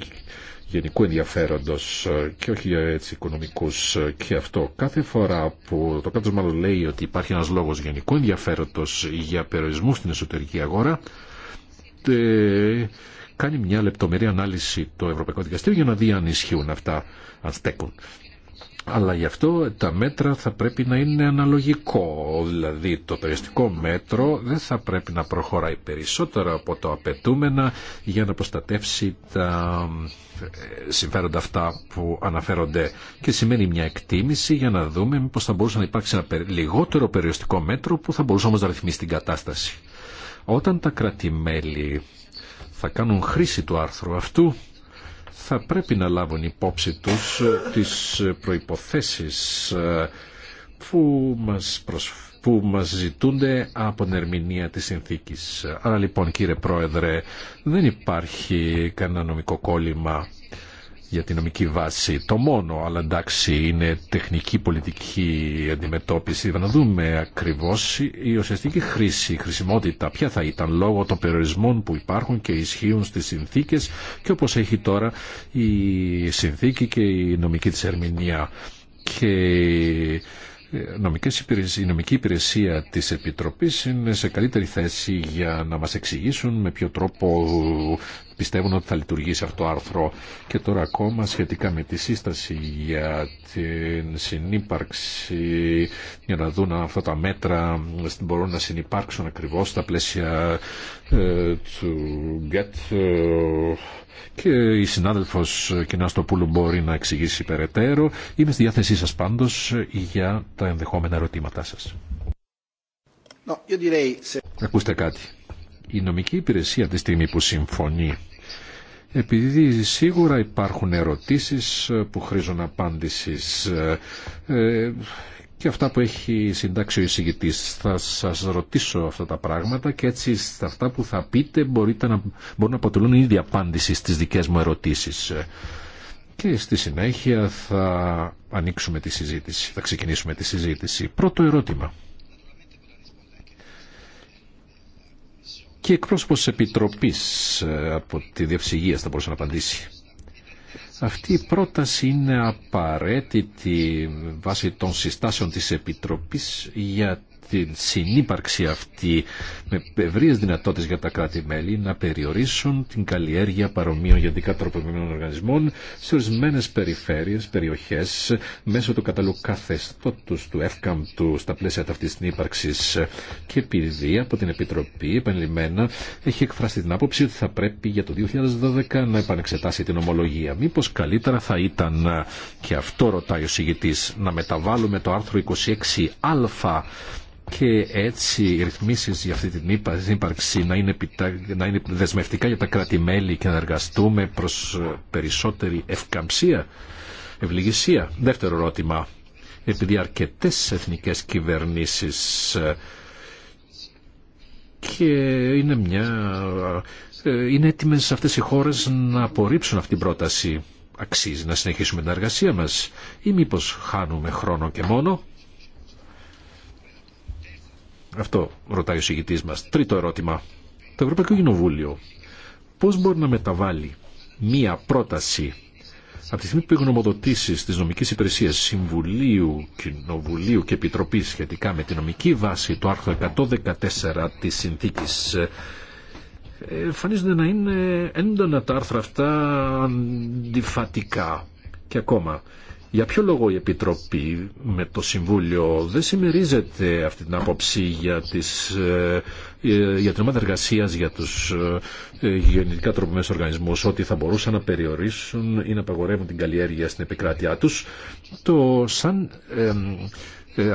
γενικού ενδιαφέροντος ε, και όχι έτσι οικονομικούς ε, και αυτό κάθε φορά που το κράτος μάλλον λέει ότι υπάρχει ένας λόγος γενικού ενδιαφέροντος για περιορισμού στην εσωτερική αγορά ε, κάνει μια λεπτομερή ανάλυση το Ευρωπαϊκό Δικαστήριο για να δει αν ισχύουν αυτά, αν στέκουν. Αλλά γι' αυτό τα μέτρα θα πρέπει να είναι αναλογικό, δηλαδή το περιστικό μέτρο δεν θα πρέπει να προχωράει περισσότερο από το απαιτούμενα για να προστατεύσει τα ε, συμφέροντα αυτά που αναφέρονται και σημαίνει μια εκτίμηση για να δούμε μήπως θα μπορούσε να υπάρξει ένα λιγότερο περιοριστικό μέτρο που θα μπορούσε όμως να ρυθμίσει την κατάσταση. Όταν τα κρατημέλη θα κάνουν χρήση του άρθρου αυτού, θα πρέπει να λάβουν υπόψη τους ε, τις ε, προϋποθέσεις ε, που μας, που ζητούνται από την ερμηνεία της συνθήκης. Άρα λοιπόν κύριε Πρόεδρε δεν υπάρχει κανένα νομικό κόλλημα για την νομική βάση. Το μόνο, αλλά εντάξει, είναι τεχνική πολιτική αντιμετώπιση. Να δούμε ακριβώ η ουσιαστική χρήση, η χρησιμότητα, ποια θα ήταν λόγω των περιορισμών που υπάρχουν και ισχύουν στι συνθήκε και όπως έχει τώρα η συνθήκη και η νομική της ερμηνεία. Και ε, η νομική υπηρεσία της Επιτροπής είναι σε καλύτερη θέση για να μας εξηγήσουν με ποιο τρόπο πιστεύουν ότι θα λειτουργήσει αυτό το άρθρο. Και τώρα ακόμα σχετικά με τη σύσταση για την συνύπαρξη, για να δουν αυτά τα μέτρα μπορούν να συνυπάρξουν ακριβώς στα πλαίσια ε, του ΓΚΕΤ ε, και η συνάδελφος Κινάστοπούλου μπορεί να εξηγήσει περαιτέρω. Είμαι στη διάθεσή σας πάντως για τα ενδεχόμενα ερωτήματά σας. No, Ακούστε κάτι η νομική υπηρεσία τη στιγμή που συμφωνεί. Επειδή σίγουρα υπάρχουν ερωτήσεις που χρήζουν απάντησης ε, και αυτά που έχει συντάξει ο εισηγητής. Θα σας ρωτήσω αυτά τα πράγματα και έτσι στα αυτά που θα πείτε μπορείτε να, μπορούν να αποτελούν ήδη απάντηση στις δικές μου ερωτήσεις. Και στη συνέχεια θα ανοίξουμε τη συζήτηση, θα ξεκινήσουμε τη συζήτηση. Πρώτο ερώτημα. και εκπρόσωπο τη Επιτροπή ε, από τη Διευσυγεία θα μπορούσε να απαντήσει. Αυτή η πρόταση είναι απαραίτητη βάσει των συστάσεων της Επιτροπής για την συνύπαρξη αυτή με ευρείε δυνατότητε για τα κράτη-μέλη να περιορίσουν την καλλιέργεια παρομοίων γενικά τροποποιημένων οργανισμών σε ορισμένε περιφέρειες, περιοχέ, μέσω του καταλού καθεστώτου του εύκαμπτου στα πλαίσια αυτή τη συνύπαρξη. Και επειδή από την Επιτροπή επανειλημμένα έχει εκφράσει την άποψη ότι θα πρέπει για το 2012 να επανεξετάσει την ομολογία. Μήπω καλύτερα θα ήταν, και αυτό ρωτάει ο συγητή, να μεταβάλουμε το άρθρο 26α και έτσι οι ρυθμίσει για αυτή την ύπαρξη να είναι, να είναι δεσμευτικά για τα κράτη-μέλη και να εργαστούμε προς ε, περισσότερη ευκαμψία, ευληγησία. Δεύτερο ερώτημα. Επειδή αρκετές εθνικές κυβερνήσεις ε, και είναι μια... Ε, είναι έτοιμες αυτές οι χώρες να απορρίψουν αυτή την πρόταση. Αξίζει να συνεχίσουμε την εργασία μας ή μήπως χάνουμε χρόνο και μόνο. Αυτό ρωτάει ο συγητή μα. Τρίτο ερώτημα. Το Ευρωπαϊκό Κοινοβούλιο πώς μπορεί να μεταβάλει μία πρόταση από τη στιγμή που οι γνωμοδοτήσει τη νομική υπηρεσία Συμβουλίου, Κοινοβουλίου και Επιτροπή σχετικά με τη νομική βάση του άρθρου 114 τη συνθήκη εμφανίζονται να είναι έντονα τα άρθρα αυτά αντιφατικά. Και ακόμα, για ποιο λόγο η Επιτροπή με το Συμβούλιο δεν συμμερίζεται αυτή την άποψη για, τις, ε, ε, για την ομάδα εργασία για τους ε, γεννητικά τροπημένους οργανισμούς ότι θα μπορούσαν να περιορίσουν ή να απαγορεύουν την καλλιέργεια στην επικράτειά τους το σαν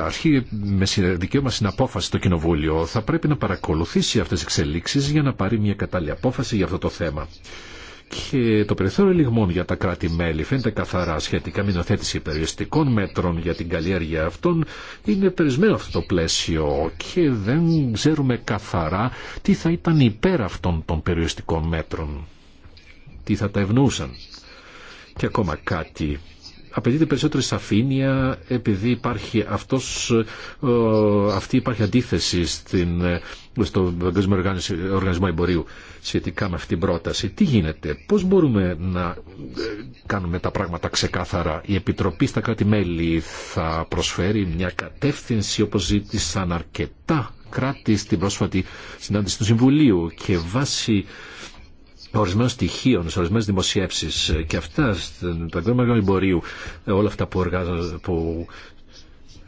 αρχή με δικαίωμα στην απόφαση το Κοινοβούλιο θα πρέπει να παρακολουθήσει αυτές τις εξελίξεις για να πάρει μια κατάλληλη απόφαση για αυτό το θέμα και το περιθώριο λιγμών για τα κράτη-μέλη φαίνεται καθαρά σχετικά με την οθέτηση περιοριστικών μέτρων για την καλλιέργεια αυτών είναι περισμένο αυτό το πλαίσιο και δεν ξέρουμε καθαρά τι θα ήταν υπέρ αυτών των περιοριστικών μέτρων. Τι θα τα ευνοούσαν. Και ακόμα κάτι απαιτείται περισσότερη σαφήνεια επειδή υπάρχει αυτός, ε, αυτή υπάρχει αντίθεση στην, ε, στο Παγκόσμιο Οργανισμό Εμπορίου σχετικά με αυτή την πρόταση. Τι γίνεται, πώς μπορούμε να ε, κάνουμε τα πράγματα ξεκάθαρα. Η Επιτροπή στα κράτη-μέλη θα προσφέρει μια κατεύθυνση όπως ζήτησαν αρκετά κράτη στην πρόσφατη συνάντηση του Συμβουλίου και βάσει ορισμένων στοιχείων, σε ορισμένε δημοσιεύσει και αυτά στον παγκόσμιο εμπορίου, όλα αυτά που,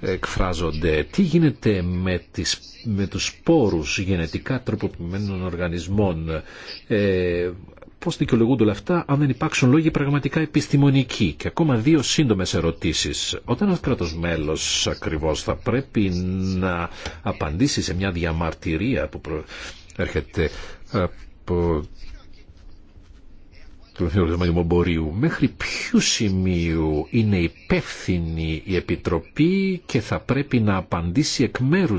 εκφράζονται. Τι γίνεται με, τις, με τους σπόρους γενετικά τροποποιημένων οργανισμών. Ε, πώς δικαιολογούνται όλα αυτά αν δεν υπάρξουν λόγοι πραγματικά επιστημονικοί. Και ακόμα δύο σύντομες ερωτήσεις. Όταν ένα κράτος μέλος ακριβώς θα πρέπει να απαντήσει σε μια διαμαρτυρία που έρχεται από του Ελευθερίου Μπορείου, Μέχρι ποιου σημείου είναι υπεύθυνη η Επιτροπή και θα πρέπει να απαντήσει εκ μέρου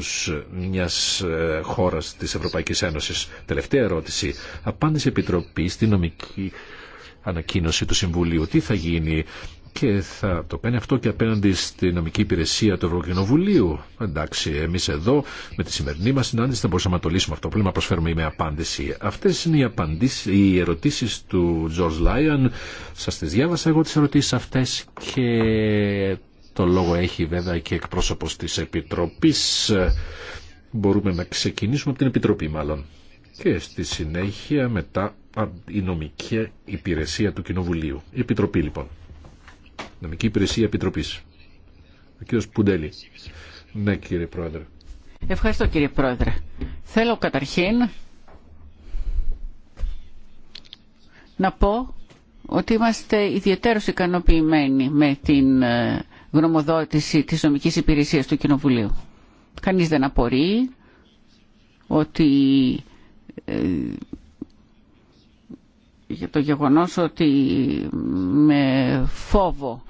μια ε, χώρα τη Ευρωπαϊκή Ένωση. Τελευταία ερώτηση. Απάντησε η Επιτροπή στη νομική ανακοίνωση του Συμβουλίου. Τι θα γίνει και θα το κάνει αυτό και απέναντι στη νομική υπηρεσία του Ευρωκοινοβουλίου. Εντάξει, εμεί εδώ με τη σημερινή μα συνάντηση θα μπορούσαμε να το λύσουμε αυτό. Πρέπει να προσφέρουμε με απάντηση. Αυτέ είναι οι, οι ερωτήσει του George Lyon. Σα τι διάβασα εγώ τι ερωτήσει αυτέ και το λόγο έχει βέβαια και εκπρόσωπος της Επιτροπής. Μπορούμε να ξεκινήσουμε από την Επιτροπή μάλλον. Και στη συνέχεια μετά η νομική υπηρεσία του Κοινοβουλίου. Η Επιτροπή λοιπόν. Νομική Υπηρεσία επιτροπή. Ο κύριος Πουντέλη. Ναι κύριε Πρόεδρε. Ευχαριστώ κύριε Πρόεδρε. Θέλω καταρχήν να πω ότι είμαστε ιδιαίτερως ικανοποιημένοι με την ε, γνωμοδότηση της νομικής υπηρεσίας του Κοινοβουλίου. Κανείς δεν απορεί ότι ε, για το γεγονός ότι με φόβο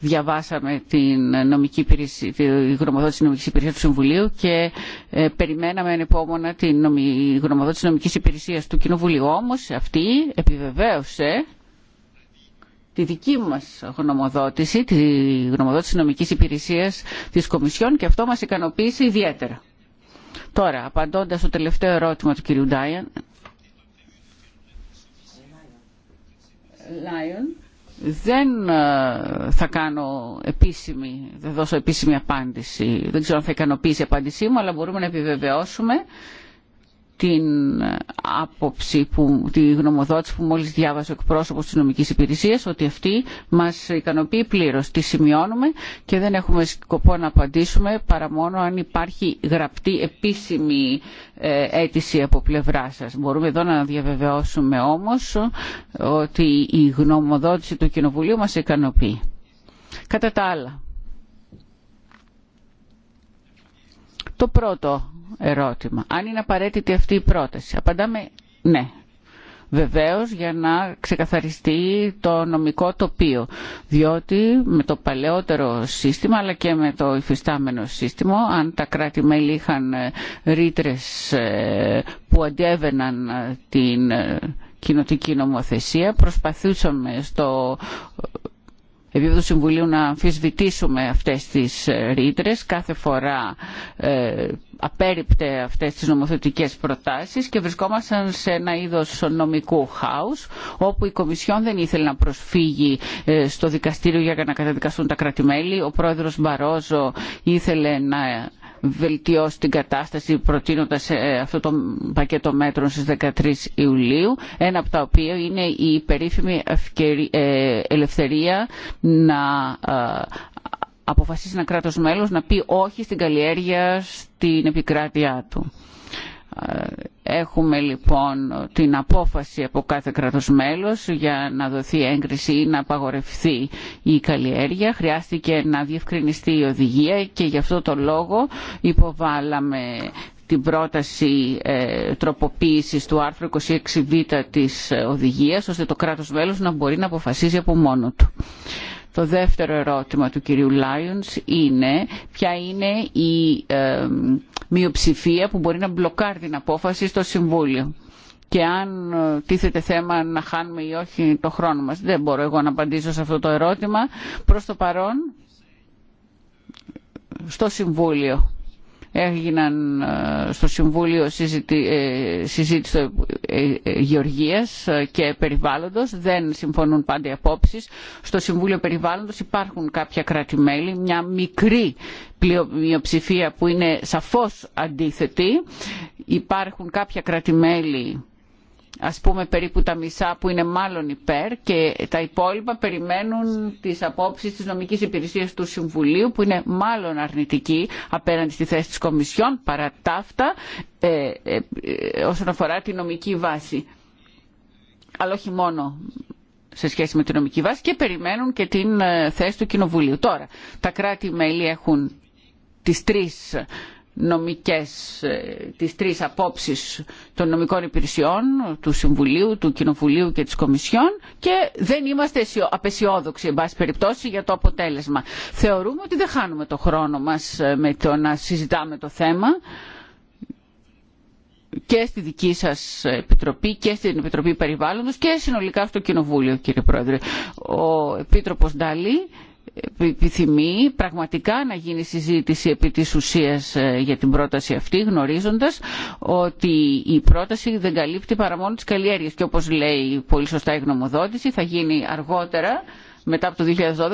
διαβάσαμε την νομική υπηρεσία, τη γνωμοδότηση της νομικής υπηρεσίας του Συμβουλίου και ε, περιμέναμε ανεπόμονα την νομι, γνωμοδότηση της νομικής υπηρεσίας του Κοινοβουλίου. Όμως αυτή επιβεβαίωσε τη δική μας γνωμοδότηση, τη γνωμοδότηση της νομικής υπηρεσίας της Κομισιόν και αυτό μας ικανοποίησε ιδιαίτερα. Τώρα, απαντώντας στο τελευταίο ερώτημα του κ. Ντάιαν, Lion. Δεν ε, θα κάνω επίσημη, θα δώσω επίσημη απάντηση. Δεν ξέρω αν θα ικανοποιήσει η απάντησή μου, αλλά μπορούμε να επιβεβαιώσουμε την άποψη, που, τη γνωμοδότηση που μόλις διάβασε ο εκπρόσωπος της νομικής υπηρεσίας, ότι αυτή μας ικανοποιεί πλήρως. Τη σημειώνουμε και δεν έχουμε σκοπό να απαντήσουμε παρά μόνο αν υπάρχει γραπτή επίσημη ε, αίτηση από πλευρά σας. Μπορούμε εδώ να διαβεβαιώσουμε όμως ότι η γνωμοδότηση του Κοινοβουλίου μας ικανοποιεί. Κατά τα άλλα, το πρώτο ερώτημα. Αν είναι απαραίτητη αυτή η πρόταση. Απαντάμε ναι. Βεβαίως για να ξεκαθαριστεί το νομικό τοπίο, διότι με το παλαιότερο σύστημα αλλά και με το υφιστάμενο σύστημα, αν τα κράτη-μέλη είχαν ε, ρήτρε ε, που αντιέβαιναν ε, την κοινοτική νομοθεσία, προσπαθούσαμε στο επίπεδο Συμβουλίου να αμφισβητήσουμε αυτές τις ε, ρήτρε. Κάθε φορά απέρριπτε απέριπτε αυτές τις νομοθετικές προτάσεις και βρισκόμασταν σε ένα είδος νομικού χάους όπου η Κομισιόν δεν ήθελε να προσφύγει ε, στο δικαστήριο για να καταδικαστούν τα κρατημέλη. Ο πρόεδρος Μπαρόζο ήθελε να βελτιώσει την κατάσταση προτείνοντας ε, αυτό το πακέτο μέτρων στις 13 Ιουλίου, ένα από τα οποία είναι η περίφημη ε, ελευθερία να ε, αποφασίσει ένα κράτος μέλος να πει όχι στην καλλιέργεια στην επικράτειά του. Ε, έχουμε λοιπόν την απόφαση από κάθε κράτος μέλος για να δοθεί έγκριση ή να απαγορευτεί η καλλιέργεια. Χρειάστηκε να διευκρινιστεί η οδηγία και γι' αυτό το λόγο υποβάλαμε την πρόταση ε, τροποποίησης του άρθρου 26β της οδηγίας ώστε το κράτος μέλος να μπορεί να αποφασίζει από μόνο του. Το δεύτερο ερώτημα του κυρίου Λάιονς είναι ποια είναι η ε, μειοψηφία που μπορεί να μπλοκάρει την απόφαση στο Συμβούλιο και αν ε, τίθεται θέμα να χάνουμε ή όχι το χρόνο μας. Δεν μπορώ εγώ να απαντήσω σε αυτό το ερώτημα. Προς το παρόν, στο Συμβούλιο έγιναν ε, στο Συμβούλιο Συζήτησης ε, συζήτηση ε, γεωργίας και περιβάλλοντος. Δεν συμφωνούν πάντα οι απόψεις. Στο Συμβούλιο Περιβάλλοντος υπάρχουν κάποια κράτη-μέλη, μια μικρή μειοψηφία που είναι σαφώς αντίθετη. Υπάρχουν κάποια κράτη-μέλη ας πούμε περίπου τα μισά που είναι μάλλον υπέρ και τα υπόλοιπα περιμένουν τις απόψεις της νομικής υπηρεσίας του Συμβουλίου που είναι μάλλον αρνητική απέναντι στη θέση της Κομισιόν παρά ταύτα ε, ε, ε, όσον αφορά τη νομική βάση. Αλλά όχι μόνο σε σχέση με τη νομική βάση και περιμένουν και την ε, θέση του Κοινοβουλίου. Τώρα, τα κράτη-μέλη έχουν τις τρεις νομικές, ε, τις τρεις απόψεις των νομικών υπηρεσιών, του Συμβουλίου, του Κοινοβουλίου και της Κομισιόν και δεν είμαστε απεσιόδοξοι, εν πάση περιπτώσει, για το αποτέλεσμα. Θεωρούμε ότι δεν χάνουμε το χρόνο μας ε, με το να συζητάμε το θέμα και στη δική σας επιτροπή και στην Επιτροπή Περιβάλλοντος και συνολικά στο Κοινοβούλιο, κύριε Πρόεδρε. Ο Επίτροπος Νταλή επιθυμεί πραγματικά να γίνει συζήτηση επί της ουσίας ε, για την πρόταση αυτή γνωρίζοντας ότι η πρόταση δεν καλύπτει παρά μόνο τις καλλιέργειες και όπως λέει πολύ σωστά η γνωμοδότηση θα γίνει αργότερα μετά από το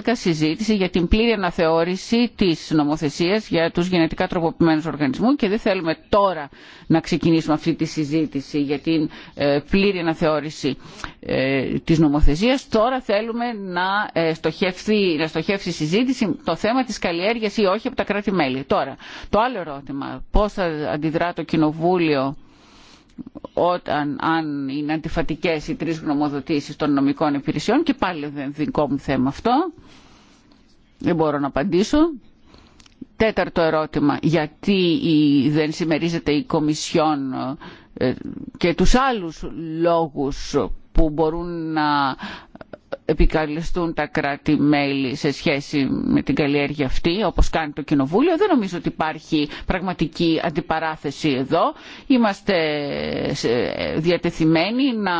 2012 συζήτηση για την πλήρη αναθεώρηση της νομοθεσίας για τους γενετικά τροποποιημένους οργανισμούς και δεν θέλουμε τώρα να ξεκινήσουμε αυτή τη συζήτηση για την ε, πλήρη αναθεώρηση ε, της νομοθεσίας. Τώρα θέλουμε να ε, στοχεύσει, να στοχεύσει η συζήτηση το θέμα της καλλιέργειας ή όχι από τα κράτη-μέλη. Τώρα, το άλλο ερώτημα, πώς θα αντιδρά το Κοινοβούλιο όταν, αν είναι αντιφατικές οι τρεις γνωμοδοτήσεις των νομικών υπηρεσιών και πάλι δεν δικό μου θέμα αυτό. Δεν μπορώ να απαντήσω. Τέταρτο ερώτημα. Γιατί δεν συμμερίζεται η Κομισιόν ε, και τους άλλους λόγους που μπορούν να επικαλεστούν τα κράτη-μέλη σε σχέση με την καλλιέργεια αυτή, όπως κάνει το Κοινοβούλιο. Δεν νομίζω ότι υπάρχει πραγματική αντιπαράθεση εδώ. Είμαστε διατεθειμένοι να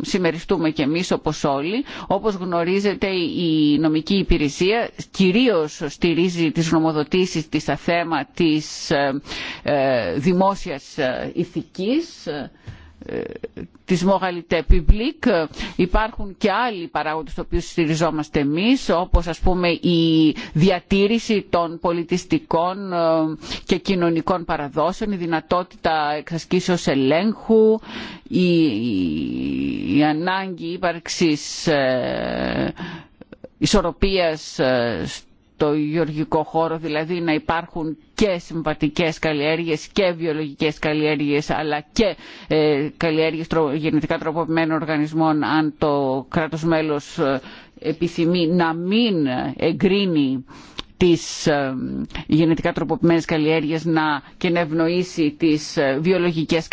συμμεριστούμε κι εμείς όπως όλοι. Όπως γνωρίζετε η νομική υπηρεσία κυρίως στηρίζει τις νομοδοτήσεις της θέμα της ε, ε, δημόσιας ε, ηθικής της μογαλιτέ πιμπλίκ υπάρχουν και άλλοι παράγοντες στους οποίους στηριζόμαστε εμείς όπως ας πούμε η διατήρηση των πολιτιστικών ε, και κοινωνικών παραδόσεων η δυνατότητα εξασκήσεως ελέγχου η, ανάγκη ύπαρξης ε, ισορροπίας ε, το γεωργικό χώρο, δηλαδή να υπάρχουν και συμβατικέ καλλιέργειες και βιολογικές καλλιέργειες αλλά και ε, καλλιέργειες γενετικά τροποποιημένων οργανισμών αν το κράτος μέλος ε, επιθυμεί να μην εγκρίνει τι ε, γενετικά τροποποιημένες καλλιέργειες να, και να ευνοήσει τις ε, βιολογικές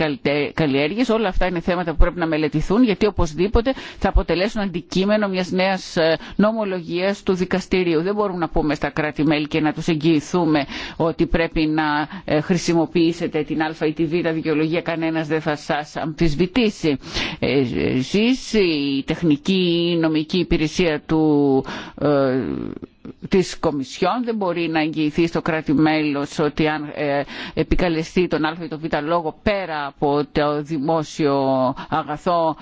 καλλιέργειες. Όλα αυτά είναι θέματα που πρέπει να μελετηθούν γιατί οπωσδήποτε θα αποτελέσουν αντικείμενο μιας νέας ε, νομολογίας του δικαστηρίου. Δεν μπορούμε να πούμε στα κράτη-μέλη και να τους εγγυηθούμε ότι πρέπει να χρησιμοποιήσετε την α ή τη β δικαιολογία. Κανένας δεν θα σας αμφισβητήσει. Εσείς η τεχνική νομική υπηρεσία του της Κομισιόν δεν μπορεί να εγγυηθεί στο κράτη μέλος ότι αν ε, επικαλεστεί τον α ή τον β λόγο πέρα από το δημόσιο αγαθό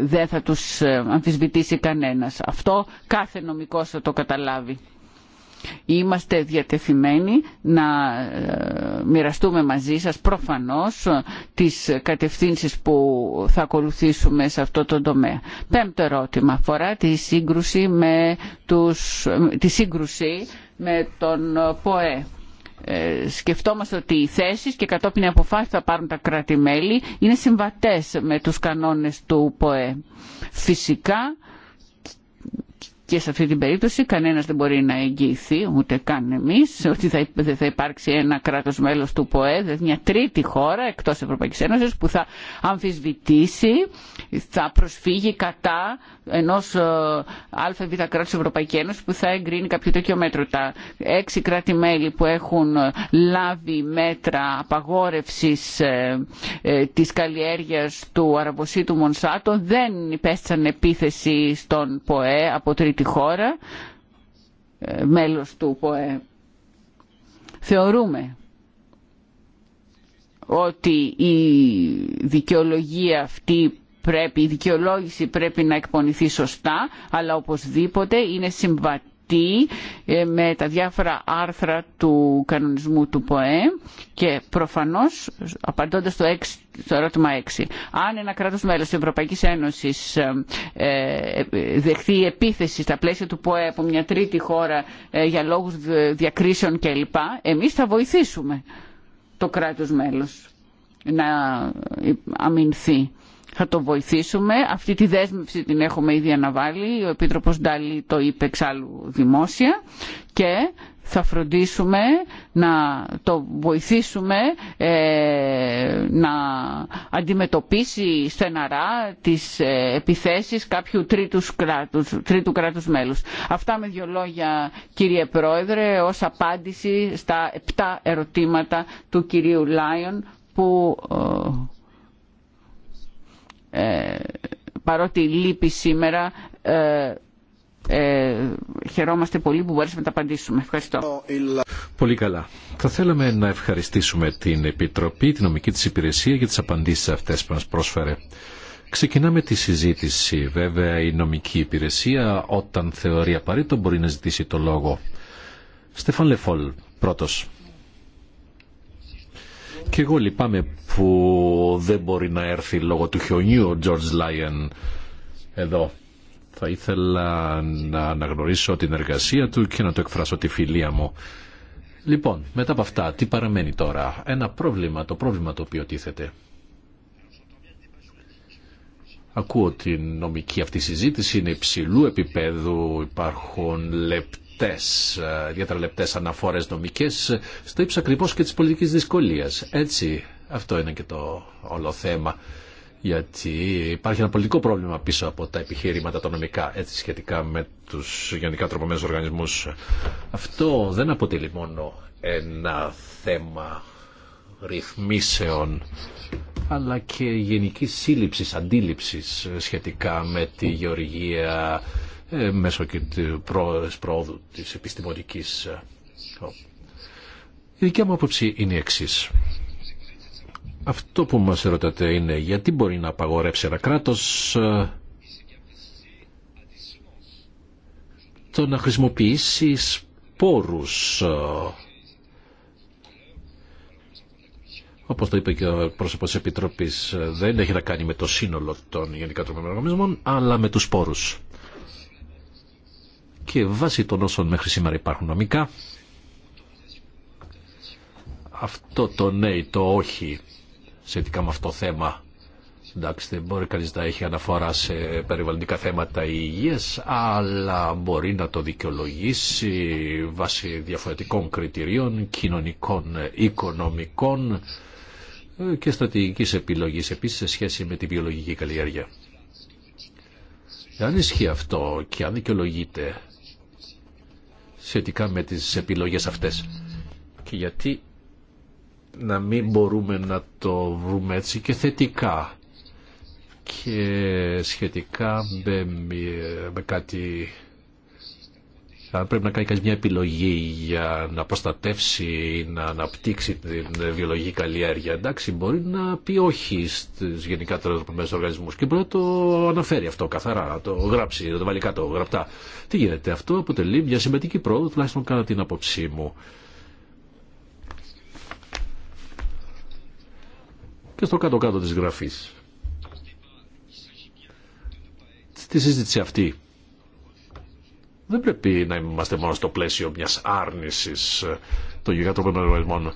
δεν θα τους ε, αμφισβητήσει κανένας. Αυτό κάθε νομικός θα το καταλάβει. Είμαστε διατεθειμένοι να ε, μοιραστούμε μαζί σας προφανώς ε, τις κατευθύνσεις που θα ακολουθήσουμε σε αυτό το τομέα. Πέμπτο ερώτημα αφορά τη σύγκρουση με, τους, ε, τη σύγκρουση με τον ΠΟΕ. σκεφτόμαστε ότι οι θέσεις και κατόπιν οι αποφάσεις θα πάρουν τα κράτη-μέλη είναι συμβατές με τους κανόνες του ΠΟΕ. Φυσικά και σε αυτή την περίπτωση κανένας δεν μπορεί να εγγυηθεί, ούτε καν εμείς, ότι θα, δεν θα υπάρξει ένα κράτος μέλος του ΠΟΕ, μια τρίτη χώρα εκτός Ευρωπαϊκής Ένωσης που θα αμφισβητήσει, θα προσφύγει κατά ενός ε, ΑΒ κράτους Ευρωπαϊκή Ένωση που θα εγκρίνει κάποιο τέτοιο μέτρο. Τα έξι κράτη-μέλη που έχουν ε, λάβει μέτρα απαγόρευσης ε, της καλλιέργειας του αραβοσίτου Μονσάτο δεν υπέστησαν επίθεση στον ΠΟΕ από τρίτη Τη χώρα, ε, μέλος του ΠΟΕ. Θεωρούμε ότι η δικαιολογία αυτή πρέπει, η δικαιολόγηση πρέπει να εκπονηθεί σωστά, αλλά οπωσδήποτε είναι συμβατή ε, με τα διάφορα άρθρα του κανονισμού του ΠΟΕ και προφανώς απαντώντας στο, ερώτημα 6 αν ένα κράτος μέλος της Ευρωπαϊκής Ένωσης ε, ε, δεχθεί επίθεση στα πλαίσια του ΠΟΕ από μια τρίτη χώρα για λόγους διακρίσεων κλπ εμείς θα βοηθήσουμε το κράτος μέλος να αμυνθεί θα το βοηθήσουμε. Αυτή τη δέσμευση την έχουμε ήδη αναβάλει. Ο Επίτροπος Ντάλι το είπε εξάλλου δημόσια και θα φροντίσουμε να το βοηθήσουμε ε, να αντιμετωπίσει στεναρά τις ε, επιθέσεις κάποιου τρίτους κράτους, τρίτου κράτους μέλους. Αυτά με δύο λόγια κύριε Πρόεδρε ως απάντηση στα επτά ερωτήματα του κυρίου Λάιον που ε, ε, παρότι λείπει σήμερα, ε, ε, χαιρόμαστε πολύ που μπορέσαμε να τα απαντήσουμε. Ευχαριστώ. Πολύ καλά. Θα θέλαμε να ευχαριστήσουμε την Επιτροπή, την νομική της υπηρεσία για τις απαντήσεις αυτές που μας πρόσφερε. Ξεκινάμε τη συζήτηση. Βέβαια η νομική υπηρεσία όταν θεωρεί απαραίτητο μπορεί να ζητήσει το λόγο. Στεφάν Λεφόλ, πρώτος. Και εγώ λυπάμαι που δεν μπορεί να έρθει λόγω του χιονιού ο George Lyon εδώ. Θα ήθελα να αναγνωρίσω την εργασία του και να το εκφράσω τη φιλία μου. Λοιπόν, μετά από αυτά, τι παραμένει τώρα. Ένα πρόβλημα, το πρόβλημα το οποίο τίθεται. Ακούω την νομική αυτή συζήτηση, είναι υψηλού επίπεδου, υπάρχουν λεπτά λεπτές, ε, ιδιαίτερα λεπτές αναφόρες νομικές στο ύψος ακριβώς και της πολιτικής δυσκολίας. Έτσι, αυτό είναι και το όλο θέμα. Γιατί υπάρχει ένα πολιτικό πρόβλημα πίσω από τα επιχείρηματα τα νομικά, έτσι σχετικά με τους γενικά τροπομένους οργανισμούς. Αυτό δεν αποτελεί μόνο ένα θέμα ρυθμίσεων αλλά και γενική σύλληψης, αντίληψης σχετικά με τη γεωργία, ε, μέσω και της πρόοδου της επιστημονικής. Ε, η δικιά μου άποψη είναι η εξής. Αυτό που μας ρωτάτε είναι γιατί μπορεί να απαγορεύσει ένα κράτος ε, το να χρησιμοποιήσει σπόρους Όπω το είπε και ο πρόσωπο τη Επιτροπή, δεν έχει να κάνει με το σύνολο των γενικά τρομερών οργανισμών, αλλά με του σπόρου και βάσει των όσων μέχρι σήμερα υπάρχουν νομικά αυτό το ναι το όχι σχετικά με αυτό το θέμα εντάξει δεν μπορεί κανείς να έχει αναφορά σε περιβαλλοντικά θέματα ή υγείας αλλά μπορεί να το δικαιολογήσει βάσει διαφορετικών κριτηρίων κοινωνικών, οικονομικών και στρατηγικής επιλογής επίσης σε σχέση με τη βιολογική καλλιέργεια. Αν ισχύει αυτό και αν δικαιολογείται σχετικά με τις επιλογές αυτές. Και γιατί να μην μπορούμε να το βρούμε έτσι και θετικά και σχετικά με, με κάτι θα πρέπει να κάνει κανείς μια επιλογή για να προστατεύσει ή να αναπτύξει την βιολογική καλλιέργεια. Εντάξει, μπορεί να πει όχι στι γενικά τελευταίες οργανισμούς και μπορεί να το αναφέρει αυτό καθαρά, να το γράψει, να το βάλει κάτω γραπτά. Τι γίνεται, αυτό αποτελεί μια σημαντική πρόοδο, τουλάχιστον κατά την απόψή μου. Και στο κάτω-κάτω της γραφής. Στη συζήτηση αυτή δεν πρέπει να είμαστε μόνο στο πλαίσιο μιας άρνησης ε, των γιγαντροπών εργασμών,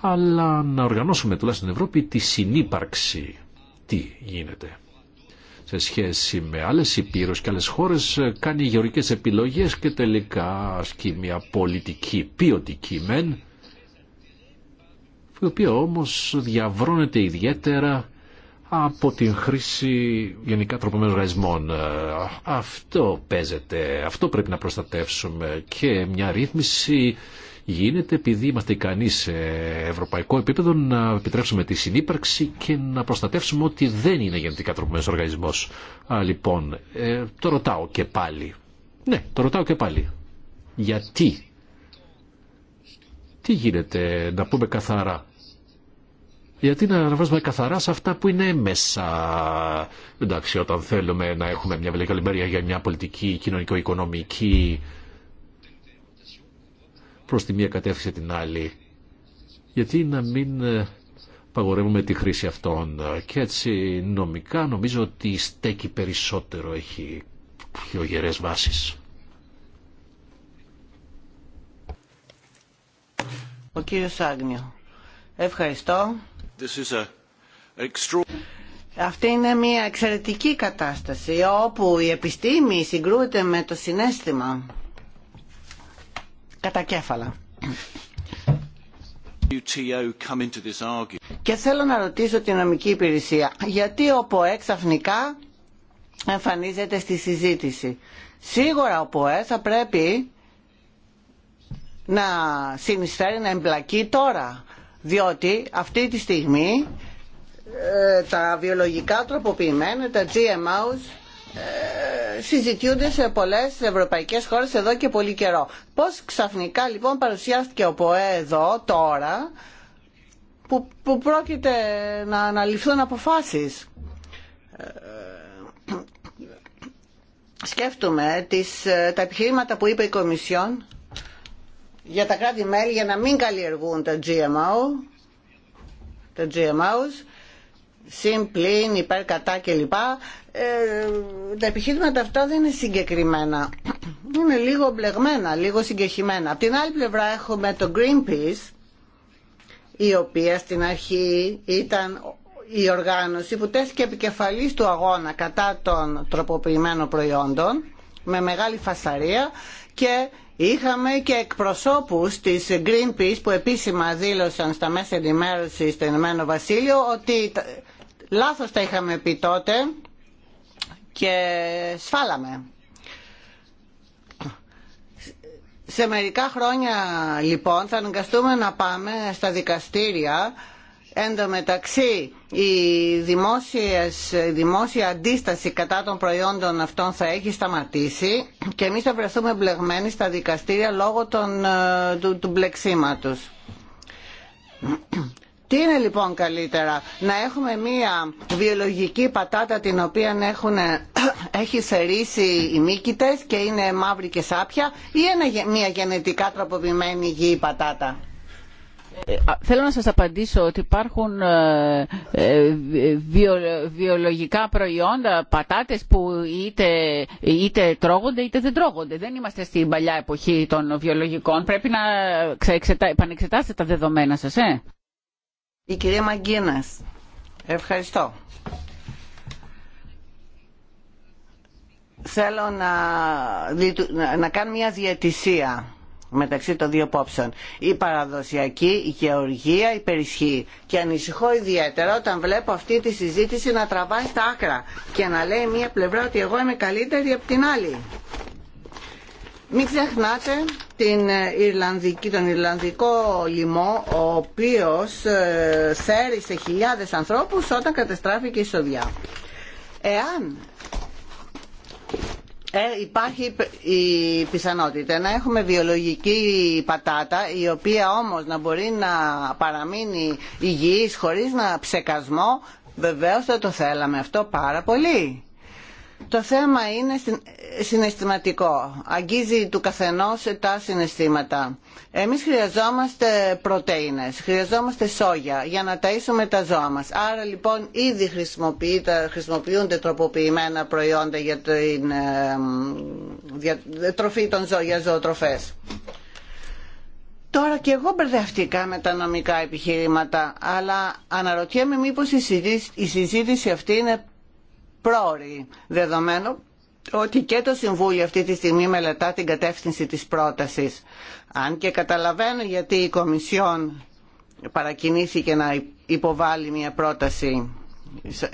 αλλά να οργανώσουμε τουλάχιστον στην Ευρώπη τη συνύπαρξη. Τι γίνεται σε σχέση με άλλες υπήρους και άλλες χώρες ε, κάνει γεωρικές επιλογές και τελικά ασκεί μια πολιτική ποιοτική μεν η οποία όμως διαβρώνεται ιδιαίτερα από την χρήση γενικά τροπομένων οργανισμών. Ε, αυτό παίζεται, αυτό πρέπει να προστατεύσουμε και μια ρύθμιση γίνεται επειδή είμαστε ικανοί σε ευρωπαϊκό επίπεδο να επιτρέψουμε τη συνύπαρξη και να προστατεύσουμε ότι δεν είναι γενετικά τροπομένος οργανισμός. Α, λοιπόν, ε, το ρωτάω και πάλι. Ναι, το ρωτάω και πάλι. Γιατί. Τι γίνεται, να πούμε καθαρά. Γιατί να αναβάζουμε καθαρά σε αυτά που είναι μέσα. Εντάξει, όταν θέλουμε να έχουμε μια βελεκαλημέρια για μια πολιτική, κοινωνικο-οικονομική προς τη μία κατεύθυνση την άλλη. Γιατί να μην ε, παγορεύουμε τη χρήση αυτών. Και έτσι νομικά νομίζω ότι στέκει περισσότερο, έχει πιο γερές βάσεις. Ο κύριος Άγνιο. Ευχαριστώ. Αυτή είναι μια εξαιρετική κατάσταση όπου η επιστήμη συγκρούεται με το συνέστημα. Κατακέφαλα. Και θέλω να ρωτήσω την νομική υπηρεσία, γιατί ο ΠΟΕ ξαφνικά εμφανίζεται στη συζήτηση. Σίγουρα ο ΠΟΕ θα πρέπει να συνεισφέρει, να εμπλακεί τώρα διότι αυτή τη στιγμή ε, τα βιολογικά τροποποιημένα, τα GMOs, ε, συζητιούνται σε πολλές ευρωπαϊκές χώρες εδώ και πολύ καιρό. Πώς ξαφνικά λοιπόν παρουσιάστηκε ο ΠΟΕ εδώ τώρα που, πρόκειται να αναλυφθούν αποφάσεις. Ε, σκέφτομαι τις, τα επιχειρήματα που είπε η Κομισιόν για τα κράτη-μέλη για να μην καλλιεργούν τα GMO, τα GMOs, συν, πλην, υπέρ, κατά κλπ. Ε, τα επιχείρηματα αυτά δεν είναι συγκεκριμένα. Είναι λίγο μπλεγμένα, λίγο συγκεχημένα. Από την άλλη πλευρά έχουμε το Greenpeace, η οποία στην αρχή ήταν η οργάνωση που τέθηκε επικεφαλής του αγώνα κατά των τροποποιημένων προϊόντων με μεγάλη φασαρία και Είχαμε και εκπροσώπους της Greenpeace που επίσημα δήλωσαν στα μέσα ενημέρωση στο Ηνωμένο Βασίλειο ότι λάθος τα είχαμε πει τότε και σφάλαμε. Σε μερικά χρόνια λοιπόν θα αναγκαστούμε να πάμε στα δικαστήρια Εν τω μεταξύ η δημόσια αντίσταση κατά των προϊόντων αυτών θα έχει σταματήσει και εμείς θα βρεθούμε μπλεγμένοι στα δικαστήρια λόγω των, ε, του, του μπλεξίματος. Τι είναι λοιπόν καλύτερα, να έχουμε μία βιολογική πατάτα την οποία έχουν, ε, έχει σερίσει οι μύκητες και είναι μαύρη και σάπια ή μία γενετικά τροποποιημένη γη πατάτα. Ε, θέλω να σας απαντήσω ότι υπάρχουν ε, ε, βιολογικά προϊόντα, πατάτες που είτε, είτε τρώγονται είτε δεν τρώγονται. Δεν είμαστε στην παλιά εποχή των βιολογικών. Πρέπει να επανεξετάσετε τα δεδομένα σας. Ε? Η κυρία Μαγκίνας. Ευχαριστώ. Θέλω να, να κάνω μια διατησία μεταξύ των δύο πόψεων. Η παραδοσιακή η γεωργία υπερισχύει. Και ανησυχώ ιδιαίτερα όταν βλέπω αυτή τη συζήτηση να τραβάει στα άκρα και να λέει μία πλευρά ότι εγώ είμαι καλύτερη από την άλλη. Μην ξεχνάτε ε, τον Ιρλανδικό λοιμό, ο οποίος θέρισε ε, χιλιάδες ανθρώπους όταν καταστράφηκε η Σοδιά. Εάν ε, υπάρχει η πιθανότητα να έχουμε βιολογική πατάτα η οποία όμως να μπορεί να παραμείνει υγιής χωρίς να ψεκασμό βεβαίως θα το θέλαμε αυτό πάρα πολύ το θέμα είναι συναισθηματικό αγγίζει του καθενός τα συναισθήματα εμείς χρειαζόμαστε πρωτεΐνες, χρειαζόμαστε σόγια για να ταΐσουμε τα ζώα μας. Άρα λοιπόν ήδη χρησιμοποιούνται τροποποιημένα προϊόντα για την ε, για ε, τροφή των ζώων, για ζωοτροφές. Τώρα και εγώ μπερδευτικά με τα νομικά επιχειρήματα, αλλά αναρωτιέμαι μήπως η συζήτηση αυτή είναι πρόορη, δεδομένου ότι και το Συμβούλιο αυτή τη στιγμή μελετά την κατεύθυνση της πρότασης. Αν και καταλαβαίνω γιατί η Κομισιόν παρακινήθηκε να υποβάλει μια πρόταση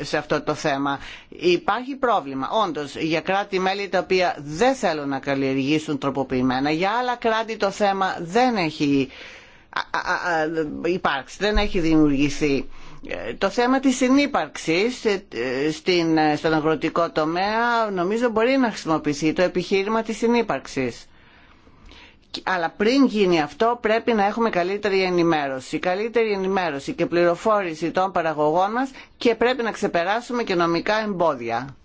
σε αυτό το θέμα. Υπάρχει πρόβλημα, όντως, για κράτη-μέλη τα οποία δεν θέλουν να καλλιεργήσουν τροποποιημένα. Για άλλα κράτη το θέμα δεν έχει υπάρξει, δεν έχει δημιουργηθεί το θέμα της συνύπαρξης ε, στην, ε, στον αγροτικό τομέα νομίζω μπορεί να χρησιμοποιηθεί το επιχείρημα της συνύπαρξης. Αλλά πριν γίνει αυτό πρέπει να έχουμε καλύτερη ενημέρωση. Καλύτερη ενημέρωση και πληροφόρηση των παραγωγών μας και πρέπει να ξεπεράσουμε και νομικά εμπόδια.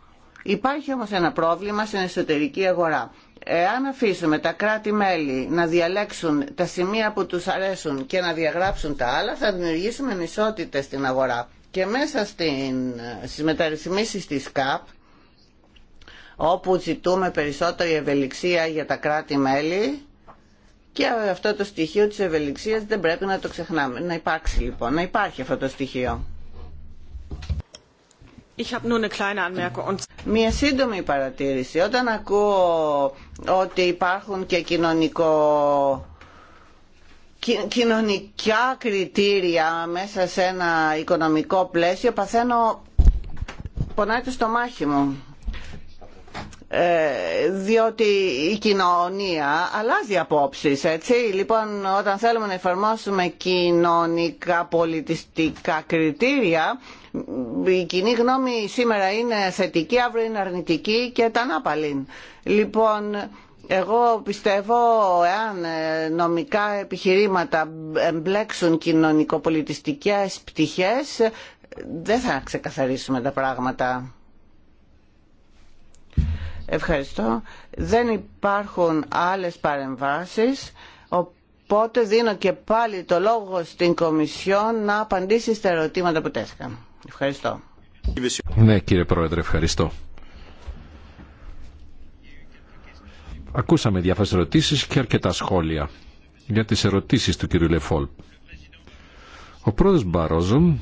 Υπάρχει όμως ένα πρόβλημα στην εσωτερική αγορά. Εάν αφήσουμε τα κράτη-μέλη να διαλέξουν τα σημεία που τους αρέσουν και να διαγράψουν τα άλλα, θα δημιουργήσουμε ανισότητες στην αγορά. Και μέσα στην, στις μεταρρυθμίσεις της ΚΑΠ, όπου ζητούμε περισσότερη ευελιξία για τα κράτη-μέλη, και αυτό το στοιχείο της ευελιξίας δεν πρέπει να το ξεχνάμε. Να υπάρξει λοιπόν, να υπάρχει αυτό το στοιχείο. Μία σύντομη παρατήρηση. Όταν ακούω ότι υπάρχουν και κοινωνικό κοινωνικά κριτήρια μέσα σε ένα οικονομικό πλαίσιο παθαίνω πονάει το στομάχι μου. Ε, διότι η κοινωνία αλλάζει απόψεις, έτσι. Λοιπόν, όταν θέλουμε να εφαρμόσουμε κοινωνικά πολιτιστικά κριτήρια, η κοινή γνώμη σήμερα είναι θετική, αύριο είναι αρνητική και τα Λοιπόν, εγώ πιστεύω εάν ε, νομικά επιχειρήματα εμπλέξουν κοινωνικοπολιτιστικές πτυχές, ε, δεν θα ξεκαθαρίσουμε τα πράγματα. Ευχαριστώ. Δεν υπάρχουν άλλες παρεμβάσεις, οπότε δίνω και πάλι το λόγο στην Κομισιόν να απαντήσει στα ερωτήματα που τέθηκαν. Ευχαριστώ. Ναι κύριε Πρόεδρε, ευχαριστώ. Ακούσαμε διάφορες ερωτήσεις και αρκετά σχόλια για τις ερωτήσεις του κύριου Λεφόλ. Ο πρόεδρος Μπαρόζο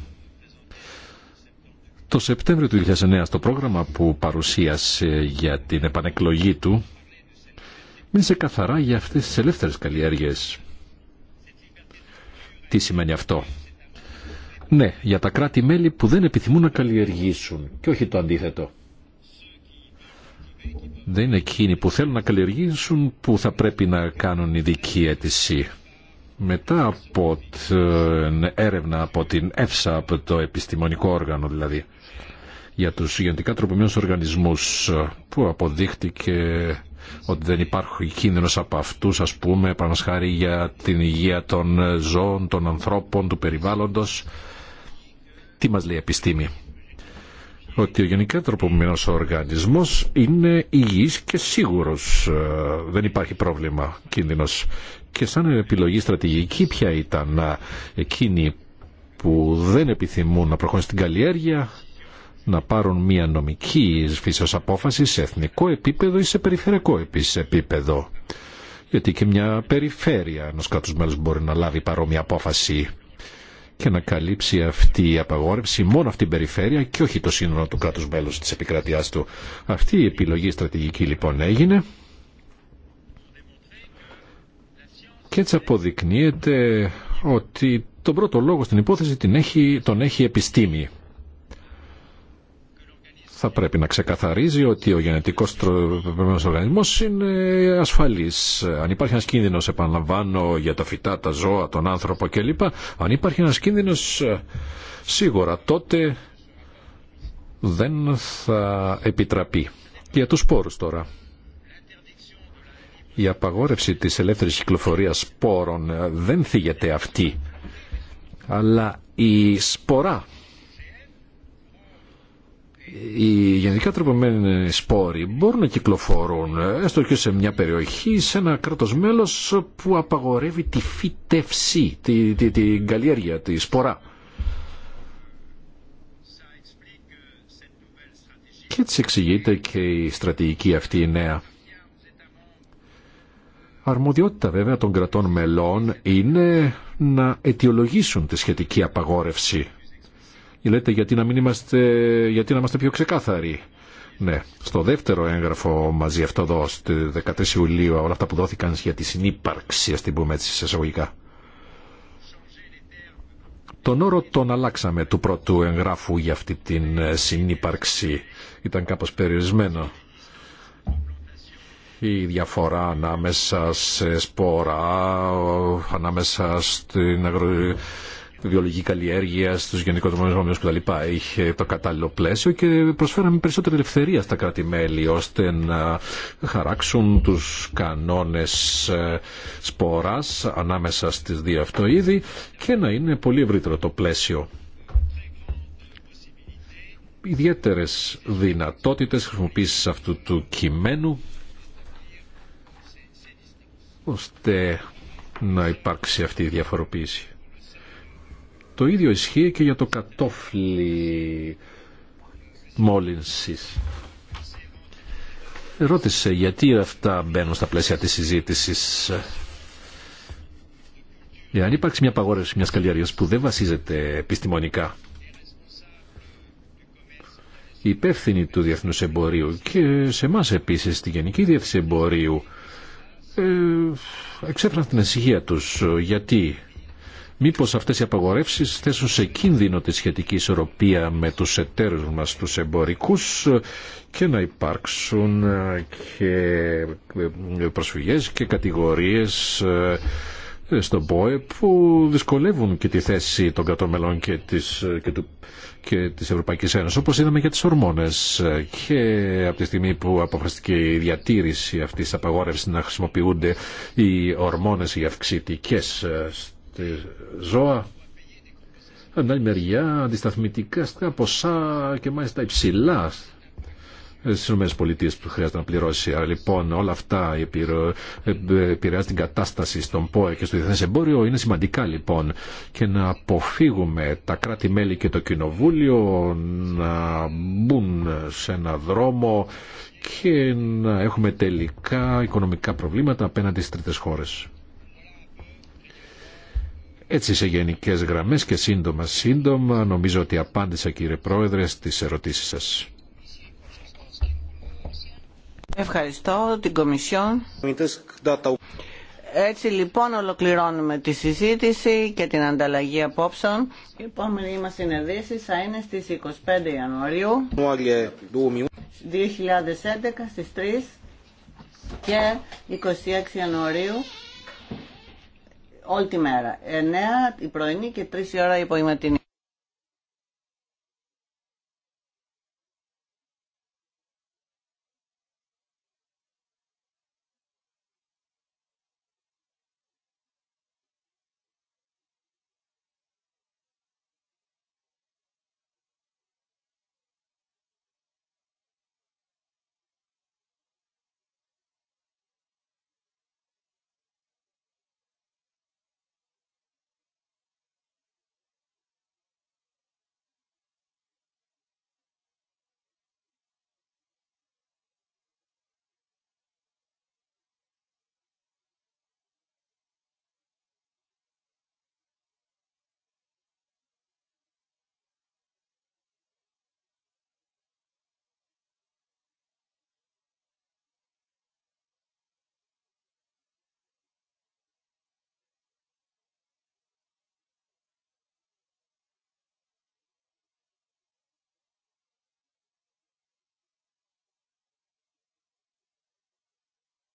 το Σεπτέμβριο του 2009 στο πρόγραμμα που παρουσίασε για την επανεκλογή του μίλησε καθαρά για αυτές τις ελεύθερες καλλιέργειες. Τι σημαίνει αυτό. Ναι, για τα κράτη-μέλη που δεν επιθυμούν να καλλιεργήσουν και όχι το αντίθετο. Δεν είναι εκείνοι που θέλουν να καλλιεργήσουν που θα πρέπει να κάνουν ειδική αίτηση. Μετά από την έρευνα από την ΕΦΣΑ, από το επιστημονικό όργανο δηλαδή για τους γενικά τροποποιημένους οργανισμούς που αποδείχτηκε ότι δεν υπάρχει κίνδυνος από αυτούς, ας πούμε, επανασχάρη για την υγεία των ζώων, των ανθρώπων, του περιβάλλοντος. Τι μας λέει η επιστήμη. Ότι ο γενικά τροποποιημένος οργανισμός είναι υγιής και σίγουρος. Δεν υπάρχει πρόβλημα κίνδυνος. Και σαν επιλογή στρατηγική ποια ήταν εκείνη που δεν επιθυμούν να προχωρήσουν στην καλλιέργεια να πάρουν μια νομική φύσεως απόφαση σε εθνικό επίπεδο ή σε περιφερειακό επίπεδο. Γιατί και μια περιφέρεια ενός κράτους μέλους μπορεί να λάβει παρόμοια απόφαση και να καλύψει αυτή η απαγόρευση μόνο αυτή την περιφέρεια και όχι το σύνολο του κράτους μέλους της επικρατείας του. Αυτή η επιλογή στρατηγική λοιπόν έγινε και έτσι αποδεικνύεται ότι τον πρώτο λόγο στην υπόθεση την έχει, τον έχει επιστήμη θα πρέπει να ξεκαθαρίζει ότι ο γενετικός τροπημένος οργανισμός είναι ασφαλής. Αν υπάρχει ένα κίνδυνος, επαναλαμβάνω, για τα φυτά, τα ζώα, τον άνθρωπο κλπ. Αν υπάρχει ένα κίνδυνος, σίγουρα τότε δεν θα επιτραπεί. Για τους σπόρους τώρα. Η απαγόρευση της ελεύθερης κυκλοφορίας σπόρων δεν θίγεται αυτή, αλλά η σπορά οι γενικά τροπομένοι σπόροι μπορούν να κυκλοφορούν ε, έστω και σε μια περιοχή, σε ένα κράτος μέλος που απαγορεύει τη φύτευση, τη, τη, την καλλιέργεια, τη σπορά. Και έτσι εξηγείται και η στρατηγική αυτή η νέα. Αρμοδιότητα βέβαια των κρατών μελών είναι να αιτιολογήσουν τη σχετική απαγόρευση λέτε γιατί να, μην είμαστε, γιατί να είμαστε πιο ξεκάθαροι. Ναι, στο δεύτερο έγγραφο μαζί αυτό εδώ, 13 Ιουλίου, όλα αυτά που δόθηκαν για τη συνύπαρξη, ας την πούμε έτσι, σε εισαγωγικά. Τον όρο τον αλλάξαμε του πρώτου εγγράφου για αυτή την ε, συνύπαρξη. Ήταν κάπως περιορισμένο. Η διαφορά ανάμεσα σε σπορά, ανάμεσα στην αγρο βιολογική καλλιέργεια, στους γενικούς οργανισμούς κτλ. Είχε το κατάλληλο πλαίσιο και προσφέραμε περισσότερη ελευθερία στα κράτη-μέλη ώστε να χαράξουν τους κανόνες ε, σποράς ανάμεσα στις δύο αυτό και να είναι πολύ ευρύτερο το πλαίσιο Ιδιαίτερε δυνατότητες χρησιμοποίηση αυτού του κειμένου ώστε να υπάρξει αυτή η διαφοροποίηση. Το ίδιο ισχύει και για το κατόφλι μόλυνσης. Ρώτησε γιατί αυτά μπαίνουν στα πλαίσια της συζήτησης. Εάν υπάρξει μια παγόρευση μιας καλλιέργειας που δεν βασίζεται επιστημονικά, υπεύθυνοι του Διεθνούς Εμπορίου και σε εμά επίσης στη Γενική διεθνή Εμπορίου ε, εξέφραν την ασυχία τους γιατί Μήπως αυτές οι απαγορεύσεις θέσουν σε κίνδυνο τη σχετική ισορροπία με τους εταίρους μας, τους εμπορικούς και να υπάρξουν ε, και ε, προσφυγές και κατηγορίες ε, στον ΠΟΕ που δυσκολεύουν και τη θέση των κατωμελών και της, και, του, και της Ευρωπαϊκής Ένωσης όπως είδαμε για τις ορμόνες και από τη στιγμή που αποφασίστηκε η διατήρηση αυτής της απαγόρευσης να χρησιμοποιούνται οι ορμόνες οι αυξητικές ζώα. Από την άλλη μεριά, αντισταθμητικά ποσά και μάλιστα υψηλά στι ΗΠΑ που χρειάζεται να πληρώσει. Άρα λοιπόν όλα αυτά επηρεάζουν την κατάσταση στον ΠΟΕ και στο διεθνέ εμπόριο. Είναι σημαντικά λοιπόν και να αποφύγουμε τα κράτη-μέλη και το Κοινοβούλιο να μπουν σε ένα δρόμο και να έχουμε τελικά οικονομικά προβλήματα απέναντι στι τρίτε χώρε. Έτσι σε γενικές γραμμές και σύντομα σύντομα νομίζω ότι απάντησα κύριε Πρόεδρε στις ερωτήσει σας. Ευχαριστώ την Κομισιόν. Έτσι λοιπόν ολοκληρώνουμε τη συζήτηση και την ανταλλαγή απόψεων. Η επόμενη μας συνεδρίαση θα είναι στις 25 Ιανουαρίου 2011 στις 3 και 26 Ιανουαρίου όλη τη μέρα. 9 η πρωινή και 3 η ώρα η απογευματινή.